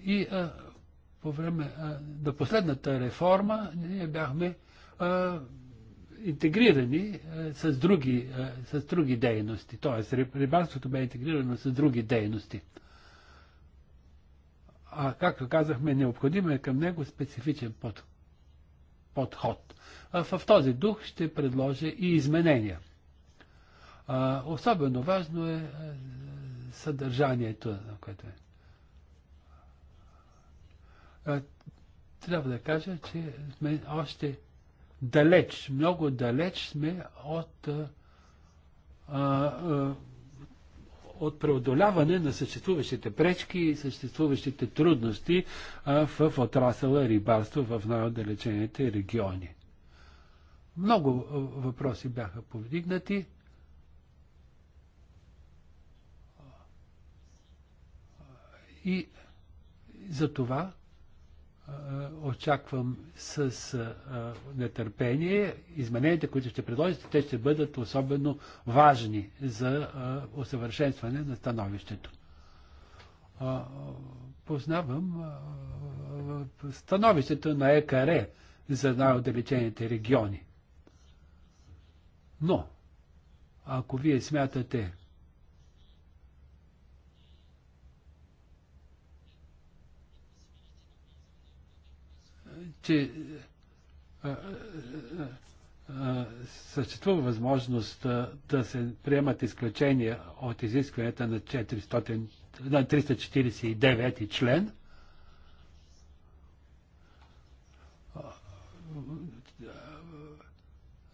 И а, по време а, на последната реформа ние бяхме а, интегрирани а, с, други, а, с други дейности. Тоест, рибарството бе интегрирано с други дейности. А, както казахме, необходим е към него специфичен под, подход. А, в този дух ще предложа и изменения. А, особено важно е, е съдържанието, на което е. А, трябва да кажа, че сме още далеч, много далеч сме от а, а, от преодоляване на съществуващите пречки и съществуващите трудности в отрасъла рибарство в най-отдалечените региони. Много въпроси бяха повдигнати. И за това очаквам с а, нетърпение измененията, които ще предложите, те ще бъдат особено важни за а, усъвършенстване на становището. А, познавам а, становището на ЕКР за най-отдалечените региони. Но, ако вие смятате, че е, е, е, съществува възможност да се приемат изключения от изискванията на, 400, на 349 член.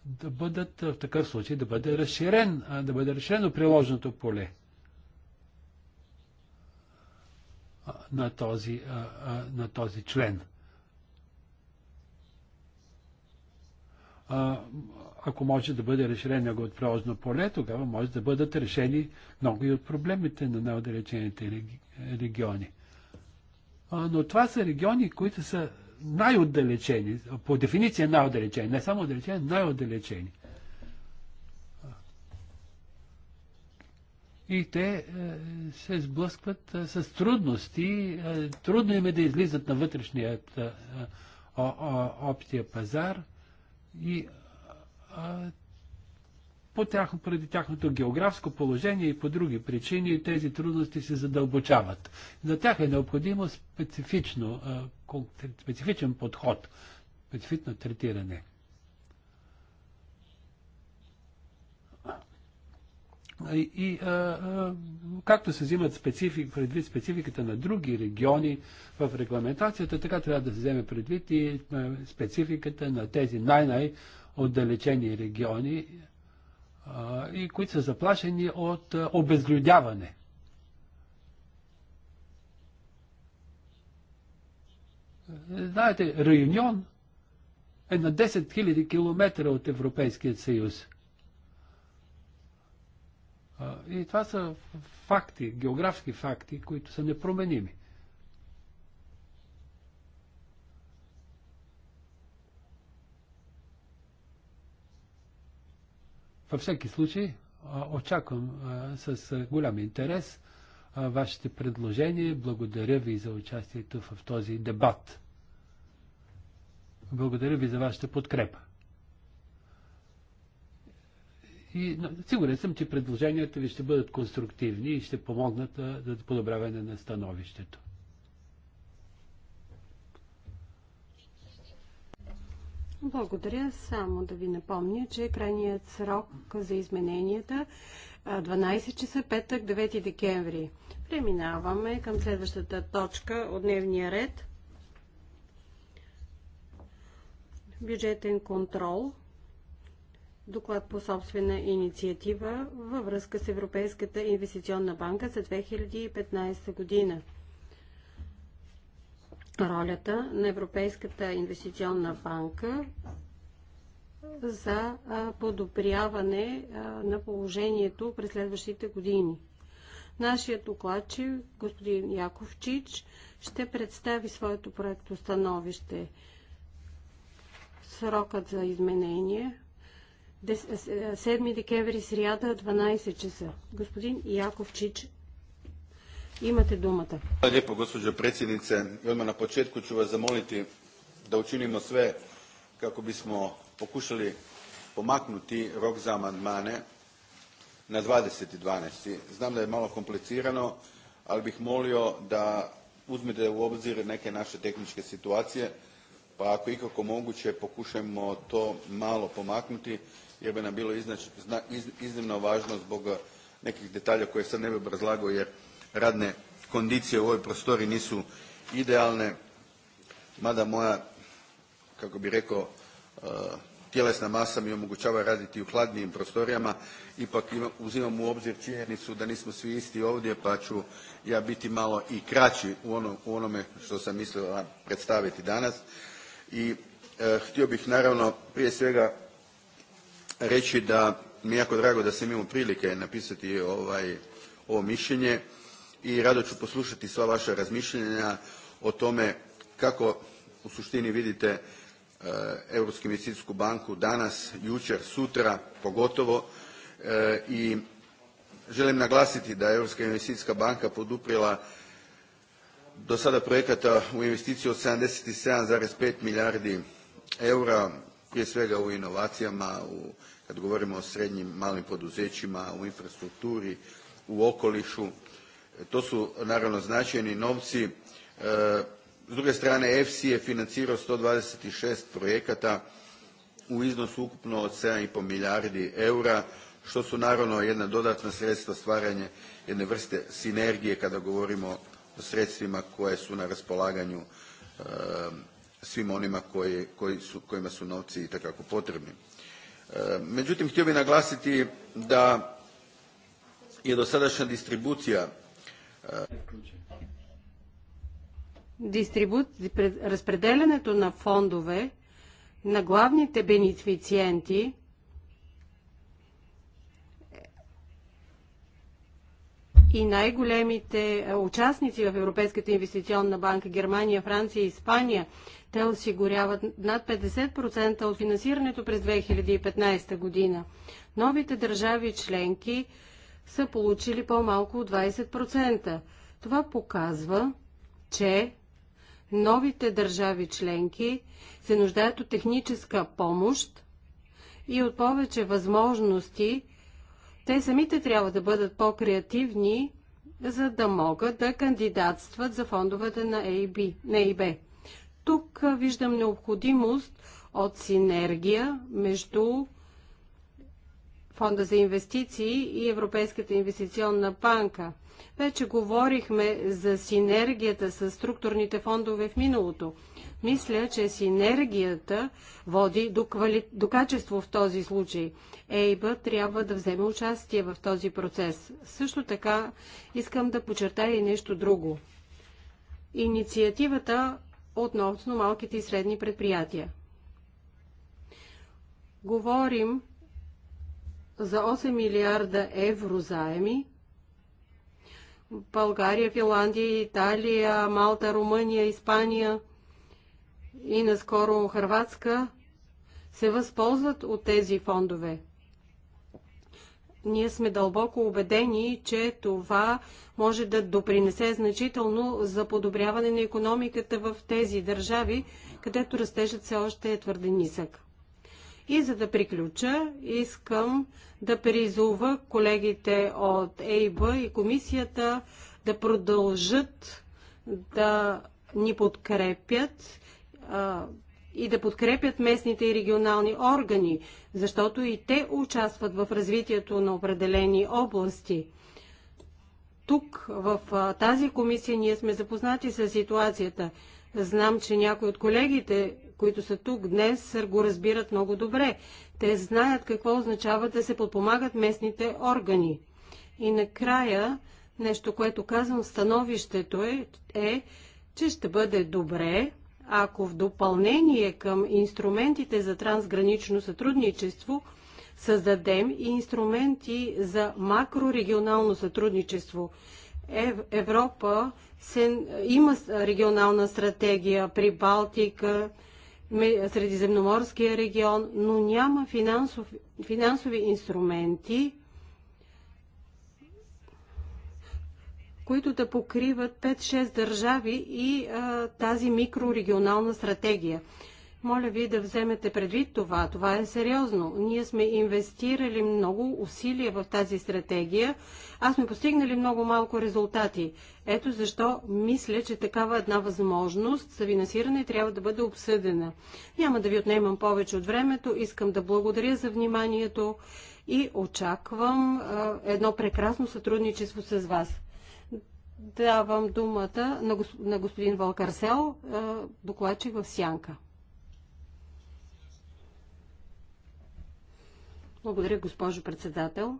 Да бъдат в такъв случай да бъде разширен, да бъде разширено приложеното поле на този, на този член. ако може да бъде разширен неговото приложено поле, тогава може да бъдат решени много и от проблемите на най-отдалечените региони. Но това са региони, които са най-отдалечени, по дефиниция най-отдалечени, не само отдалечени, най-отдалечени. И те е, се сблъскват е, с трудности. Е, трудно им е да излизат на вътрешният общия пазар и а, по тях, преди тяхното географско положение и по други причини тези трудности се задълбочават. За тях е необходимо специфично, а, специфичен подход, специфично третиране. И а, а, както се взимат специфик, предвид спецификата на други региони в регламентацията, така трябва да се вземе предвид и а, спецификата на тези най-най отдалечени региони а, и които са заплашени от а, обезлюдяване. Знаете, Реюнион е на 10 000 км от Европейския съюз – и това са факти, географски факти, които са непроменими. Във всеки случай, очаквам с голям интерес вашите предложения. Благодаря ви за участието в този дебат. Благодаря ви за вашата подкрепа. И сигурен съм, че предложенията ви ще бъдат конструктивни и ще помогнат за подобряване на становището. Благодаря. Само да ви напомня, че крайният срок за измененията 12 часа, петък, 9 декември. Преминаваме към следващата точка от дневния ред. Бюджетен контрол доклад по собствена инициатива във връзка с Европейската инвестиционна банка за 2015 година. Ролята на Европейската инвестиционна банка за подобряване на положението през следващите години. Нашият докладчик, господин Яков Чич, ще представи своето проекто становище. Срокът за изменение 7 декември, сряда, 12 часа. Господин Яков Чич, imate domata. Hvala lijepo, gospođo predsjednice. Odmah na početku ću vas zamoliti da učinimo sve kako bismo покушали помакнути рок за amandmane на 20.12. Знам да je мало комплицирано, ali bih molio da uzmete u obzir neke naše tehničke situacije, pa ako ikako moguće pokušajmo to malo pomaknuti jer bi nam bilo iznimno važno zbog nekih detalja koje sad ne bi obrazlagao jer radne kondicije u ovoj prostori nisu idealne, mada moja, kako bi rekao, tjelesna masa mi omogućava raditi i u hladnijim prostorijama, ipak uzimam u obzir činjenicu da nismo svi isti ovdje pa ću ja biti malo i kraći u onome što sam mislio vam predstaviti danas. I htio bih naravno prije svega reći da mi je jako drago da sam imao prilike napisati ovaj, ovo mišljenje i rado ću poslušati sva vaša razmišljanja o tome kako u suštini vidite Europsku investicijsku banku danas, jučer, sutra pogotovo i želim naglasiti da je Europska investicijska banka poduprila do sada projekata u investiciju od 77,5 milijardi eura, prije svega u inovacijama, u kad govorimo o srednjim i malim poduzećima, u infrastrukturi, u okolišu. To su naravno značajni novci. S druge strane, EFSI je financirao 126 projekata u iznosu ukupno od 7,5 milijardi eura, što su naravno jedna dodatna sredstva stvaranje jedne vrste sinergije kada govorimo o sredstvima koja su na raspolaganju svim onima kojima su novci itekako potrebni. Međutim, е, htio bih naglasiti da je dosadašnja distribucija разпределянето на фондове на главните бенефициенти и най-големите е, участници в Европейската инвестиционна банка Германия, Франция и Испания – те осигуряват над 50% от финансирането през 2015 година. Новите държави членки са получили по-малко от 20%. Това показва, че новите държави членки се нуждаят от техническа помощ и от повече възможности. Те самите трябва да бъдат по-креативни, за да могат да кандидатстват за фондовете на ЕИБ. Тук виждам необходимост от синергия между Фонда за инвестиции и Европейската инвестиционна банка. Вече говорихме за синергията с структурните фондове в миналото. Мисля, че синергията води до, квали... до качество в този случай. Ейба трябва да вземе участие в този процес. Също така искам да почертая и нещо друго. Инициативата относно малките и средни предприятия. Говорим за 8 милиарда евро заеми. България, Финландия, Италия, Малта, Румъния, Испания и наскоро Хрватска се възползват от тези фондове ние сме дълбоко убедени, че това може да допринесе значително за подобряване на економиката в тези държави, където растежът все още е твърде нисък. И за да приключа, искам да призова колегите от ЕИБ и комисията да продължат да ни подкрепят и да подкрепят местните и регионални органи, защото и те участват в развитието на определени области. Тук, в тази комисия, ние сме запознати с ситуацията. Знам, че някои от колегите, които са тук днес, го разбират много добре. Те знаят какво означава да се подпомагат местните органи. И накрая, нещо, което казвам в становището е, е че ще бъде добре ако в допълнение към инструментите за трансгранично сътрудничество създадем и инструменти за макрорегионално сътрудничество. Ев, Европа се, има регионална стратегия при Балтика, Средиземноморския регион, но няма финансов, финансови инструменти, които да покриват 5-6 държави и а, тази микрорегионална стратегия. Моля ви да вземете предвид това. Това е сериозно. Ние сме инвестирали много усилия в тази стратегия, а сме постигнали много малко резултати. Ето защо мисля, че такава една възможност за финансиране трябва да бъде обсъдена. Няма да ви отнемам повече от времето. Искам да благодаря за вниманието и очаквам а, едно прекрасно сътрудничество с вас. Давам думата на, господин Валкарсел, докладчик в Сянка. Благодаря, госпожо председател.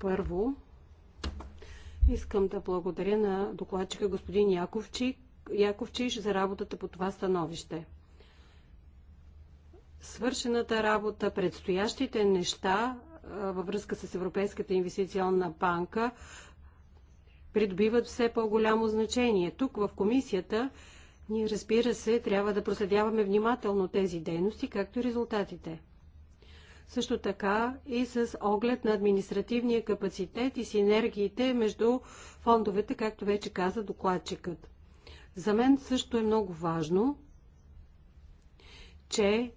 Първо, искам да благодаря на докладчика господин Яковчиш за работата по това становище. Свършената работа, предстоящите неща във връзка с Европейската инвестиционна банка придобиват все по-голямо значение. Тук в комисията ние, разбира се, трябва да проследяваме внимателно тези дейности, както и резултатите. Също така и с оглед на административния капацитет и синергиите между фондовете, както вече каза докладчикът. За мен също е много важно, че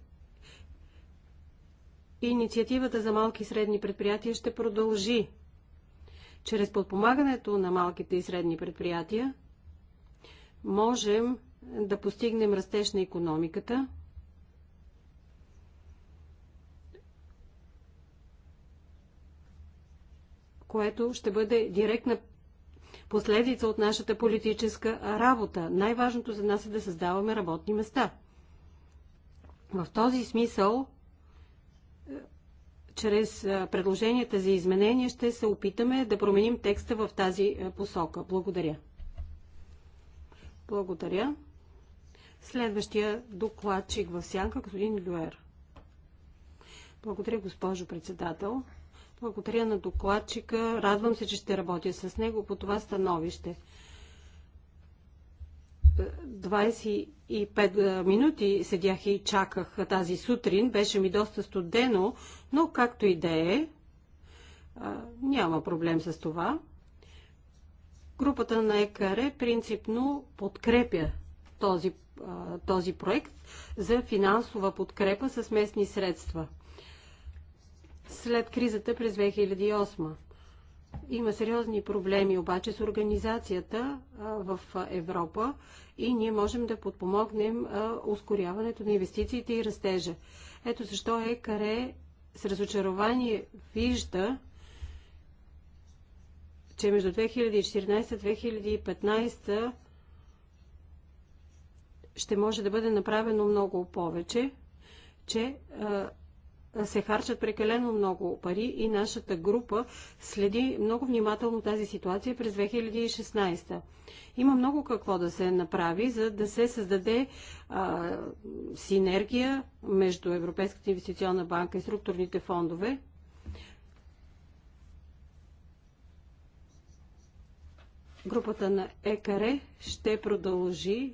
инициативата за малки и средни предприятия ще продължи чрез подпомагането на малките и средни предприятия можем да постигнем растеж на економиката, което ще бъде директна последица от нашата политическа работа. Най-важното за нас е да създаваме работни места. В този смисъл чрез предложенията за изменения ще се опитаме да променим текста в тази посока. Благодаря. Благодаря. Следващия докладчик в сянка, господин Люер. Благодаря, госпожо председател. Благодаря на докладчика. Радвам се, че ще работя с него по това становище. 25 минути седях и чаках тази сутрин. Беше ми доста студено, но както и да е, няма проблем с това. Групата на Екаре принципно подкрепя този, този проект за финансова подкрепа с местни средства. След кризата през 2008 има сериозни проблеми обаче с организацията в Европа и ние можем да подпомогнем ускоряването на инвестициите и растежа. Ето защо ЕКАРЕ с разочарование вижда, че между 2014-2015 ще може да бъде направено много повече, че се харчат прекалено много пари и нашата група следи много внимателно тази ситуация през 2016. Има много какво да се направи, за да се създаде а, синергия между Европейската инвестиционна банка и структурните фондове. Групата на ЕКАРЕ ще продължи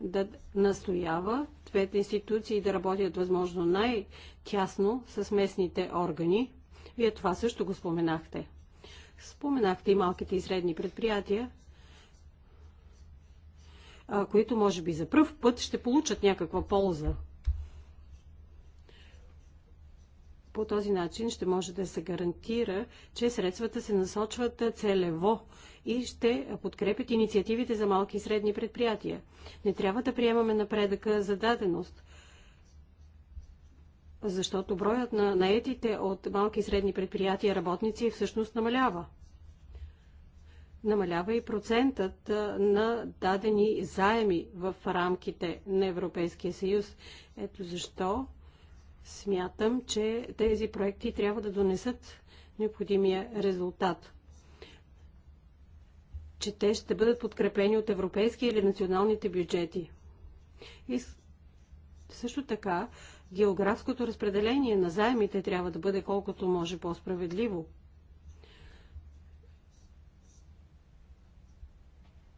да настоява двете институции да работят възможно най-тясно с местните органи. Вие това също го споменахте. Споменахте и малките и средни предприятия които може би за пръв път ще получат някаква полза. По този начин ще може да се гарантира, че средствата се насочват целево и ще подкрепят инициативите за малки и средни предприятия. Не трябва да приемаме напредъка за даденост, защото броят на наетите от малки и средни предприятия работници всъщност намалява намалява и процентът на дадени заеми в рамките на Европейския съюз. Ето защо смятам, че тези проекти трябва да донесат необходимия резултат. Че те ще бъдат подкрепени от европейски или националните бюджети. И също така, географското разпределение на заемите трябва да бъде колкото може по-справедливо.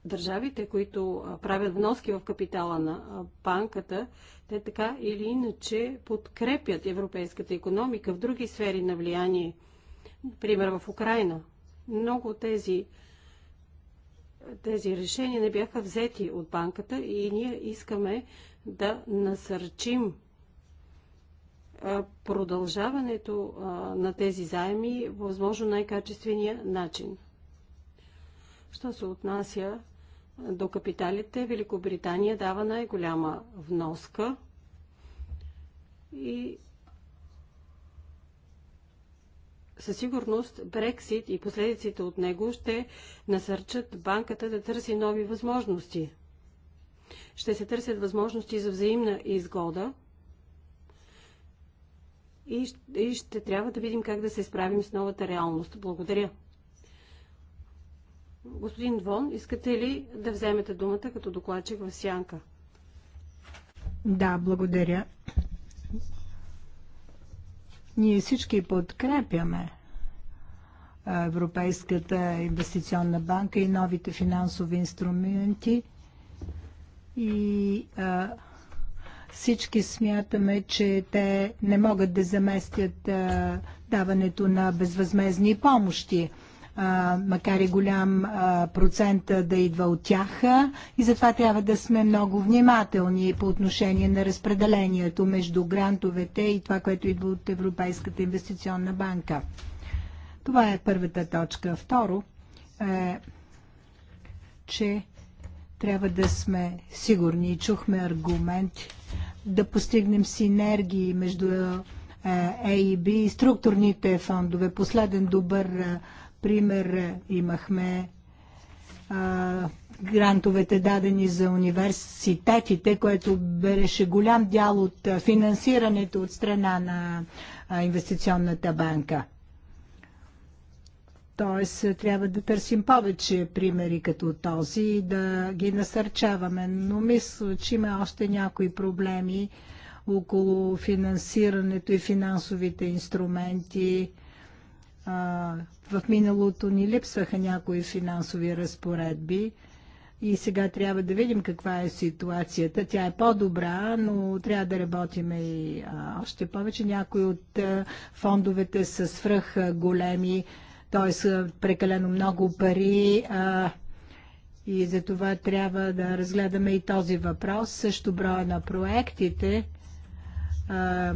държавите, които правят вноски в капитала на банката, те така или иначе подкрепят европейската економика в други сфери на влияние. Например, в Украина. Много от тези, тези решения не бяха взети от банката и ние искаме да насърчим продължаването на тези заеми възможно най-качествения начин. Що се отнася до капиталите Великобритания дава най-голяма вноска и със сигурност Брексит и последиците от него ще насърчат банката да търси нови възможности. Ще се търсят възможности за взаимна изгода и, ще трябва да видим как да се справим с новата реалност. Благодаря. Господин Вон, искате ли да вземете думата като докладчик в Сянка? Да, благодаря. Ние всички подкрепяме Европейската инвестиционна банка и новите финансови инструменти. И а, всички смятаме, че те не могат да заместят а, даването на безвъзмезни помощи макар и голям процент да идва от тях. И затова трябва да сме много внимателни по отношение на разпределението между грантовете и това, което идва от Европейската инвестиционна банка. Това е първата точка. Второ е, че трябва да сме сигурни. и Чухме аргументи да постигнем синергии между ЕИБ е и структурните фондове. Последен добър е, Пример е, имахме а, грантовете дадени за университетите, което беше голям дял от финансирането от страна на инвестиционната банка. Тоест, е, трябва да търсим повече примери като този и да ги насърчаваме. Но мисля, че има още някои проблеми около финансирането и финансовите инструменти а, в миналото ни липсваха някои финансови разпоредби и сега трябва да видим каква е ситуацията. Тя е по-добра, но трябва да работим и а, още повече. Някои от а, фондовете са свръх а, големи, т.е. прекалено много пари. А, и за това трябва да разгледаме и този въпрос. Също броя на проектите. А,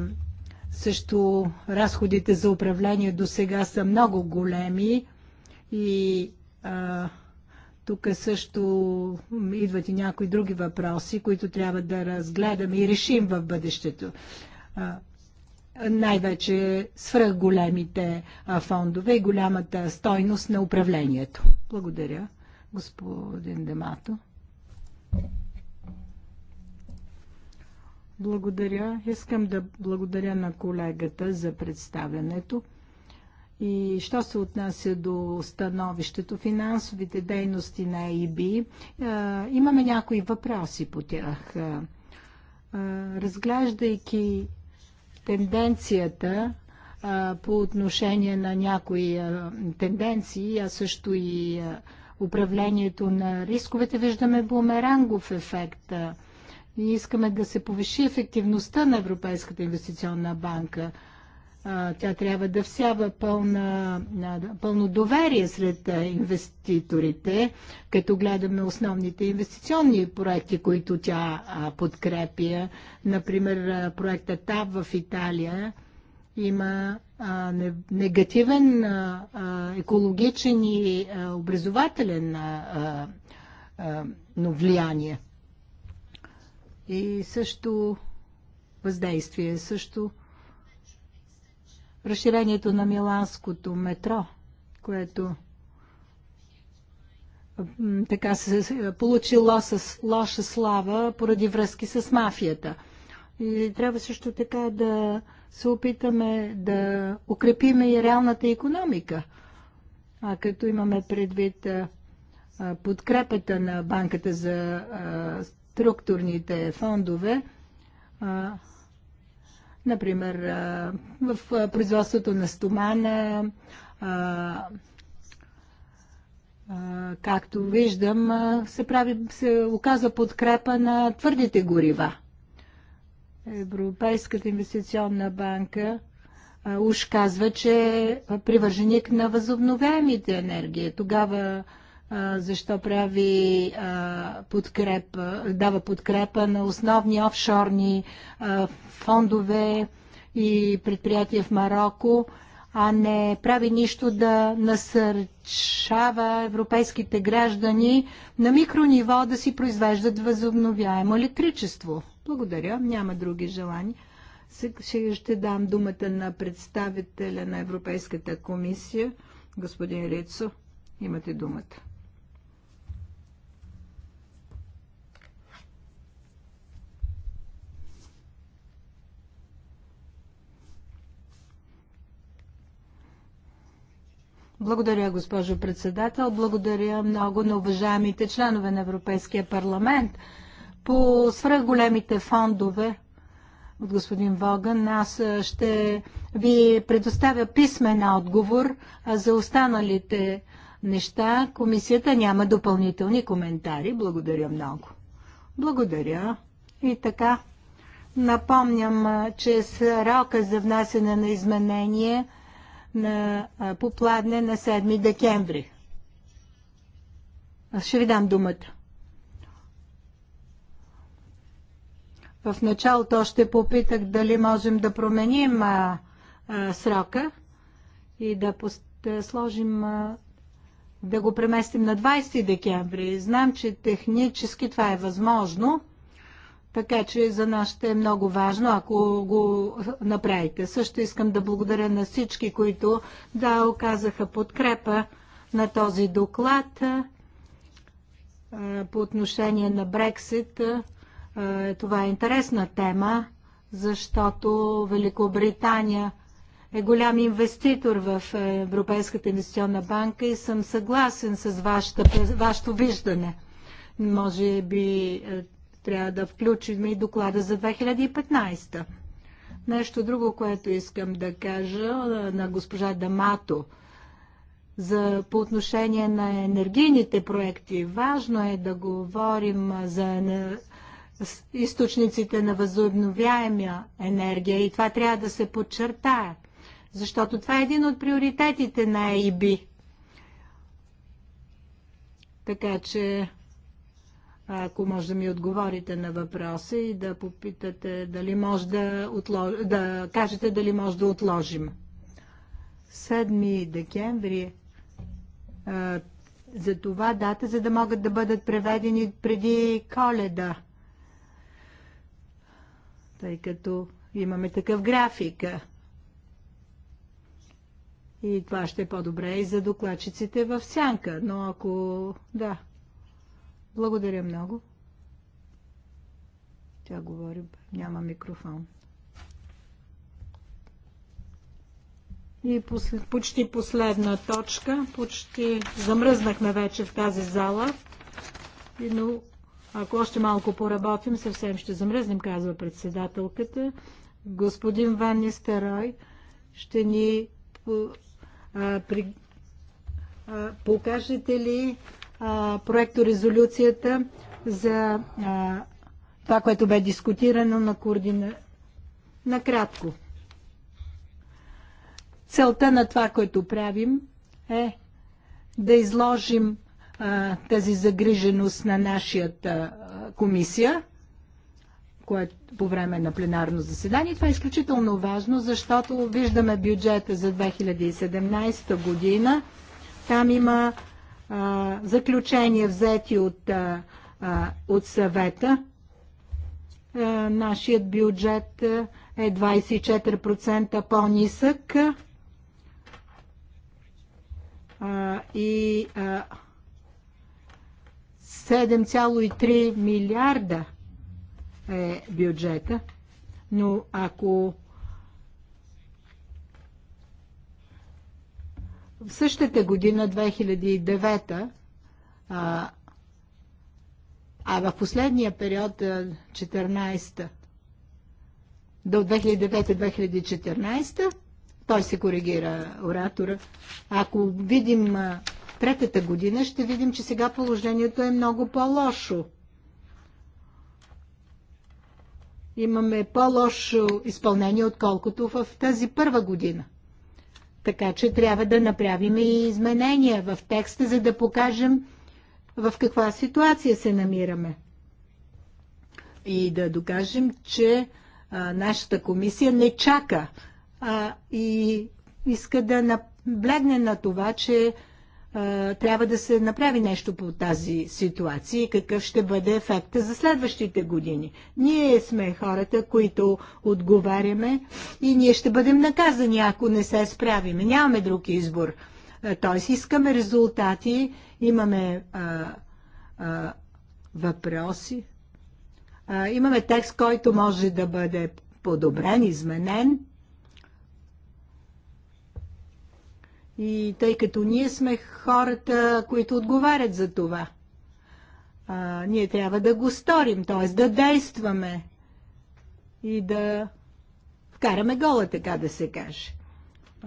също разходите за управление до сега са много големи и а, тук също идват и някои други въпроси, които трябва да разгледаме и решим в бъдещето. Най-вече свръх големите фондове и голямата стойност на управлението. Благодаря, господин Демато. Благодаря. Искам да благодаря на колегата за представянето. И що се отнася до становището, финансовите дейности на ЕИБ, е, имаме някои въпроси по тях. Е, разглеждайки тенденцията е, по отношение на някои тенденции, а също и управлението на рисковете, виждаме бумерангов ефект – ние искаме да се повиши ефективността на Европейската инвестиционна банка. Тя трябва да всява пълна, пълно доверие сред инвеститорите, като гледаме основните инвестиционни проекти, които тя подкрепя. Например, проекта ТАВ в Италия има негативен екологичен и образователен но влияние и също въздействие, също разширението на Миланското метро, което така се получило лоша, лоша слава поради връзки с мафията. И трябва също така да се опитаме да укрепиме и реалната економика. А като имаме предвид подкрепата на Банката за структурните фондове, например, в производството на стомана, както виждам, се, прави, се оказва подкрепа на твърдите горива. Европейската инвестиционна банка уж казва, че е привърженик на възобновяемите енергии. Тогава защо прави подкрепа, дава подкрепа на основни офшорни фондове и предприятия в Марокко, а не прави нищо да насърчава европейските граждани на микрониво да си произвеждат възобновяемо електричество. Благодаря, няма други желания. Сега ще дам думата на представителя на Европейската комисия, господин Рицо. Имате думата. Благодаря, госпожо председател. Благодаря много на уважаемите членове на Европейския парламент. По свръхголемите фондове от господин Воган, аз ще ви предоставя писмен отговор за останалите неща. Комисията няма допълнителни коментари. Благодаря много. Благодаря. И така, напомням, че срока за внасяне на изменение – на попладне на 7 декември. Аз ще ви дам думата. В началото още попитах дали можем да променим а, а, срока и да, пост, да сложим а, да го преместим на 20 декември. Знам, че технически това е възможно, така че за нас ще е много важно, ако го направите. Също искам да благодаря на всички, които да оказаха подкрепа на този доклад по отношение на Брексит. Това е интересна тема, защото Великобритания е голям инвеститор в Европейската инвестиционна банка и съм съгласен с вашето виждане. Може би трябва да включим и доклада за 2015. Нещо друго, което искам да кажа на госпожа Дамато за, по отношение на енергийните проекти. Важно е да говорим за източниците на възобновяема енергия и това трябва да се подчертае, защото това е един от приоритетите на ЕИБИ. Така че ако може да ми отговорите на въпроса и да попитате дали може да, отлож... да кажете дали може да отложим. 7 декември а, за това дата, за да могат да бъдат преведени преди коледа. Тъй като имаме такъв график. И това ще е по-добре и за докладчиците в сянка. Но ако... Да, благодаря много. Тя говори, няма микрофон. И после, почти последна точка, почти замръзнахме вече в тази зала, но ако още малко поработим, съвсем ще замръзнем, казва председателката. Господин Ван Нистерой ще ни а, при, а, покажете ли проекторезолюцията за а, това, което бе дискутирано на координа... Накратко. Целта на това, което правим е да изложим а, тази загриженост на нашата комисия, което по време на пленарно заседание. Това е изключително важно, защото виждаме бюджета за 2017 година. Там има а, заключения взети от, а, от съвета. А, нашият бюджет е 24% по-нисък и 7,3 милиарда е бюджета. Но ако В същата година, 2009, а, а в последния период, 14 до 2009-2014, той се коригира оратора. Ако видим третата година, ще видим, че сега положението е много по-лошо. Имаме по-лошо изпълнение, отколкото в тази първа година – така че трябва да направим и изменения в текста, за да покажем в каква ситуация се намираме. И да докажем, че а, нашата комисия не чака а, и иска да наблегне на това, че трябва да се направи нещо по тази ситуация и какъв ще бъде ефекта за следващите години. Ние сме хората, които отговаряме и ние ще бъдем наказани, ако не се справиме. Нямаме друг избор. Т.е. искаме резултати, имаме а, а, въпроси. А, имаме текст, който може да бъде подобрен, изменен И тъй като ние сме хората, които отговарят за това, а, ние трябва да го сторим, т.е. да действаме и да вкараме гола, така да се каже.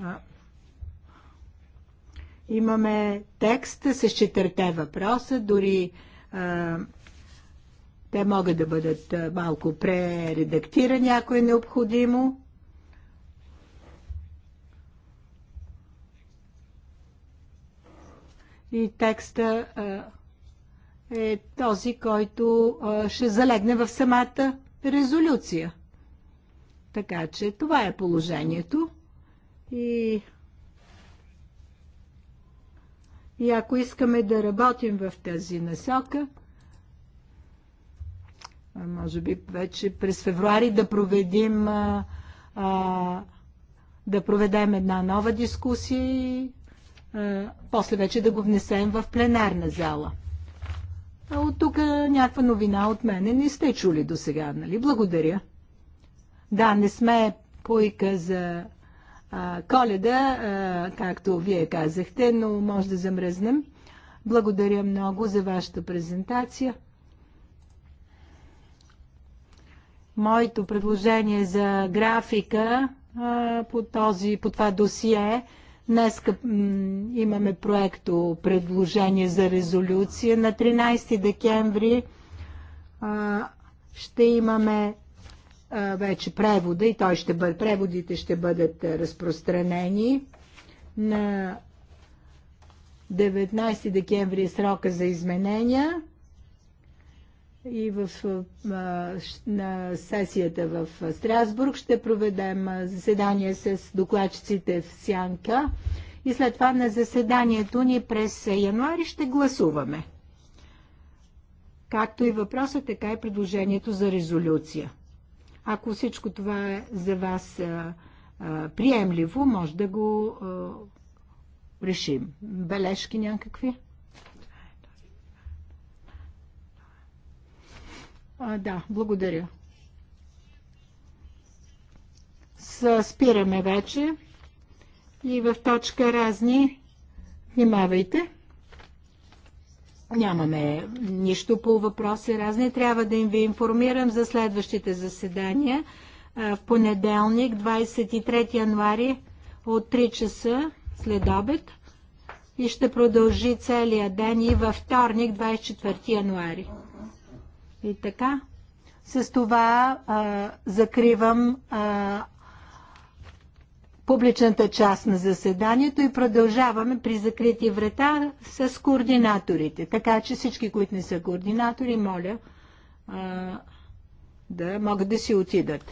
А, имаме текста с четирте въпроса, дори а, те могат да бъдат малко прередактирани, ако е необходимо. И текста е този, който ще залегне в самата резолюция. Така че това е положението. И, и ако искаме да работим в тази насока, може би вече през февруари да проведим а, а, да проведем една нова дискусия и е, после вече да го внесем в пленарна зала. А от тук някаква новина от мене не сте чули до сега, нали? Благодаря. Да, не сме поика за а, коледа, а, както вие казахте, но може да замръзнем. Благодаря много за вашата презентация. Моето предложение за графика а, по, този, по това досие Днес имаме проекто предложение за резолюция. На 13 декември а, ще имаме а, вече превода и той ще бъде, преводите ще бъдат разпространени. На 19 декември е срока за изменения и в, а, на сесията в Страсбург ще проведем заседание с докладчиците в Сянка и след това на заседанието ни през януари ще гласуваме. Както и въпроса, така и предложението за резолюция. Ако всичко това е за вас а, а, приемливо, може да го а, решим. Бележки някакви? А, да, благодаря. спираме вече. И в точка разни, внимавайте. Нямаме нищо по въпроси разни. Трябва да им ви информирам за следващите заседания. В понеделник, 23 януари, от 3 часа след обед и ще продължи целия ден и във вторник, 24 януари. И така, с това а, закривам а, публичната част на заседанието и продължаваме при закрити врата с координаторите. Така че всички, които не са координатори, моля а, да могат да си отидат.